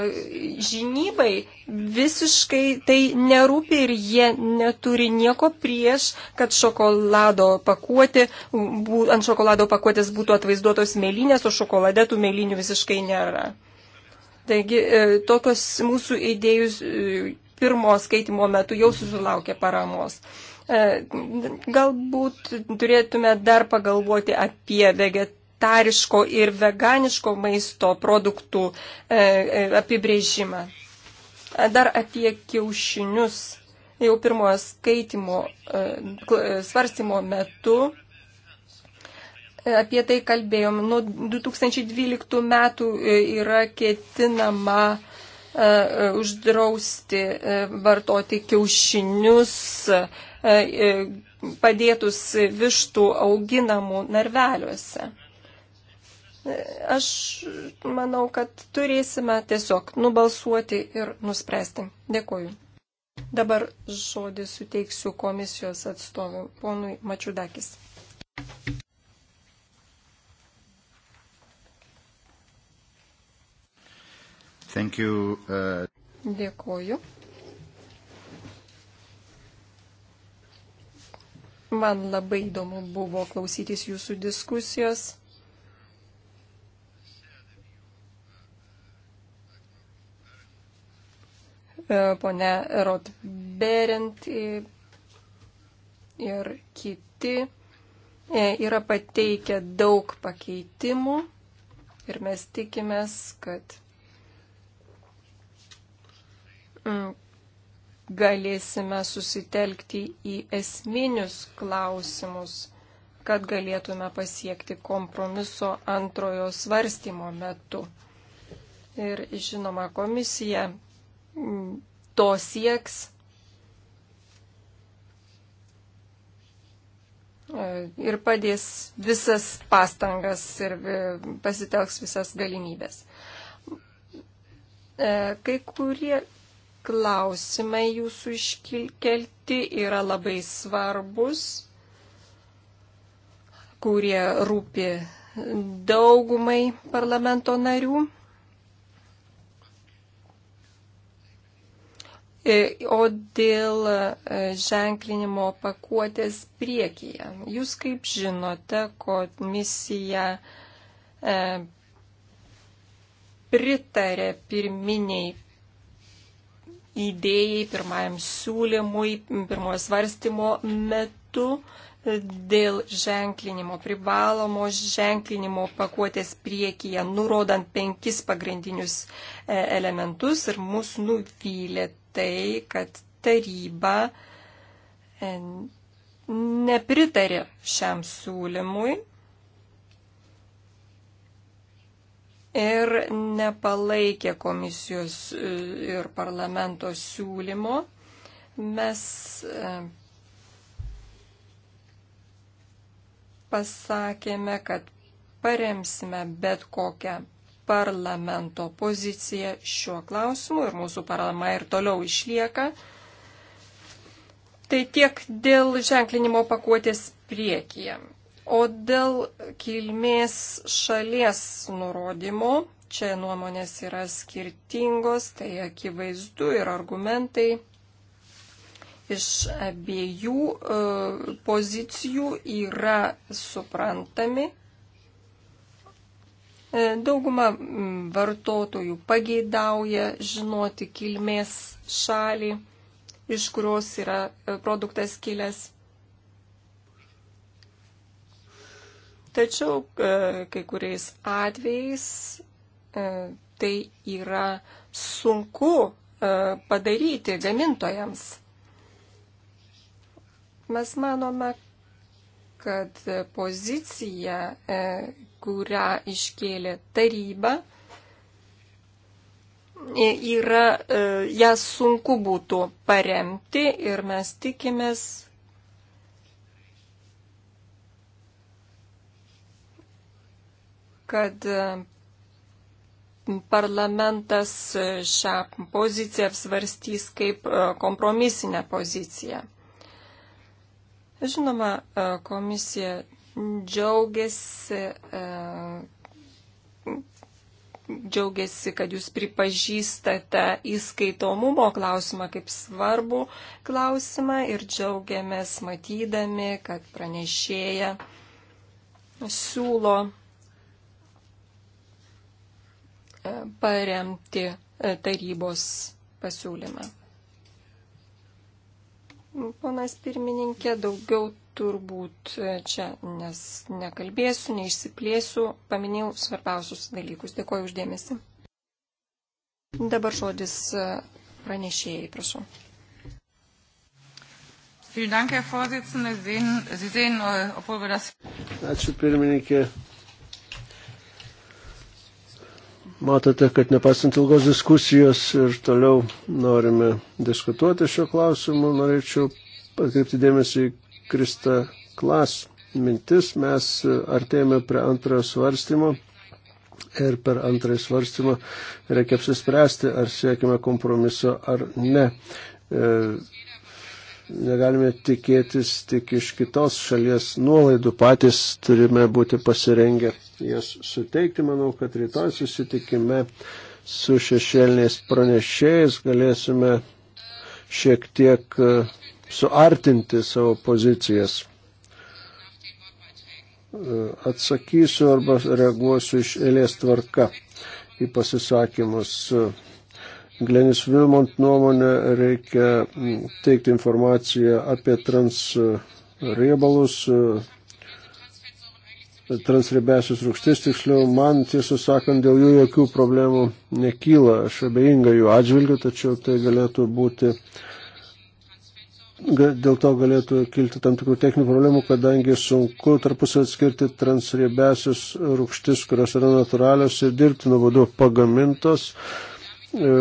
žinybai visiškai tai nerūpi ir jie neturi nieko prieš, kad šokolado pakuoti, ant šokolado pakuotės būtų atvaizduotos mėlynės, o šokolade tų mėlynių visiškai nėra. Taigi e, tokios mūsų idėjus e, pirmo skaitimo metu jau susilaukė paramos. Galbūt turėtume dar pagalvoti apie vegetarianų vegetariško ir veganiško maisto produktų e, e, apibrėžimą. Dar apie kiaušinius. Jau pirmojo skaitimo e, svarstymo metu apie tai kalbėjom. Nuo 2012 metų yra ketinama uždrausti vartoti kiaušinius padėtus vištų auginamų narveliuose. Aš manau, kad turėsime tiesiog nubalsuoti ir nuspręsti. Dėkuoju. Dabar žodį suteiksiu komisijos atstovui, ponui Mačiudakis. Thank you, uh... Dėkuoju. Man labai įdomu buvo klausytis jūsų diskusijos. E, ponia Rotberent ir kiti e, yra pateikę daug pakeitimų ir mes tikimės, kad mm, galėsime susitelkti į esminius klausimus, kad galėtume pasiekti kompromiso antrojo svarstymo metu. Ir žinoma, komisija to sieks. Ir padės visas pastangas ir e, pasitelks visas galimybės. E, kai kurie klausimai jūsų iškelti yra labai svarbus, kurie rūpi daugumai parlamento narių. E, o dėl e, ženklinimo pakuotės priekyje. Jūs kaip žinote, komisija e, pritarė pirminiai idėjai, pirmajam siūlymui, pirmojo svarstymo metu dėl ženklinimo, privalomo ženklinimo pakuotės priekyje, nurodant penkis pagrindinius elementus ir mus nuvylė tai, kad taryba e, nepritarė šiam siūlymui ir nepalaikė komisijos e, ir parlamento siūlymo. Mes e, pasakėme, kad paremsime bet kokią parlamento pozicija šiuo klausimu ir mūsų parama ir toliau išlieka. Tai tiek dėl ženklinimo pakuotės priekyje. O dėl kilmės šalies nurodymo, čia nuomonės yra skirtingos, tai akivaizdu ir argumentai iš abiejų e, pozicijų yra suprantami E, dauguma vartotojų pageidauja žinoti kilmės šalį, iš kurios yra e, produktas kilęs. Tačiau e, kai kuriais atvejais tai yra sunku padaryti gamintojams. Mes manome, kad pozicija kurią iškėlė taryba, yra, e, ją sunku būtų paremti ir mes tikimės, kad e, parlamentas šią poziciją apsvarstys kaip e, kompromisinę poziciją. Žinoma, komisija džiaugiasi, e, džiaugiasi, kad jūs pripažįstate įskaitomumo klausimą kaip svarbu klausimą ir džiaugiamės matydami, kad pranešėja siūlo e, paremti e, tarybos pasiūlymą. Ponas pirmininkė, daugiau turbūt čia nes nekalbėsiu, neišsiplėsiu, paminėjau svarbiausius dalykus. Dėkuoju uždėmesi. Dabar žodis e, pranešėjai, prašau. Äh, Ačiū pirmininkė. Matote, kad nepasant ilgos diskusijos ir toliau norime diskutuoti šio klausimu, norėčiau atkreipti dėmesį į Krista Klas mintis. Mes artėjame prie antrojo svarstymo ir per antrąjį svarstymą reikia apsispręsti, ar siekime kompromiso ar ne. E, negalime tikėtis tik iš kitos šalies nuolaidų, patys turime būti pasirengę jas suteikti. Manau, kad rytoj susitikime su šešėliniais pranešėjais galėsime šiek tiek e, suartinti savo pozicijas. E, atsakysiu arba reaguosiu iš eilės tvarka į pasisakymus. E, Glenis Vilmont nuomonė reikia teikti informaciją apie trans riebalus, e, transribesius rūkštis, tiksliau, man tiesą sakant, dėl jų jokių problemų nekyla, aš abejinga jų atžvilgiu, tačiau tai galėtų būti uh, dėl to galėtų kilti tam tikrų techninių problemų, kadangi sunku tarpusai atskirti transriebesius rūkštis, kurios yra natūralios ir dirbtino būdu pagamintos. E,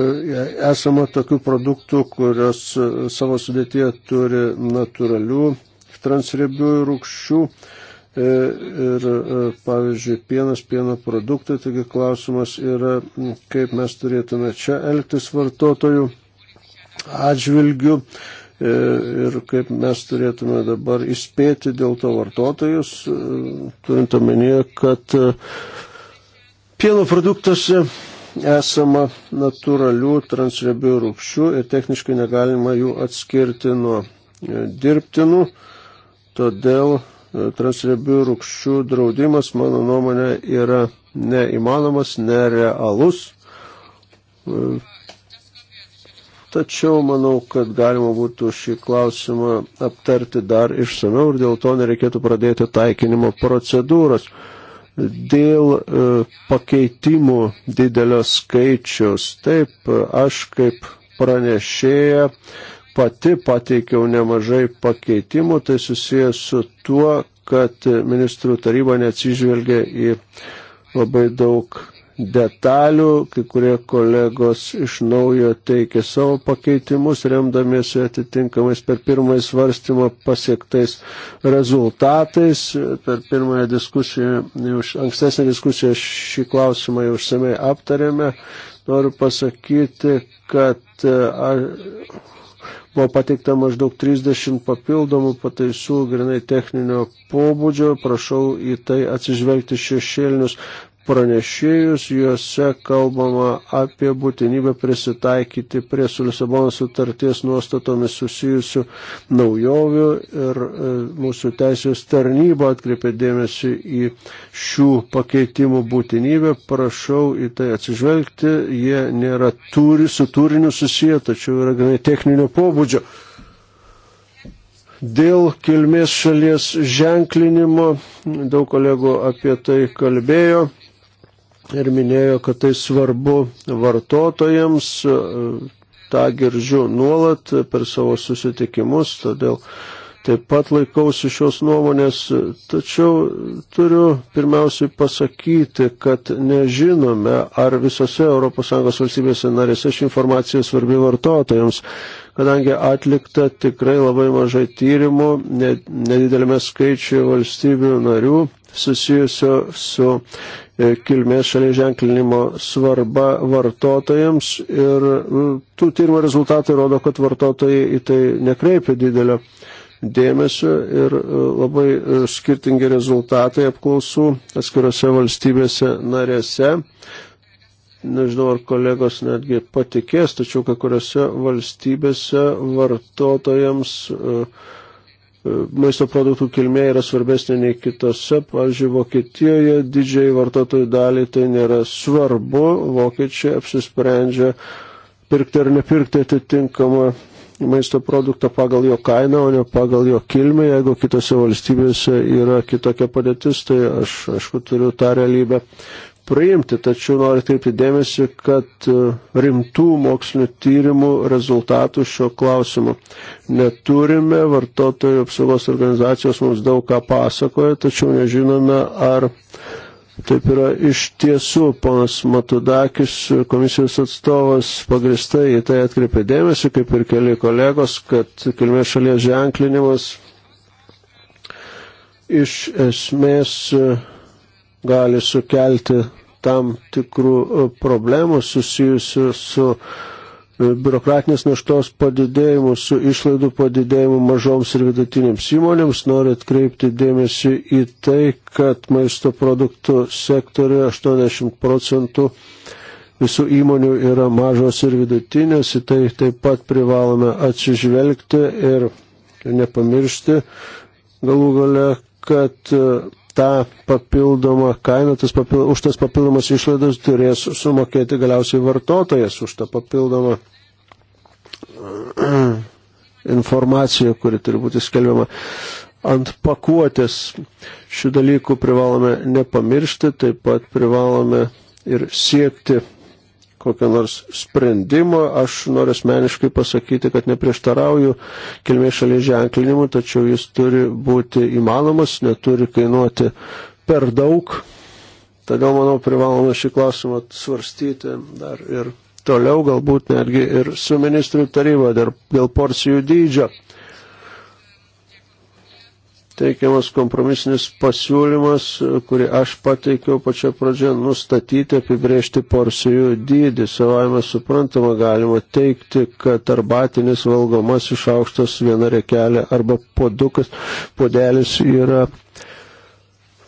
esama tokių produktų, kurios e, savo sudėtyje turi natūralių transriebiųjų rūkščių e, ir, pavyzdžiui, pienas, pieno produktai. Taigi klausimas yra, kaip mes turėtume čia elgtis vartotojų atžvilgių E, ir kaip mes turėtume dabar įspėti dėl to vartotojus, e, turint omenyje, kad e, pieno produktuose esama natūralių transriebių rūkščių ir techniškai negalima jų atskirti nuo dirbtinų, todėl transriebių rūkščių draudimas, mano nuomonė, yra neįmanomas, nerealus Tačiau manau, kad galima būtų šį klausimą aptarti dar išsameu ir dėl to nereikėtų pradėti taikinimo procedūros. Dėl e, pakeitimų didelio skaičiaus. Taip, aš kaip pranešėja pati pateikiau nemažai pakeitimų, tai susijęs su tuo, kad ministrų taryba neatsižvelgia į labai daug detalių, kai kurie kolegos iš naujo teikė savo pakeitimus, remdamiesi atitinkamais per pirmąjį svarstymą pasiektais rezultatais. Per pirmąją diskusiją, ankstesnę diskusiją šį klausimą jau išsamei aptarėme. Noriu pasakyti, kad e, buvo pateikta maždaug 30 papildomų pataisų grinai techninio pobūdžio. Prašau į tai atsižvelgti šešėlinius pranešėjus, juose kalbama apie būtinybę prisitaikyti prie su Lisabono sutarties nuostatomis susijusių naujovių ir e, mūsų teisės tarnyba atkreipė dėmesį į šių pakeitimų būtinybę. Prašau į tai atsižvelgti, jie nėra turi, su turiniu susiję, tačiau yra ganai techninio pobūdžio. Dėl kilmės šalies ženklinimo daug kolegų apie tai kalbėjo ir minėjo, kad tai svarbu vartotojams, tą giržiu nuolat per savo susitikimus, todėl taip pat laikausi šios nuomonės, tačiau turiu pirmiausiai pasakyti, kad nežinome, ar visose ES valstybėse narėse ši informacija svarbi vartotojams, kadangi atlikta tikrai labai mažai tyrimų, nedidelėme skaičiuje valstybių narių susijusio su E, kilmės šalies ženklinimo svarba vartotojams ir e, tų tyrimo rezultatai rodo, kad vartotojai į tai nekreipia didelio dėmesio ir e, labai skirtingi rezultatai apklausų atskirose valstybėse narėse. Nežinau, ar kolegos netgi patikės, tačiau kai kuriuose valstybėse vartotojams uh, maisto produktų kilmė yra svarbesnė nei kitose. Pavyzdžiui, Vokietijoje didžiai vartotojų daliai tai nėra svarbu. Vokiečiai apsisprendžia pirkti ar nepirkti atitinkamą maisto produktą pagal jo kainą, o ne pagal jo kilmę. Jeigu kitose valstybėse yra kitokia padėtis, tai aš, aišku, turiu tą realybę priimti, tačiau noriu atkreipti dėmesį, kad e, rimtų mokslinio tyrimų rezultatų šio klausimu neturime. Vartotojų apsaugos organizacijos mums daug ką pasakoja, tačiau nežinome, ar taip yra iš tiesų. Ponas Matudakis, komisijos atstovas, pagristai į tai atkreipė dėmesį, kaip ir keli kolegos, kad kilmės šalies ženklinimas iš esmės e, gali sukelti tam tikrų e, problemų susijusių su e, biurokratinės naštos padidėjimu, su išlaidų padidėjimu mažoms ir vidutinėms įmonėms. Noriu atkreipti dėmesį į tai, kad maisto produktų sektoriuje 80 procentų visų įmonių yra mažos ir vidutinės, į tai taip pat privalome atsižvelgti ir nepamiršti galų gale, kad e, tą papildomą kainą, tas papil, už tas papildomas išlaidas turės sumokėti galiausiai vartotojas už tą papildomą informaciją, kuri turi būti skelbiama ant pakuotės. Šių dalykų privalome nepamiršti, taip pat privalome ir siekti kokio nors sprendimo. Aš noriu asmeniškai pasakyti, kad neprieštarauju kilmės šalies ženklinimu, tačiau jis turi būti įmanomas, neturi kainuoti per daug. Todėl, manau, privaloma šį klausimą svarstyti dar ir toliau, galbūt netgi ir su ministrų taryba dėl porcijų dydžio teikiamas kompromisinis pasiūlymas, kurį aš pateikiau pačią pradžią, nustatyti, apibriežti porcijų dydį. Savaime suprantama, galima teikti, kad arbatinis valgomas iš aukštas viena rekelė arba podukas, podelis yra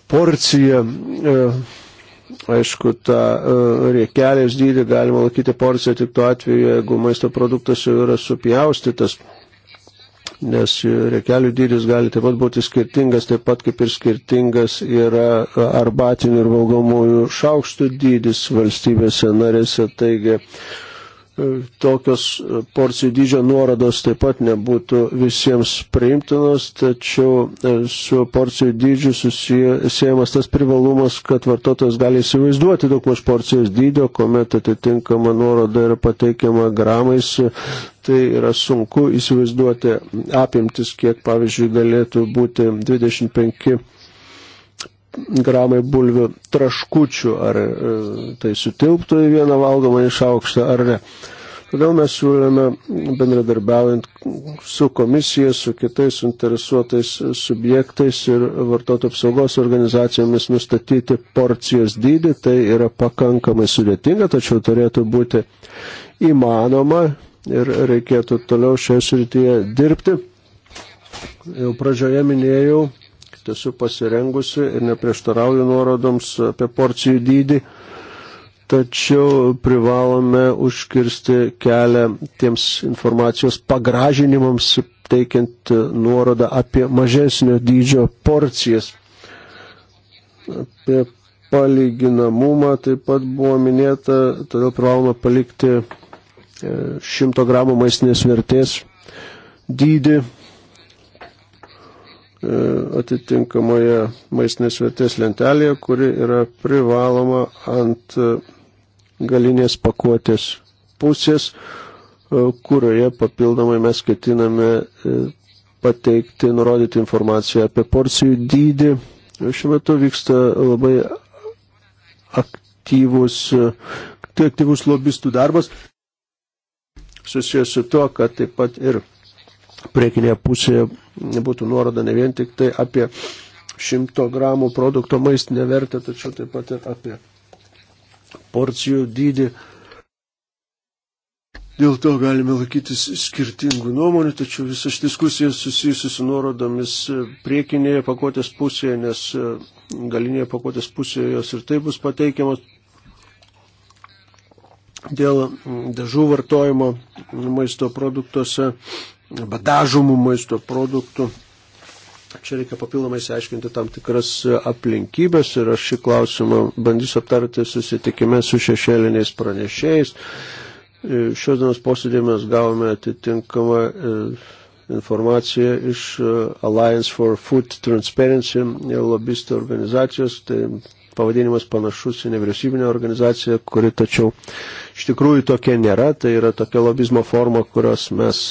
porcija. E, aišku, tą e, riekelės dydį galima laikyti porciją tik tuo atveju, jeigu maisto produktas jau yra supjaustytas nes rekelių dydis gali taip pat būti skirtingas, taip pat kaip ir skirtingas yra arbatinių ir valgomųjų šaukštų dydis valstybėse narėse. Taigi E, tokios e, porcijų dydžio nuorodos taip pat nebūtų visiems priimtinos, tačiau e, su porcijų dydžiu susijęs tas privalumas, kad vartotojas gali įsivaizduoti daug maž porcijos dydžio, kuomet atitinkama nuoroda yra pateikiama gramais, tai yra sunku įsivaizduoti apimtis, kiek pavyzdžiui galėtų būti 25 gramai bulvių traškučių, ar e, tai sutilptų į vieną valgomą išaukštą ar ne. Todėl mes siūlėme bendradarbiaujant su komisija, su kitais interesuotais subjektais ir vartotojų apsaugos organizacijomis nustatyti porcijos dydį. Tai yra pakankamai sudėtinga, tačiau turėtų būti įmanoma ir reikėtų toliau šioje srityje dirbti. Jau pradžioje minėjau tiesų pasirengusi ir neprieštarauju nuorodoms apie porcijų dydį, tačiau privalome užkirsti kelią tiems informacijos pagražinimams, teikiant nuorodą apie mažesnio dydžio porcijas. Apie palyginamumą taip pat buvo minėta, todėl privaloma palikti 100 e, gramų maistinės vertės dydį E, atitinkamoje maistinės vertės lentelėje, kuri yra privaloma ant e, galinės pakuotės pusės, e, kurioje papildomai mes ketiname pateikti, nurodyti informaciją apie porcijų dydį. Šiuo metu vyksta labai aktyvus, tai aktyvus lobistų darbas susijęs su to, kad taip pat ir priekinėje pusėje būtų nuoroda ne vien tik tai apie 100 gramų produkto maistinę vertę, tačiau taip pat ir apie porcijų dydį. Dėl to galime laikytis skirtingų nuomonių, tačiau visas diskusijas susijusi su nuorodomis priekinėje pakuotės pusėje, nes galinėje pakuotės pusėje jos ir taip bus pateikiamos. Dėl dažų vartojimo maisto produktuose arba dažomų maisto produktų. Čia reikia papildomai įsiaiškinti tam tikras aplinkybės ir aš šį klausimą bandysiu aptarti susitikime su šešėliniais pranešėjais. Šios dienos posėdėje mes gavome atitinkamą e, informaciją iš e, Alliance for Food Transparency lobistų organizacijos, tai pavadinimas panašus į nevyriausybinę organizaciją, kuri tačiau iš tikrųjų tokia nėra, tai yra tokia lobizmo forma, kurios mes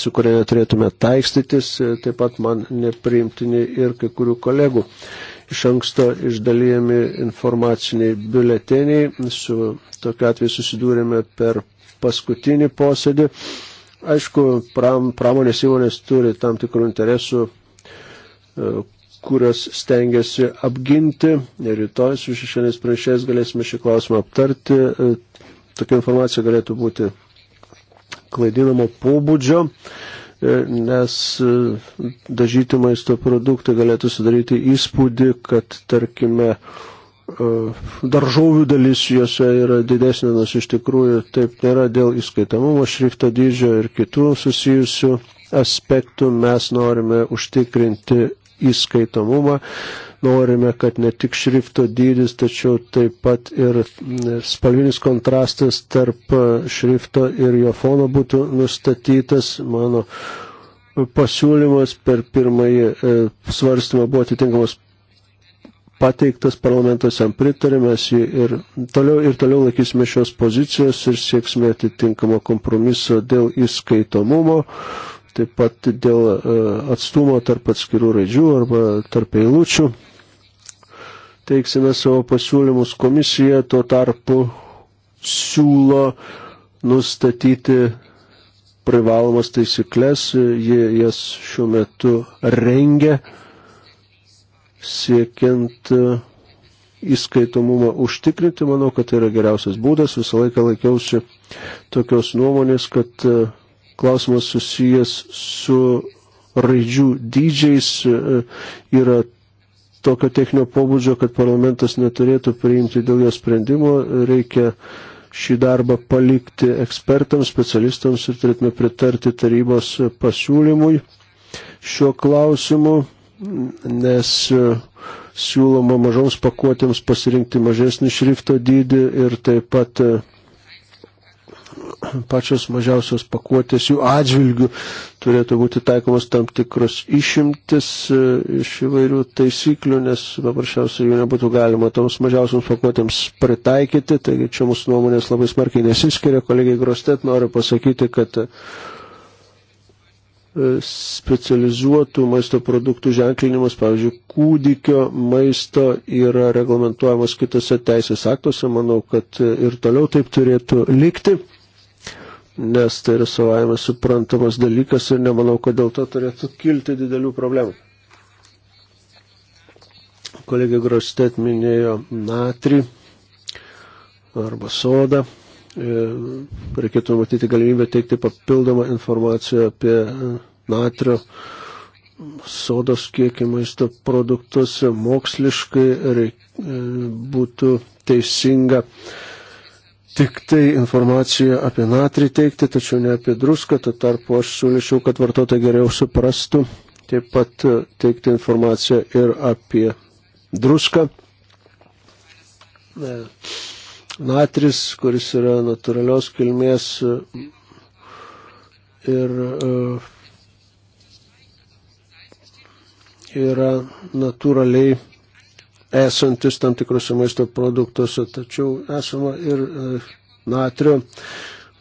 su kuria neturėtume taikstytis, e, taip pat man nepriimtini ir kai kurių kolegų. Iš anksto išdalyjami informaciniai biuleteniai, su tokiu atveju susidūrėme per paskutinį posėdį. Aišku, pram, pramonės įmonės turi tam tikrų interesų e, kurias stengiasi apginti. Rytoj su šešėliais pranešėjais galėsime šį klausimą aptarti. E, tokia informacija galėtų būti klaidinamo pobūdžio, e, nes e, dažyti maisto produktai galėtų sudaryti įspūdį, kad tarkime daržovių dalis juose yra didesnė, nors iš tikrųjų taip nėra dėl įskaitamumo šrifto dydžio ir kitų susijusių aspektų mes norime užtikrinti įskaitomumą. Norime, kad ne tik šrifto dydis, tačiau taip pat ir spalvinis kontrastas tarp e, šrifto ir jo fono būtų nustatytas. Mano pasiūlymas per pirmąjį e, svarstymą buvo atitinkamas pateiktas parlamentas jam pritarė, mes jį ir toliau, ir toliau laikysime šios pozicijos ir sieksime atitinkamo kompromiso dėl įskaitomumo taip pat dėl e, atstumo tarp atskirų raidžių arba tarp eilučių. Teiksime savo pasiūlymus komisija, tuo tarpu siūlo nustatyti privalomas taisyklės, jie jas šiuo metu rengia, siekiant e, įskaitomumą užtikrinti, manau, kad tai yra geriausias būdas, visą laiką laikiausi tokios nuomonės, kad e, klausimas susijęs su raidžių dydžiais e, yra tokio techninio pobūdžio, kad parlamentas neturėtų priimti dėl jo sprendimo, reikia šį darbą palikti ekspertams, specialistams ir turėtume pritarti tarybos pasiūlymui šiuo klausimu, nes e, siūloma mažoms pakuotėms pasirinkti mažesnį šrifto dydį ir taip pat e, pačios mažiausios pakuotės jų atžvilgių turėtų būti taikomas tam tikros išimtis e, iš įvairių taisyklių, nes paprasčiausiai jų nebūtų galima toms mažiausiams pakuotėms pritaikyti. Taigi čia mūsų nuomonės labai smarkiai nesiskiria. Kolegiai Grostet noriu pasakyti, kad e, specializuotų maisto produktų ženklinimas, pavyzdžiui, kūdikio maisto yra reglamentuojamas kitose teisės aktuose. Manau, kad ir toliau taip turėtų likti nes tai yra savaime suprantamas dalykas ir nemanau, kad dėl to turėtų kilti didelių problemų. Kolegė Grostet minėjo natrį arba sodą. E, reikėtų matyti galimybę teikti papildomą informaciją apie natrio sodos kiekį maisto produktuose. Moksliškai reik, e, būtų teisinga uh, tik tai informaciją apie natrį teikti, tačiau ne apie druską, tad tarpu aš siūlyčiau, kad vartotojai geriau suprastų, taip pat e, teikti informaciją ir apie druską. E, natris, kuris yra natūralios kilmės e, ir yra natūraliai esantis tam tikrose maisto produktuose, tačiau esama ir e, natrio,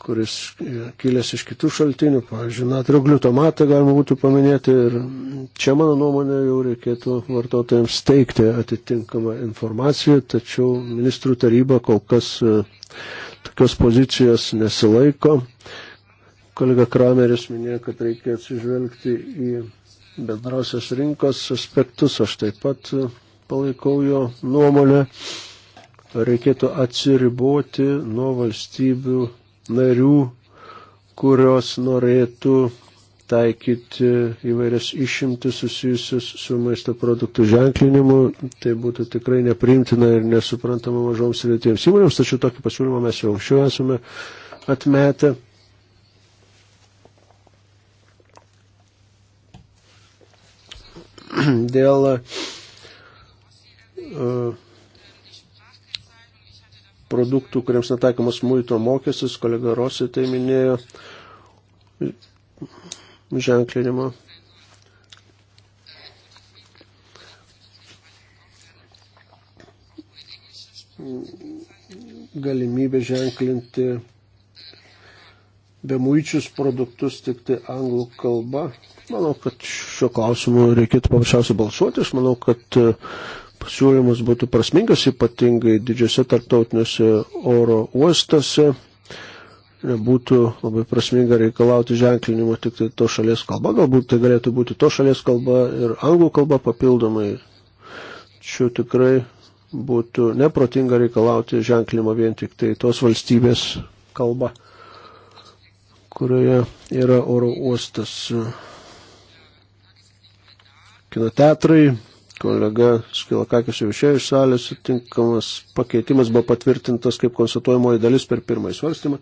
kuris e, kilęs iš kitų šaltinių, pavyzdžiui, natrio gliutomatą galima būtų paminėti ir čia, mano nuomonė, jau reikėtų vartotojams teikti atitinkamą informaciją, tačiau ministrų taryba kol kas e, tokios pozicijos nesilaiko. Kolega Krameris minėjo, kad reikia atsižvelgti į bendrosios rinkos aspektus, aš taip pat palaikau jo nuomonę, reikėtų atsiriboti nuo valstybių narių, kurios norėtų taikyti įvairias išimtis susijusius su maisto produktų ženklinimu. Tai būtų tikrai neprimtina ir nesuprantama mažoms ir vietiems įmonėms, tačiau tokį pasiūlymą mes jau anksčiau esame atmetę. Dėl E, produktų, kuriems netaikomas muito mokestis, kolega Rosi tai minėjo, ženklinimo. galimybė ženklinti bemuičius produktus tik tai anglų kalba. Manau, kad šiuo klausimu reikėtų paprasčiausiai balsuoti. Aš manau, kad uh, siūlymas būtų prasmingas, ypatingai didžiose tarptautiniuose oro uostuose. Nebūtų labai prasminga reikalauti ženklinimo tik tai to šalies kalba, galbūt tai galėtų būti to šalies kalba ir anglų kalba papildomai. Čia tikrai būtų neprotinga reikalauti ženklinimo vien tik tai tos valstybės kalba, kurioje yra oro uostas. Kinoteatrai kolega Skilakakis jau išėjo iš salės, tinkamas pakeitimas buvo patvirtintas kaip konstatuojamoji dalis per pirmąjį svarstymą.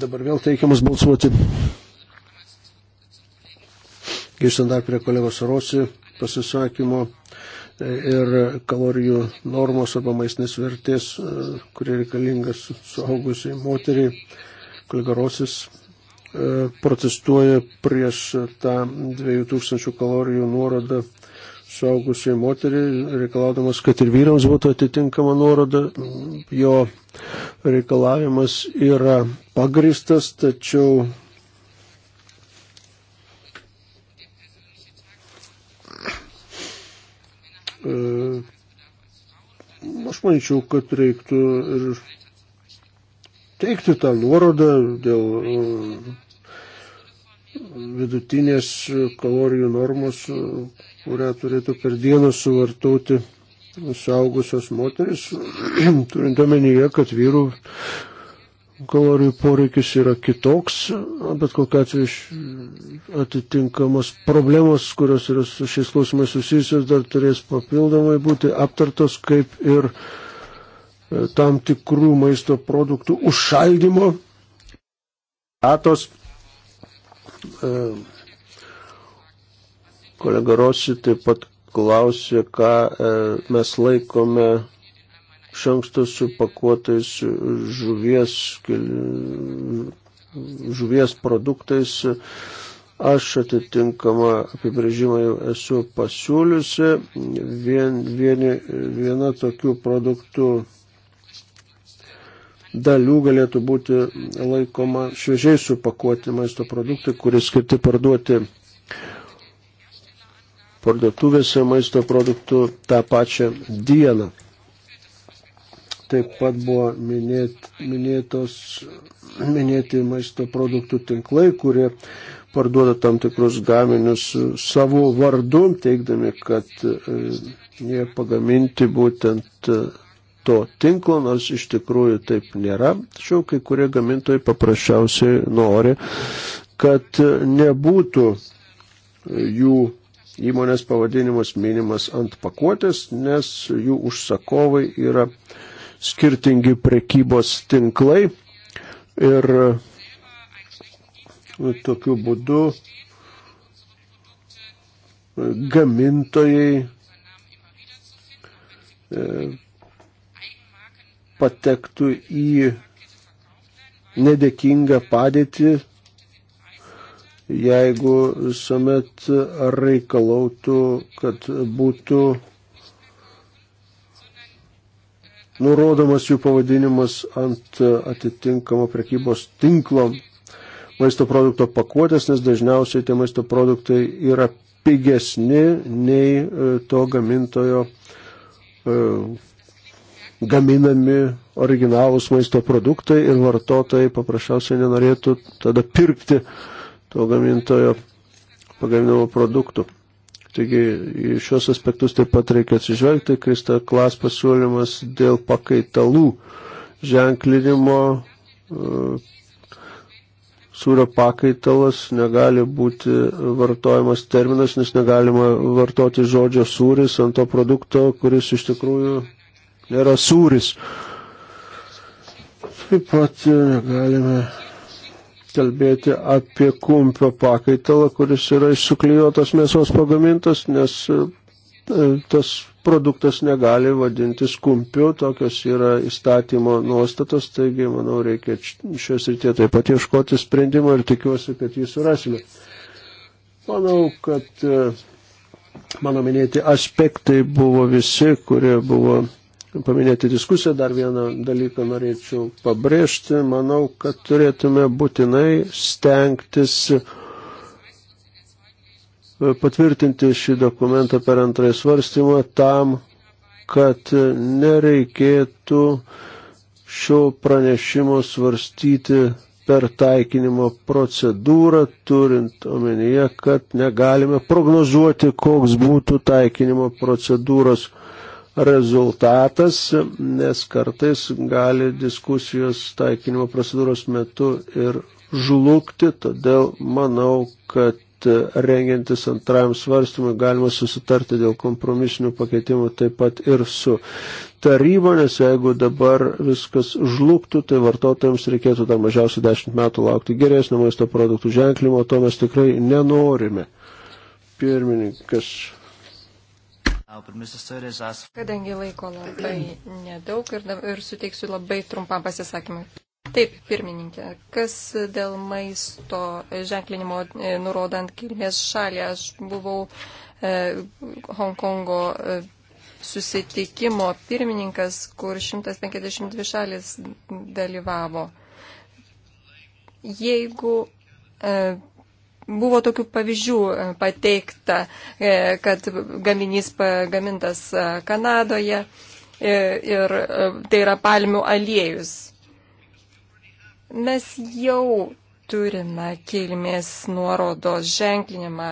Dabar vėl teikiamas balsuoti. Grįžtant dar prie kolegos Rosi pasisakymo ir kalorijų normos arba maistinės vertės, e, kurie reikalingas suaugusiai moteriai. Kolega Rosis e, protestuoja prieš tą 2000 kalorijų nuorodą suaugusiai moteriai, reikalaudamas, kad ir vyrams būtų atitinkama nuoroda. Jo reikalavimas yra pagristas, tačiau e, aš manyčiau, kad reiktų ir teikti tą nuorodą dėl e, vidutinės kalorijų normos kurią turėtų per dieną suvartoti suaugusios moteris, turint omenyje, kad vyrų kalorijų poreikis yra kitoks, bet kokia atveju atitinkamos problemos, kurios yra su šiais klausimais susijusios, dar turės papildomai būti aptartos, kaip ir e, tam tikrų maisto produktų užšaldimo atos. E, Kolega Rosi taip pat klausė, ką e, mes laikome šanksto supakuotais žuvies, žuvies produktais. Aš atitinkamą apibrėžimą jau esu pasiūliusi. Vien, vieni, viena tokių produktų dalių galėtų būti laikoma šviežiai supakuoti maisto produktai, kurie skirti parduoti parduotuvėse maisto produktų tą pačią dieną. Taip pat buvo minėt, minėtos, minėti maisto produktų tinklai, kurie parduoda tam tikrus gaminius savo vardu, teikdami, kad e, jie pagaminti būtent e, to tinklo, nors iš tikrųjų taip nėra. Tačiau kai kurie gamintojai paprasčiausiai nori, kad e, nebūtų jų įmonės pavadinimas minimas ant pakuotės, nes jų užsakovai yra skirtingi prekybos tinklai ir nu, tokiu būdu gamintojai e, patektų į nedėkingą padėtį jeigu visuomet reikalautų, kad būtų nurodomas jų pavadinimas ant atitinkamo prekybos tinklo maisto produkto pakuotės, nes dažniausiai tie maisto produktai yra pigesni nei e, to gamintojo e, gaminami originalūs maisto produktai ir vartotojai paprasčiausiai nenorėtų tada pirkti uh, to gamintojo pagaminamų produktų. Taigi į šios aspektus taip pat reikia atsižvelgti, Krista Klas pasiūlymas dėl pakaitalų ženklinimo e, sūrio pakaitalas negali būti vartojamas terminas, nes negalima vartoti žodžio sūris ant to produkto, kuris iš tikrųjų nėra sūris. Taip pat e, negalime kalbėti apie kumpio pakaitalą, kuris yra iš suklijuotos mėsos pagamintas, nes e, tas produktas negali vadintis kumpiu, tokios yra įstatymo nuostatos, taigi, manau, reikia šios rytie taip pat ieškoti sprendimo ir tikiuosi, kad jį surasime. Manau, kad e, mano minėti aspektai buvo visi, kurie buvo paminėti diskusiją, dar vieną dalyką norėčiau pabrėžti. Manau, kad turėtume būtinai stengtis patvirtinti šį dokumentą per antrąjį svarstymą tam, kad nereikėtų šio pranešimo svarstyti per taikinimo procedūrą, turint omenyje, kad negalime prognozuoti, koks būtų taikinimo procedūros rezultatas, nes kartais gali diskusijos taikinimo procedūros metu ir žlugti, todėl manau, kad rengiantis antrajam svarstymui galima susitarti dėl kompromisinių pakeitimų taip pat ir su taryba, nes jeigu dabar viskas žlugtų, tai vartotojams reikėtų dar mažiausiai 10 metų laukti geresnio maisto produktų ženklimo, to mes tikrai nenorime. Pirmininkas. Kadangi laiko labai nedaug ir, ir suteiksiu labai trumpam pasisakymui. Taip, pirmininkė, kas dėl maisto ženklinimo e, nurodant kilmės šalį, aš buvau e, Hongkongo e, susitikimo pirmininkas, kur 152 šalis dalyvavo. Jeigu e, Buvo tokių pavyzdžių e, pateikta, e, kad gaminys pagamintas e, Kanadoje ir tai yra palmių aliejus. Mes jau turime kilmės nuorodos ženklinimą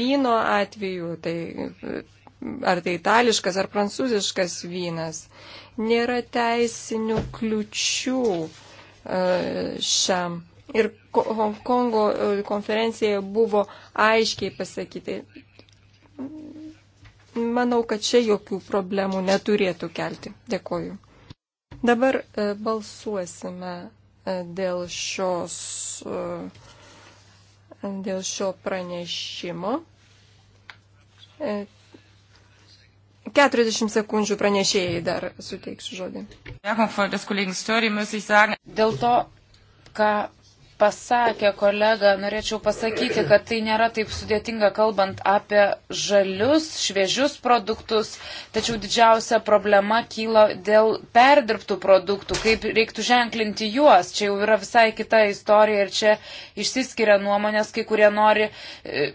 vyno atveju, tai ar tai itališkas ar prancūziškas vynas. Nėra teisinių kliučių šiam Ir Hongkongo e, konferencijoje buvo aiškiai pasakytai. Manau, kad čia jokių problemų neturėtų kelti. Dėkoju. Dabar e, balsuosime e, dėl, šios, dėl šio pranešimo. 40 sekundžių pranešėjai dar suteiksiu žodį. Dėl to, ką pasakė kolega, norėčiau pasakyti, kad tai nėra taip sudėtinga kalbant apie žalius, šviežius produktus, tačiau didžiausia problema kyla dėl perdirbtų produktų, kaip reiktų ženklinti juos. Čia jau yra visai kita istorija ir čia išsiskiria nuomonės, kai kurie nori e,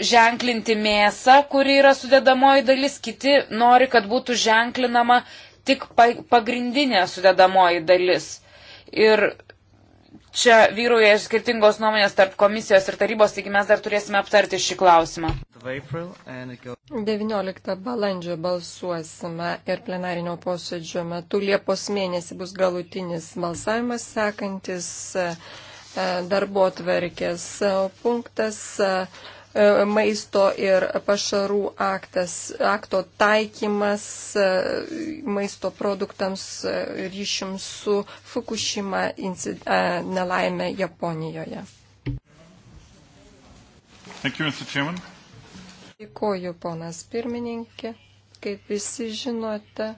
ženklinti mėsą, kuri yra sudėdamoji dalis, kiti nori, kad būtų ženklinama tik pagrindinė sudėdamoji dalis. Ir čia vyruoja skirtingos nuomonės tarp komisijos ir tarybos, taigi mes dar turėsime aptarti šį klausimą. 19 balandžio balsuosime ir plenarinio posėdžio metu Liepos mėnesį bus galutinis balsavimas sekantis e, darbo tvarkės e, punktas. E, E, maisto ir pašarų aktas, akto taikymas e, maisto produktams e, ryšim su Fukushima nelaimė Japonijoje. Thank you, Mr. Chairman. Dėkoju, ponas pirmininkė. Kaip visi žinote,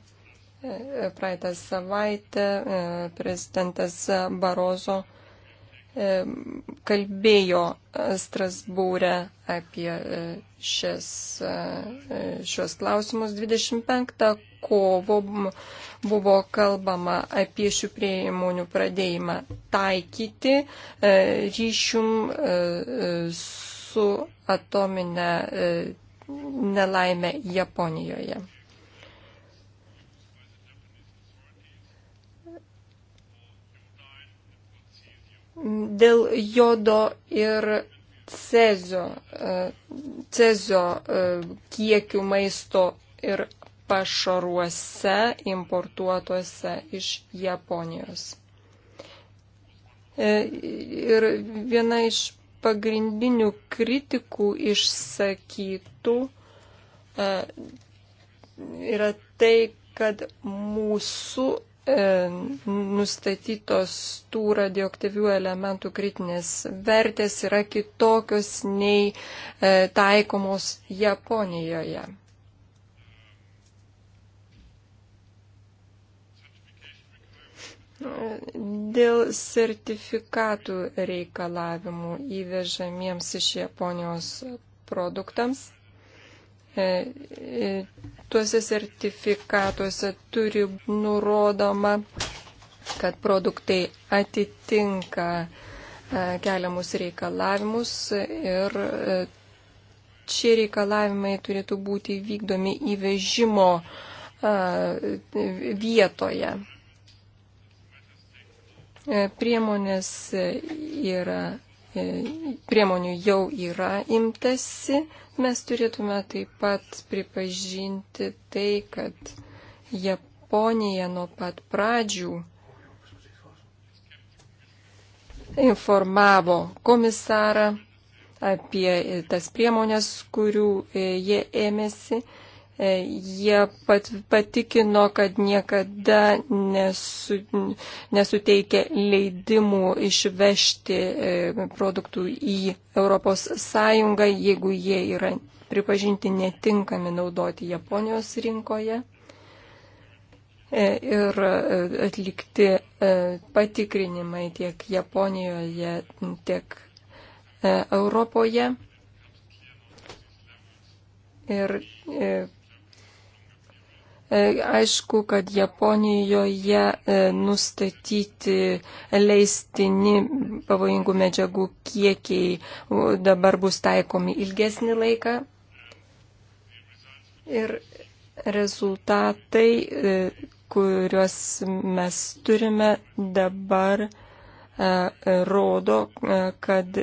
praeitą savaitę prezidentas Barozo kalbėjo Strasbūrė apie e, šias, e, e, šios klausimus. 25 kovo buvo kalbama apie šių priemonių pradėjimą taikyti ryšium su atominė nelaimė Japonijoje. Dėl jodo ir cezio, e, cezio e, kiekių maisto ir pašaruose importuotuose iš Japonijos. E, ir viena iš pagrindinių kritikų išsakytų yra tai, kad mūsų E, nustatytos tų radioaktyvių elementų kritinės vertės yra kitokios nei e, taikomos Japonijoje. Dėl sertifikatų reikalavimų įvežamiems iš Japonijos produktams E, e, tuose sertifikatuose turi nurodoma, kad produktai atitinka e, keliamus reikalavimus ir šie reikalavimai turėtų būti vykdomi įvežimo vietoje. Priemonės yra E, priemonių jau yra imtasi, mes turėtume taip pat pripažinti tai, kad Japonija nuo pat pradžių informavo komisarą apie tas priemonės, kurių e, jie ėmėsi Jie pat, patikino, kad niekada nesu, nesuteikė leidimų išvežti e, produktų į ES, jeigu jie yra pripažinti netinkami naudoti Japonijos rinkoje e, ir e, atlikti patikrinimai tiek Japonijoje, tiek Europoje. Ir E, aišku, kad Japonijoje e, nustatyti leistini pavojingų medžiagų kiekiai dabar bus taikomi ilgesnį laiką. Ir rezultatai, e, kuriuos mes turime dabar, rodo, kad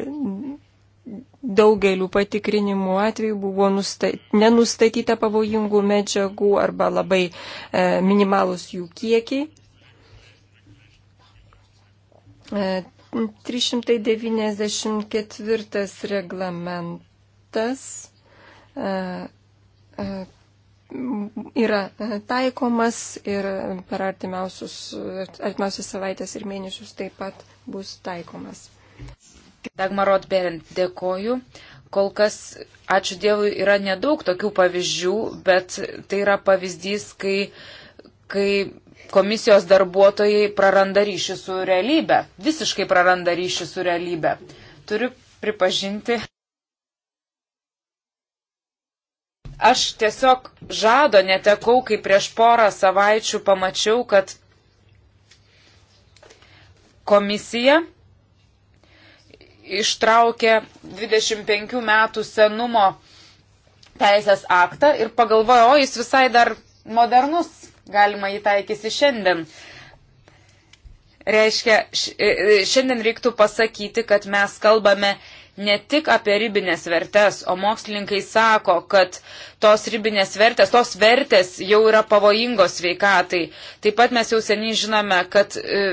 daugeliu patikrinimų atveju buvo nustat, nenustatyta pavojingų medžiagų arba labai e, minimalus jų kiekiai. E, 394 reglamentas e, e, yra e, taikomas ir per artimiausias savaitės ir mėnesius taip pat bus taikomas. Dagmarot Berent, dėkoju. Kol kas, ačiū Dievui, yra nedaug tokių pavyzdžių, bet tai yra pavyzdys, kai, kai komisijos darbuotojai praranda ryšį su realybė, visiškai praranda ryšį su realybė. Turiu pripažinti. Aš tiesiog žado netekau, kai prieš porą savaičių pamačiau, kad komisija ištraukė 25 metų senumo teisės aktą ir pagalvojo, o jis visai dar modernus, galima jį taikyti šiandien. Reiškia, e, e, šiandien reiktų pasakyti, kad mes kalbame ne tik apie ribinės vertes, o mokslininkai sako, kad tos ribinės vertės, tos vertės jau yra pavojingos sveikatai. Taip pat mes jau seniai žinome, kad e,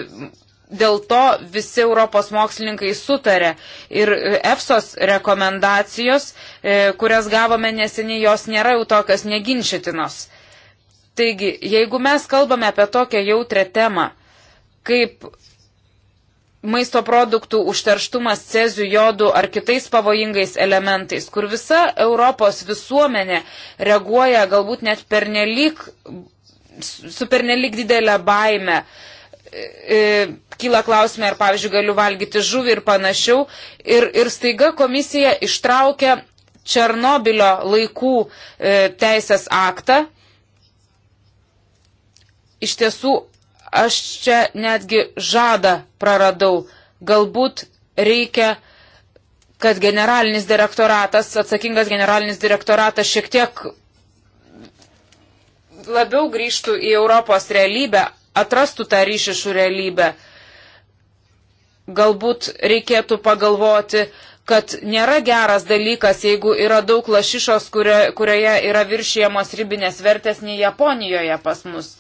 dėl to visi Europos mokslininkai sutarė. Ir e, EFSOS rekomendacijos, e, kurias gavome neseniai, jos nėra jau tokios neginčytinos. Taigi, jeigu mes kalbame apie tokią jautrę temą, kaip maisto produktų užterštumas cezių jodų ar kitais pavojingais elementais, kur visa Europos visuomenė reaguoja galbūt net pernelyg, su pernelyg didelę baimę, E, kyla klausimai, ar, pavyzdžiui, galiu valgyti žuvį ir panašiau. Ir, ir staiga komisija ištraukia Černobilio laikų e, teisės aktą. Iš tiesų, aš čia netgi žadą praradau. Galbūt reikia, kad generalinis direktoratas, atsakingas generalinis direktoratas šiek tiek labiau grįžtų į Europos realybę, atrastų tą ryšį su realybė. Galbūt reikėtų pagalvoti, kad nėra geras dalykas, jeigu yra daug lašišos, kurio, kurioje yra viršijamos ribinės vertės nei Japonijoje pas mus.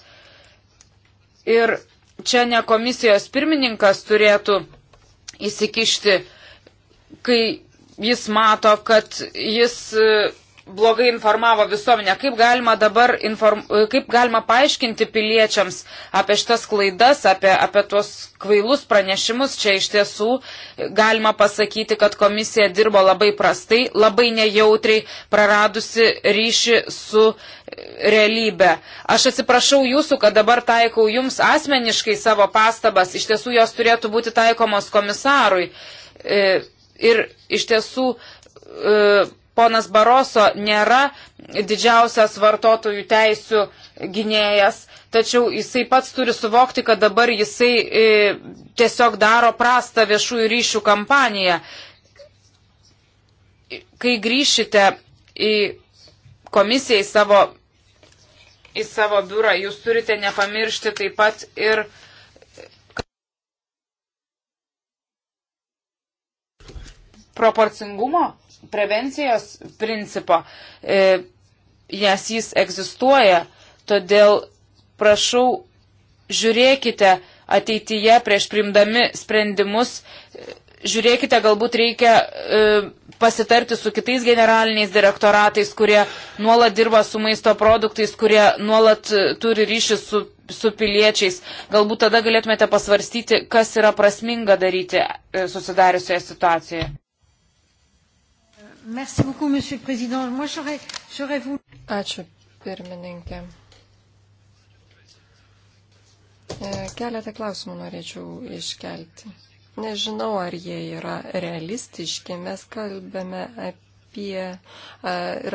Ir čia ne komisijos pirmininkas turėtų įsikišti, kai jis mato, kad jis blogai informavo visuomenę. Kaip galima dabar, inform, kaip galima paaiškinti piliečiams apie šitas klaidas, apie, apie tuos kvailus pranešimus, čia iš tiesų galima pasakyti, kad komisija dirbo labai prastai, labai nejautriai, praradusi ryšį su realybė. Aš atsiprašau jūsų, kad dabar taikau jums asmeniškai savo pastabas, iš tiesų jos turėtų būti taikomos komisarui. E, ir iš tiesų e, ponas Baroso nėra didžiausias vartotojų teisų gynėjas, tačiau jisai pats turi suvokti, kad dabar jisai e, tiesiog daro prastą viešųjų ryšių kampaniją. Kai grįšite į komisiją, į savo, į savo biurą, jūs turite nepamiršti taip pat ir proporcingumo prevencijos principo, e, nes jis egzistuoja, todėl prašau, žiūrėkite ateityje prieš primdami sprendimus, e, žiūrėkite, galbūt reikia e, pasitarti su kitais generaliniais direktoratais, kurie nuolat dirba su maisto produktais, kurie nuolat e, turi ryšį su, su piliečiais. Galbūt tada galėtumėte pasvarstyti, kas yra prasminga daryti e, susidariusioje situacijoje. Merci beaucoup, monsieur le président. Moi, j'aurais voulu. Ačiū, pirmininkė. E, keletą klausimų norėčiau iškelti. Nežinau, ar jie yra realistiški. Mes kalbame apie e,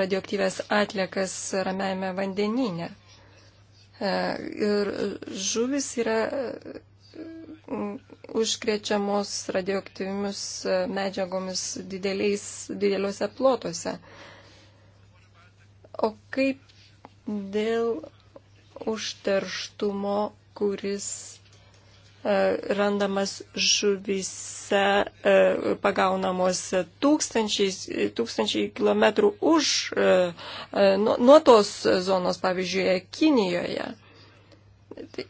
radioaktyvės atliekas ramiajame vandenyne. E, ir žuvis yra užkrečiamos radioaktyvimis medžiagomis dideliais, dideliuose plotuose. O kaip dėl užterštumo, kuris e, randamas žuvise e, pagaunamuose tūkstančiai, tūkstančiai kilometrų už e, nuo, nuo tos zonos, pavyzdžiui, Kinijoje. Tai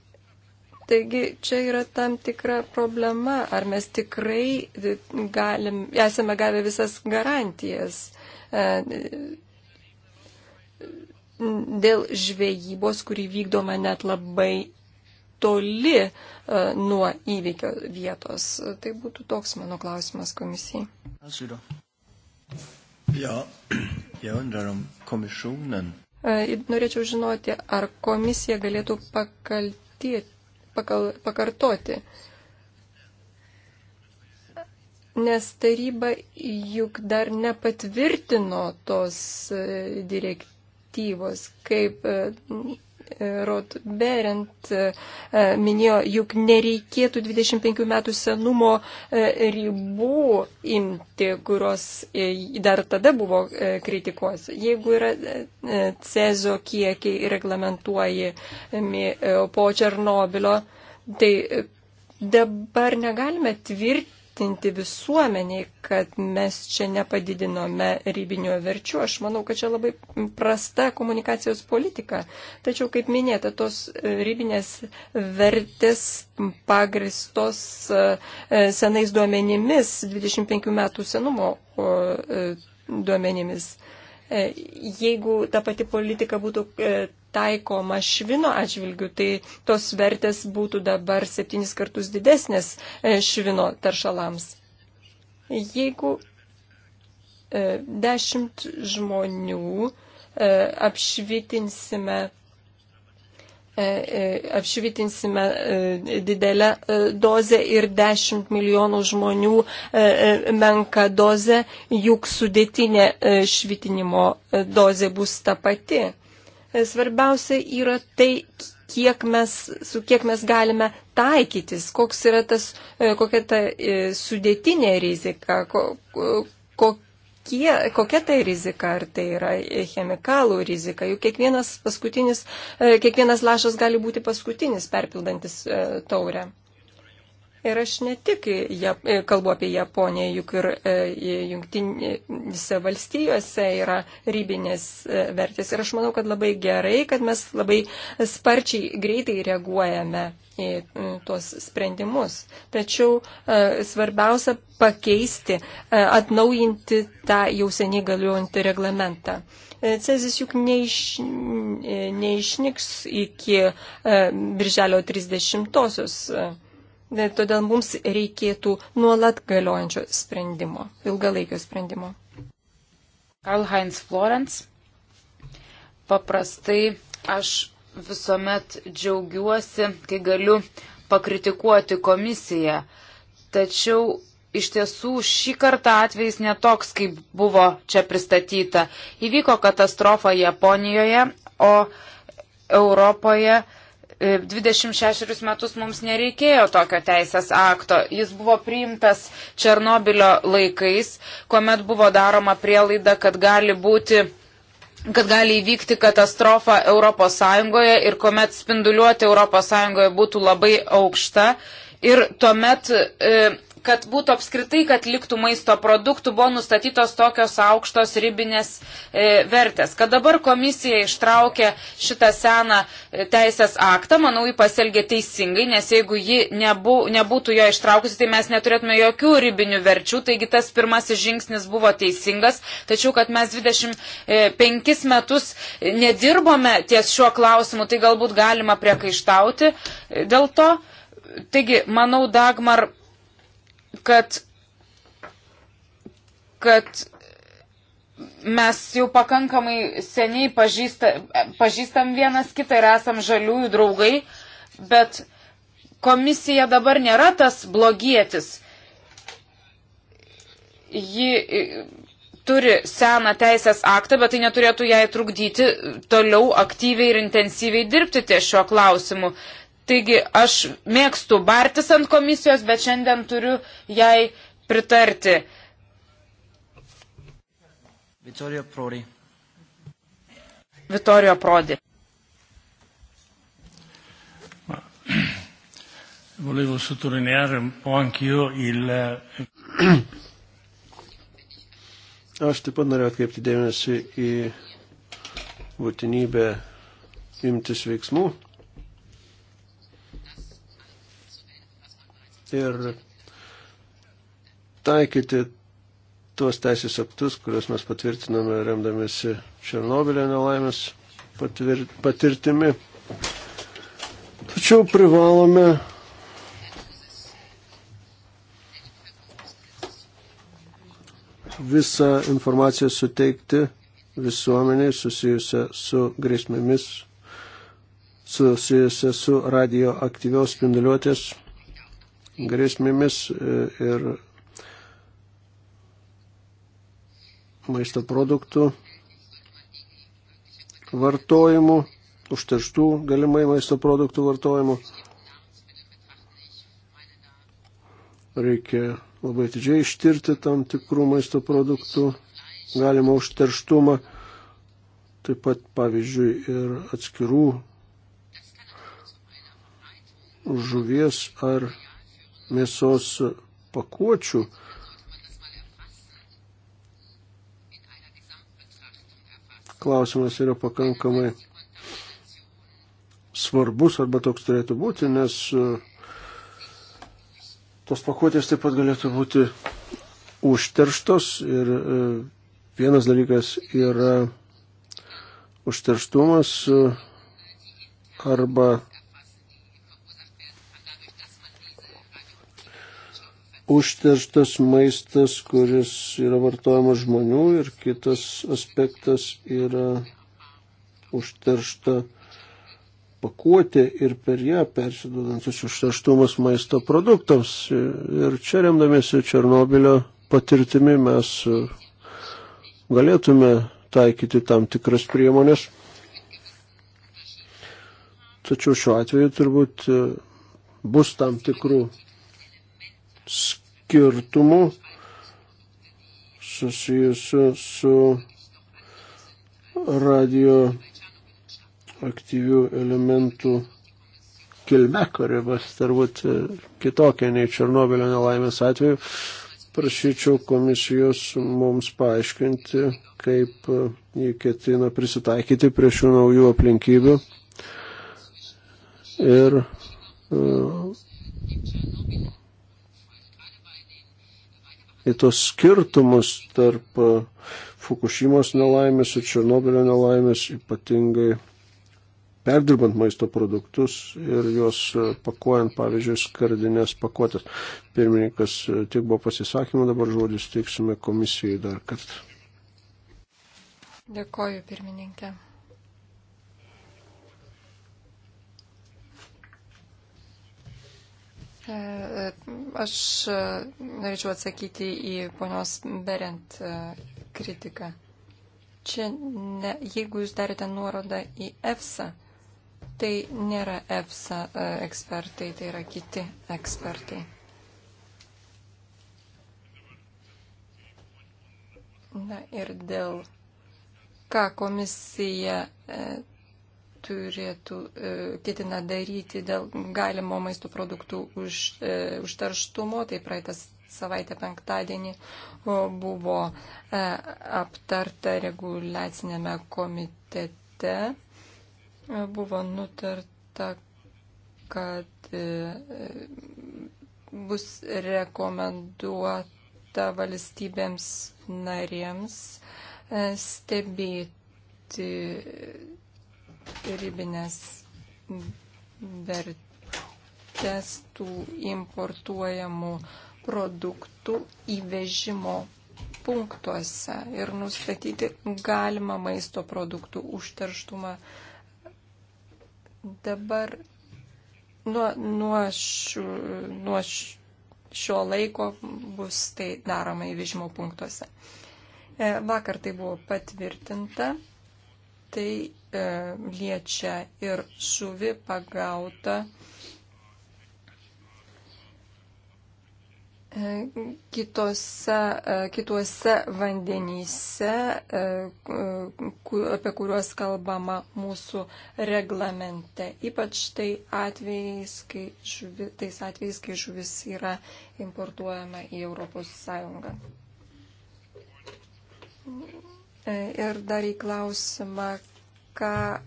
Taigi čia yra tam tikra problema, ar mes tikrai e, galim, esame gavę visas garantijas e, dėl žvejybos, kuri vykdoma net labai toli e, nuo įvykio vietos. Tai būtų toks mano klausimas komisijai. Ačiū. Ja, jag undrar om kommissionen. Norėčiau žinoti, ar komisija galėtų pakaltėti pakal, pakartoti. Nes taryba juk dar nepatvirtino tos e, direktyvos, kaip e, Rod Berent e, e, minėjo, juk nereikėtų 25 metų senumo e, ribų imti, kurios dar tada buvo kritikuos. Jeigu yra cezo kiekiai reglamentuojami po Černobilio, tai dabar negalime tvirtinti patvirtinti visuomeniai, kad mes čia nepadidinome ribinio verčių. Aš manau, kad čia labai prasta komunikacijos politika. Tačiau, kaip minėta, tos ribinės vertės pagristos e, e, senais duomenimis, 25 metų senumo e, duomenimis. Jeigu ta pati politika būtų taikoma švino atžvilgių, tai tos vertės būtų dabar septynis kartus didesnės e, švino taršalams. Jeigu e, dešimt žmonių e, apšvitinsime apšvitinsime didelę dozę ir 10 milijonų žmonių menka dozę, juk sudėtinė švitinimo dozė bus ta pati svarbiausia yra tai, kiek mes, su kiek mes galime taikytis, koks yra tas, e, kokia ta e, sudėtinė rizika, kokie, kokia tai rizika, ar tai yra e, chemikalų rizika. Juk kiekvienas paskutinis, kiekvienas lašas gali būti paskutinis perpildantis taurę. Ir aš ne tik Jap e, kalbu apie Japoniją, juk ir e, e, jungtinėse valstijose yra rybinės vertės. Ir aš manau, kad labai gerai, kad mes labai sparčiai, greitai reaguojame į tuos sprendimus. Tačiau svarbiausia pakeisti, atnaujinti tą jau seniai galiuojantį reglamentą. Cezis juk neiš, neišniks iki birželio 30-osios Todėl mums reikėtų nuolat galiojančio sprendimo, ilgalaikio sprendimo. Karl-Heinz Florence. Paprastai aš visuomet džiaugiuosi, kai galiu pakritikuoti komisiją. Tačiau iš tiesų šį kartą atvejs netoks, kaip buvo čia pristatyta. Įvyko katastrofa Japonijoje, o Europoje 26 e, metus mums nereikėjo tokio teisės akto. Jis buvo priimtas Černobilio laikais, kuomet buvo daroma prielaida, kad gali būti kad gali įvykti katastrofa ES ir kuomet spinduliuoti ES būtų labai aukšta. Ir tuomet e, kad būtų apskritai, kad liktų maisto produktų, buvo nustatytos tokios aukštos ribinės e, vertės. Kad dabar komisija ištraukė šitą seną e, teisės aktą, manau, jį pasielgė teisingai, nes jeigu ji nebū, nebūtų jo ištraukusi, tai mes neturėtume jokių ribinių verčių, taigi tas pirmasis žingsnis buvo teisingas, tačiau kad mes 25 e, metus nedirbome ties šiuo klausimu, tai galbūt galima priekaištauti e, dėl to. Taigi, manau, Dagmar kad, kad mes jau pakankamai seniai pažįsta, pažįstam vienas kitą ir esam žaliųjų draugai, bet komisija dabar nėra tas blogietis. Ji e, turi seną teisės aktą, bet tai neturėtų jai trukdyti toliau aktyviai ir intensyviai dirbti ties šiuo klausimu. Taigi aš mėgstu bartis ant komisijos, bet šiandien turiu jai pritarti. Vittorio Prodi. Vittorio Prodi. Volevo sottolineare un po' anch'io il. Aš taip pat norėjau atkreipti dėmesį į būtinybę imtis veiksmų ir taikyti tuos teisės aktus, kuriuos mes patvirtiname remdamėsi Černobilio nelaimės patvir, patirtimi. Tačiau privalome visą informaciją suteikti visuomeniai susijusią su grėsmėmis, susijusią su radioaktyvios spinduliuotės grėsmėmis e, ir maisto produktų vartojimu, užterštų galimai maisto produktų vartojimu. Reikia labai didžiai ištirti tam tikrų maisto produktų galima užterštumą, taip pat pavyzdžiui ir atskirų žuvies ar mėsos pakuočių. Klausimas yra pakankamai svarbus arba toks turėtų būti, nes e, tos pakuotės taip pat galėtų būti užterštos ir e, vienas dalykas yra užterštumas e, arba užterštas maistas, kuris yra vartojamas žmonių ir kitas aspektas yra užteršta pakuotė ir per ją persiduodantis užterštumas maisto produktams. Ir čia remdamėsi Černobilio patirtimi mes galėtume taikyti tam tikras priemonės. Tačiau šiuo atveju turbūt bus tam tikrų skirtumų susijusių su radio aktyvių elementų kilme, kuri bus turbūt kitokia nei Černobilio nelaimės atveju. Prašyčiau komisijos mums paaiškinti, kaip jie ketina prisitaikyti prie šių naujų aplinkybių ir uh, į tos skirtumus tarp e, Fukushimos nelaimės ir Černobilio nelaimės, ypatingai perdirbant maisto produktus ir juos e, pakuojant, pavyzdžiui, skardinės pakuotės. Pirmininkas e, tiek buvo pasisakymų, dabar žodis teiksime komisijai dar kartą. Dėkoju, pirmininkė. E, e, aš e, norėčiau atsakyti į ponios Berent kritiką. Čia, ne, jeigu jūs darėte nuorodą į EFSA, tai nėra EFSA ekspertai, tai yra kiti ekspertai. Na ir dėl ką komisija turėtų, e, ketina daryti dėl galimo maisto produktų už, e, užtarštumo. Tai praeitas savaitę penktadienį buvo e, aptarta reguliacinėme komitete. Buvo nutarta, kad bus rekomenduota valstybėms narėms stebėti ribinės vertės tų importuojamų produktų įvežimo punktuose ir nustatyti galimą maisto produktų užterštumą. Dabar nuo, nuo, šių, nuo šio laiko bus tai daroma įvežimo punktuose. E, vakar tai buvo patvirtinta. Tai E, liečia ir žuvi pagauta e, kitose, e, kituose vandenyse, apie kuriuos kalbama mūsų reglamente. Ypač tai atvejais, kai žuvi, tais atvejais, kai žuvis yra importuojama į Europos Sąjungą. Ir dar į klausimą, ką e,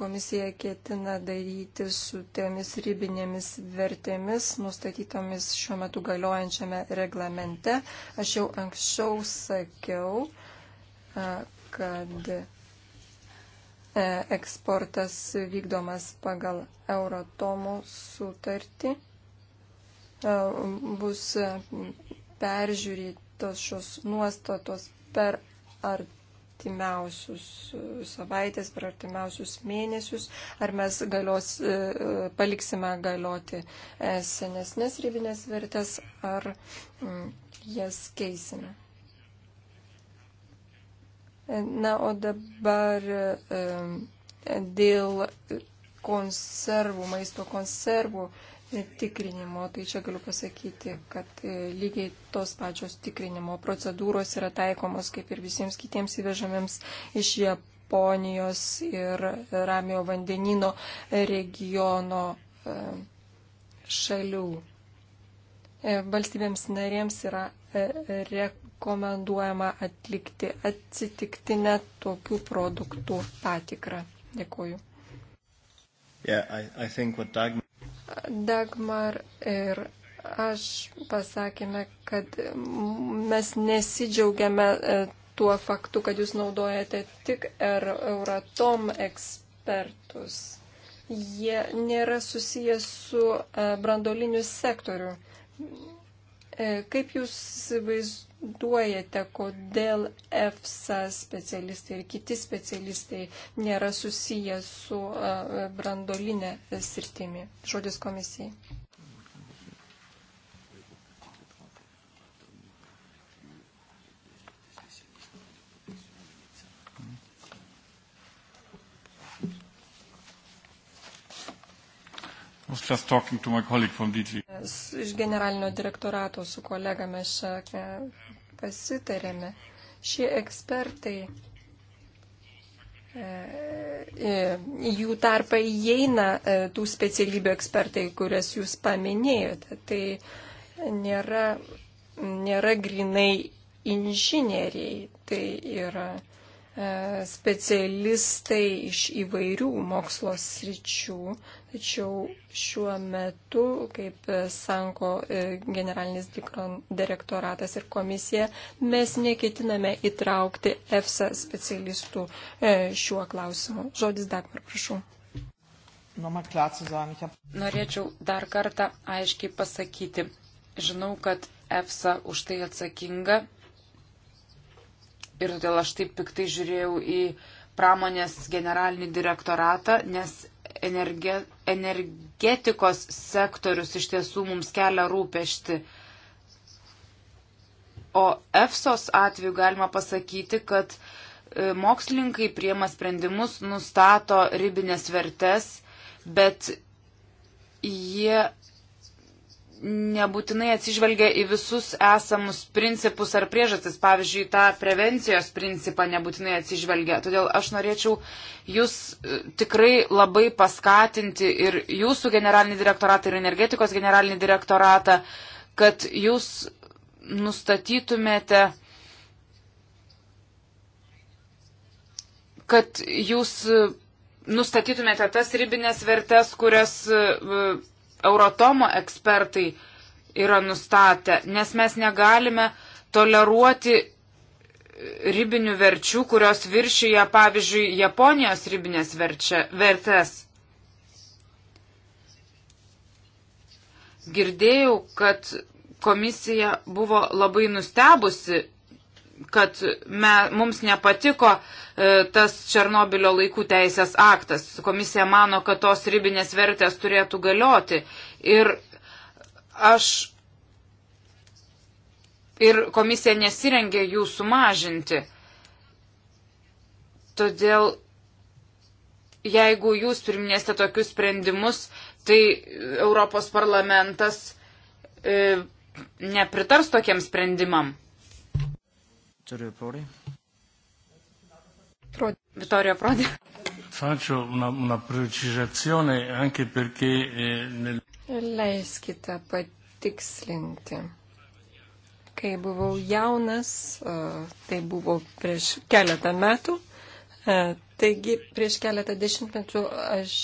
komisija ketina daryti su tėmis ribinėmis vertėmis nustatytomis šiuo metu galiojančiame reglamente. Aš jau anksčiau sakiau, e, kad e, eksportas vykdomas pagal Euratomo sutartį bus peržiūrėtos šios nuostatos per artimiausius artimiausius e, savaitės, per artimiausius mėnesius, ar mes galios, e, e, paliksime galioti senesnės ribinės vertės, ar mm, jas keisime. Na, o dabar dėl konservų, maisto konservų tikrinimo, tai čia galiu pasakyti, kad e, lygiai tos pačios tikrinimo procedūros yra taikomos kaip ir visiems kitiems įvežamiems iš Japonijos ir Ramio vandenino regiono e, šalių. E, valstybėms narėms yra rekomenduojama atlikti atsitiktinę tokių produktų patikrą. Dėkuoju. Yeah, I, I Dagmar ir aš pasakėme, kad mes nesidžiaugiame e, tuo faktu, kad jūs naudojate tik Euratom ekspertus. Jie nėra susijęs su e, brandoliniu sektoriu. E, kaip Jūs vaizduojate, kodėl EFSA specialistai ir kiti specialistai nėra susiję su e, brandolinė sritimi? Žodis komisijai. Iš generalinio direktorato su kolega mes čia e, pasitarėme. Šie ekspertai, e, e, jų tarpa įeina tų specialybių ekspertai, kurias jūs paminėjote. Tai nėra, nėra grinai inžinieriai, tai yra specialistai iš įvairių mokslo sričių, Tačiau šiuo metu, kaip sanko e, generalinis direktoratas ir komisija, mes neketiname įtraukti EFSA specialistų e, šiuo klausimu. Žodis Dagmar, prašau. Norėčiau dar kartą aiškiai pasakyti. Žinau, kad EFSA už tai atsakinga ir todėl aš taip piktai žiūrėjau į pramonės generalinį direktoratą, nes energe, energetikos sektorius iš tiesų mums kelia rūpešti. O EFSOS atveju galima pasakyti, kad e, mokslininkai priema sprendimus, nustato ribinės vertes, bet jie nebūtinai atsižvelgia į visus esamus principus ar priežastis. Pavyzdžiui, tą prevencijos principą nebūtinai atsižvelgia. Todėl aš norėčiau jūs e, tikrai labai paskatinti ir jūsų generalinį direktoratą, ir energetikos generalinį direktoratą, kad jūs nustatytumėte, kad jūs e, nustatytumėte tas ribinės vertes, kurias e, Euratomo ekspertai yra nustatę, nes mes negalime toleruoti ribinių verčių, kurios viršyje, pavyzdžiui, Japonijos ribinės verčia, vertes. Girdėjau, kad komisija buvo labai nustebusi kad me, mums nepatiko e, tas Černobilio laikų teisės aktas. Komisija mano, kad tos ribinės vertės turėtų galioti. Ir aš. Ir komisija nesirengė jų sumažinti. Todėl, jeigu jūs priminėsite tokius sprendimus, tai Europos parlamentas e, nepritars tokiam sprendimam. Vittorio Prodi. Prodi. Vittorio Prodi. Faccio una, una precisazione anche perché... Eh, nel... Leiskite patikslinti. Kai buvau jaunas, e, tai buvo prieš keletą metų, e, Taigi, prieš keletą dešimtmečių aš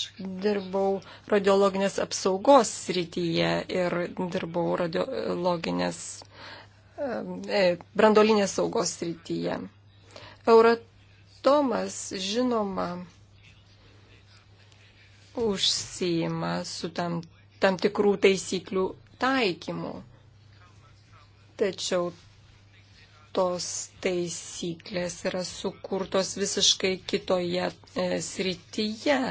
dirbau radiologinės apsaugos srityje ir dirbau radiologinės E, brandolinės saugos srityje. Euratomas, žinoma, užsijima su tam, tam tikrų taisyklių taikymu. Tačiau tos taisyklės yra sukurtos visiškai kitoje e, srityje.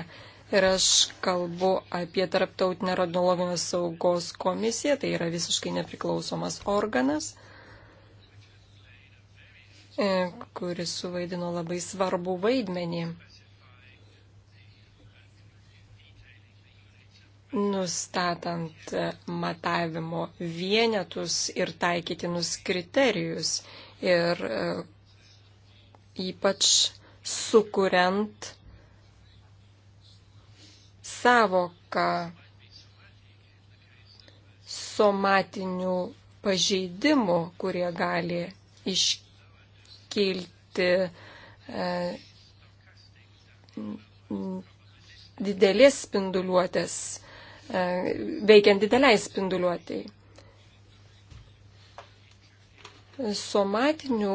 Ir aš kalbu apie Tarptautinę radiologijos saugos komisiją, tai yra visiškai nepriklausomas organas. E, kuris suvaidino labai svarbų vaidmenį. nustatant matavimo vienetus ir taikytinus kriterijus ir e, ypač sukuriant savoką somatinių pažeidimų, kurie gali iškilti kilti e, didelės spinduliuotės, e, veikiant dideliai spinduliuotėjai. Somatinių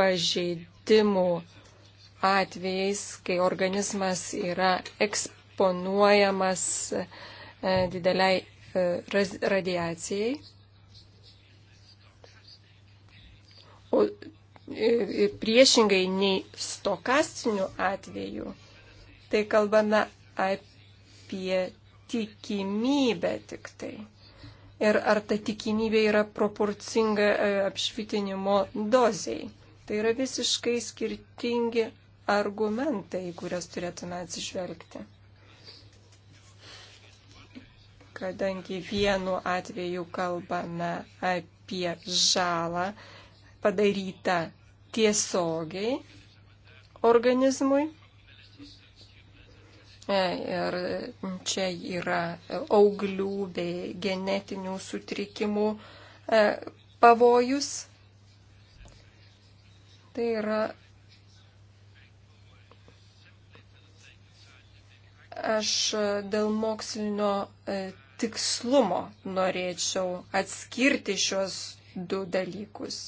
pažeidimų atvejais, kai organizmas yra eksponuojamas e, dideliai radiacijai. O priešingai nei stokastinių atvejų, tai kalbame apie tikimybę tik tai. Ir ar ta tikimybė yra proporcinga e, apšvitinimo doziai. Tai yra visiškai skirtingi argumentai, kurias turėtume atsižvelgti. Kadangi vienu atveju kalbame apie žalą, padaryta tiesiogiai organizmui. E, ir čia yra auglių bei genetinių sutrikimų e, pavojus. Tai yra aš dėl mokslinio e, tikslumo norėčiau atskirti šios du dalykus.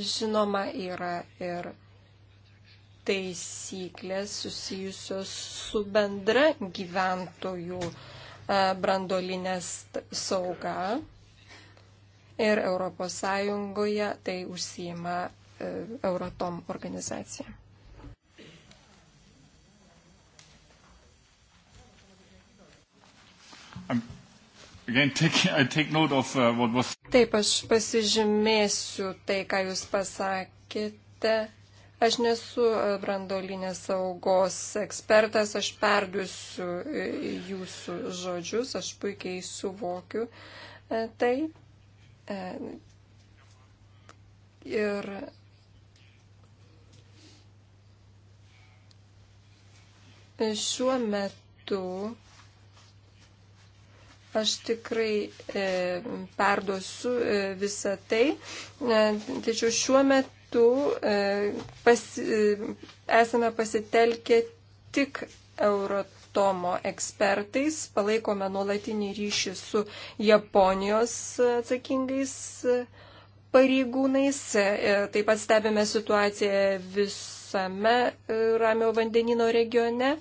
Žinoma, yra ir taisyklės susijusios su bendra gyventojų e, brandolinės sauga. Ir ES tai užsijima e, Euratom organizacija. I'm um, Again, take, I take note of uh, what was... Taip, aš pasižymėsiu tai, ką Jūs pasakėte. Aš nesu uh, brandolinės saugos ekspertas, aš perdusiu uh, Jūsų žodžius, aš puikiai suvokiu uh, tai. Ir šiuo metu Aš tikrai e, perduosiu e, visą tai, e, tačiau šiuo metu e, pas, e, esame pasitelkę tik Eurot Tomo ekspertais, palaikome nuolatinį ryšį su Japonijos atsakingais e, pareigūnais, e, e, taip pat stebime situaciją visame Ramio vandenino regione.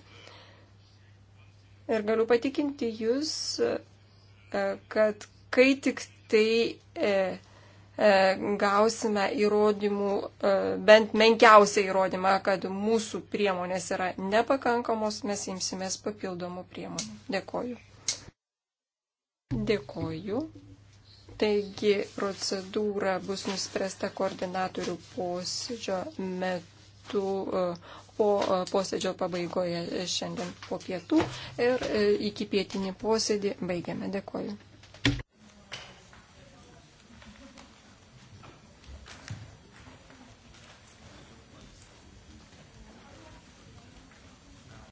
Ir galiu patikinti jūs, kad kai tik tai e, e, gausime įrodymų, e, bent menkiausią įrodymą, kad mūsų priemonės yra nepakankamos, mes imsimės papildomų priemonių. Dėkoju. Dėkoju. Taigi procedūra bus nuspręsta koordinatorių posėdžio metu, po e, posėdžio pabaigoje e, šiandien po pietų ir e, iki pietinį posėdį baigiame. Dėkoju.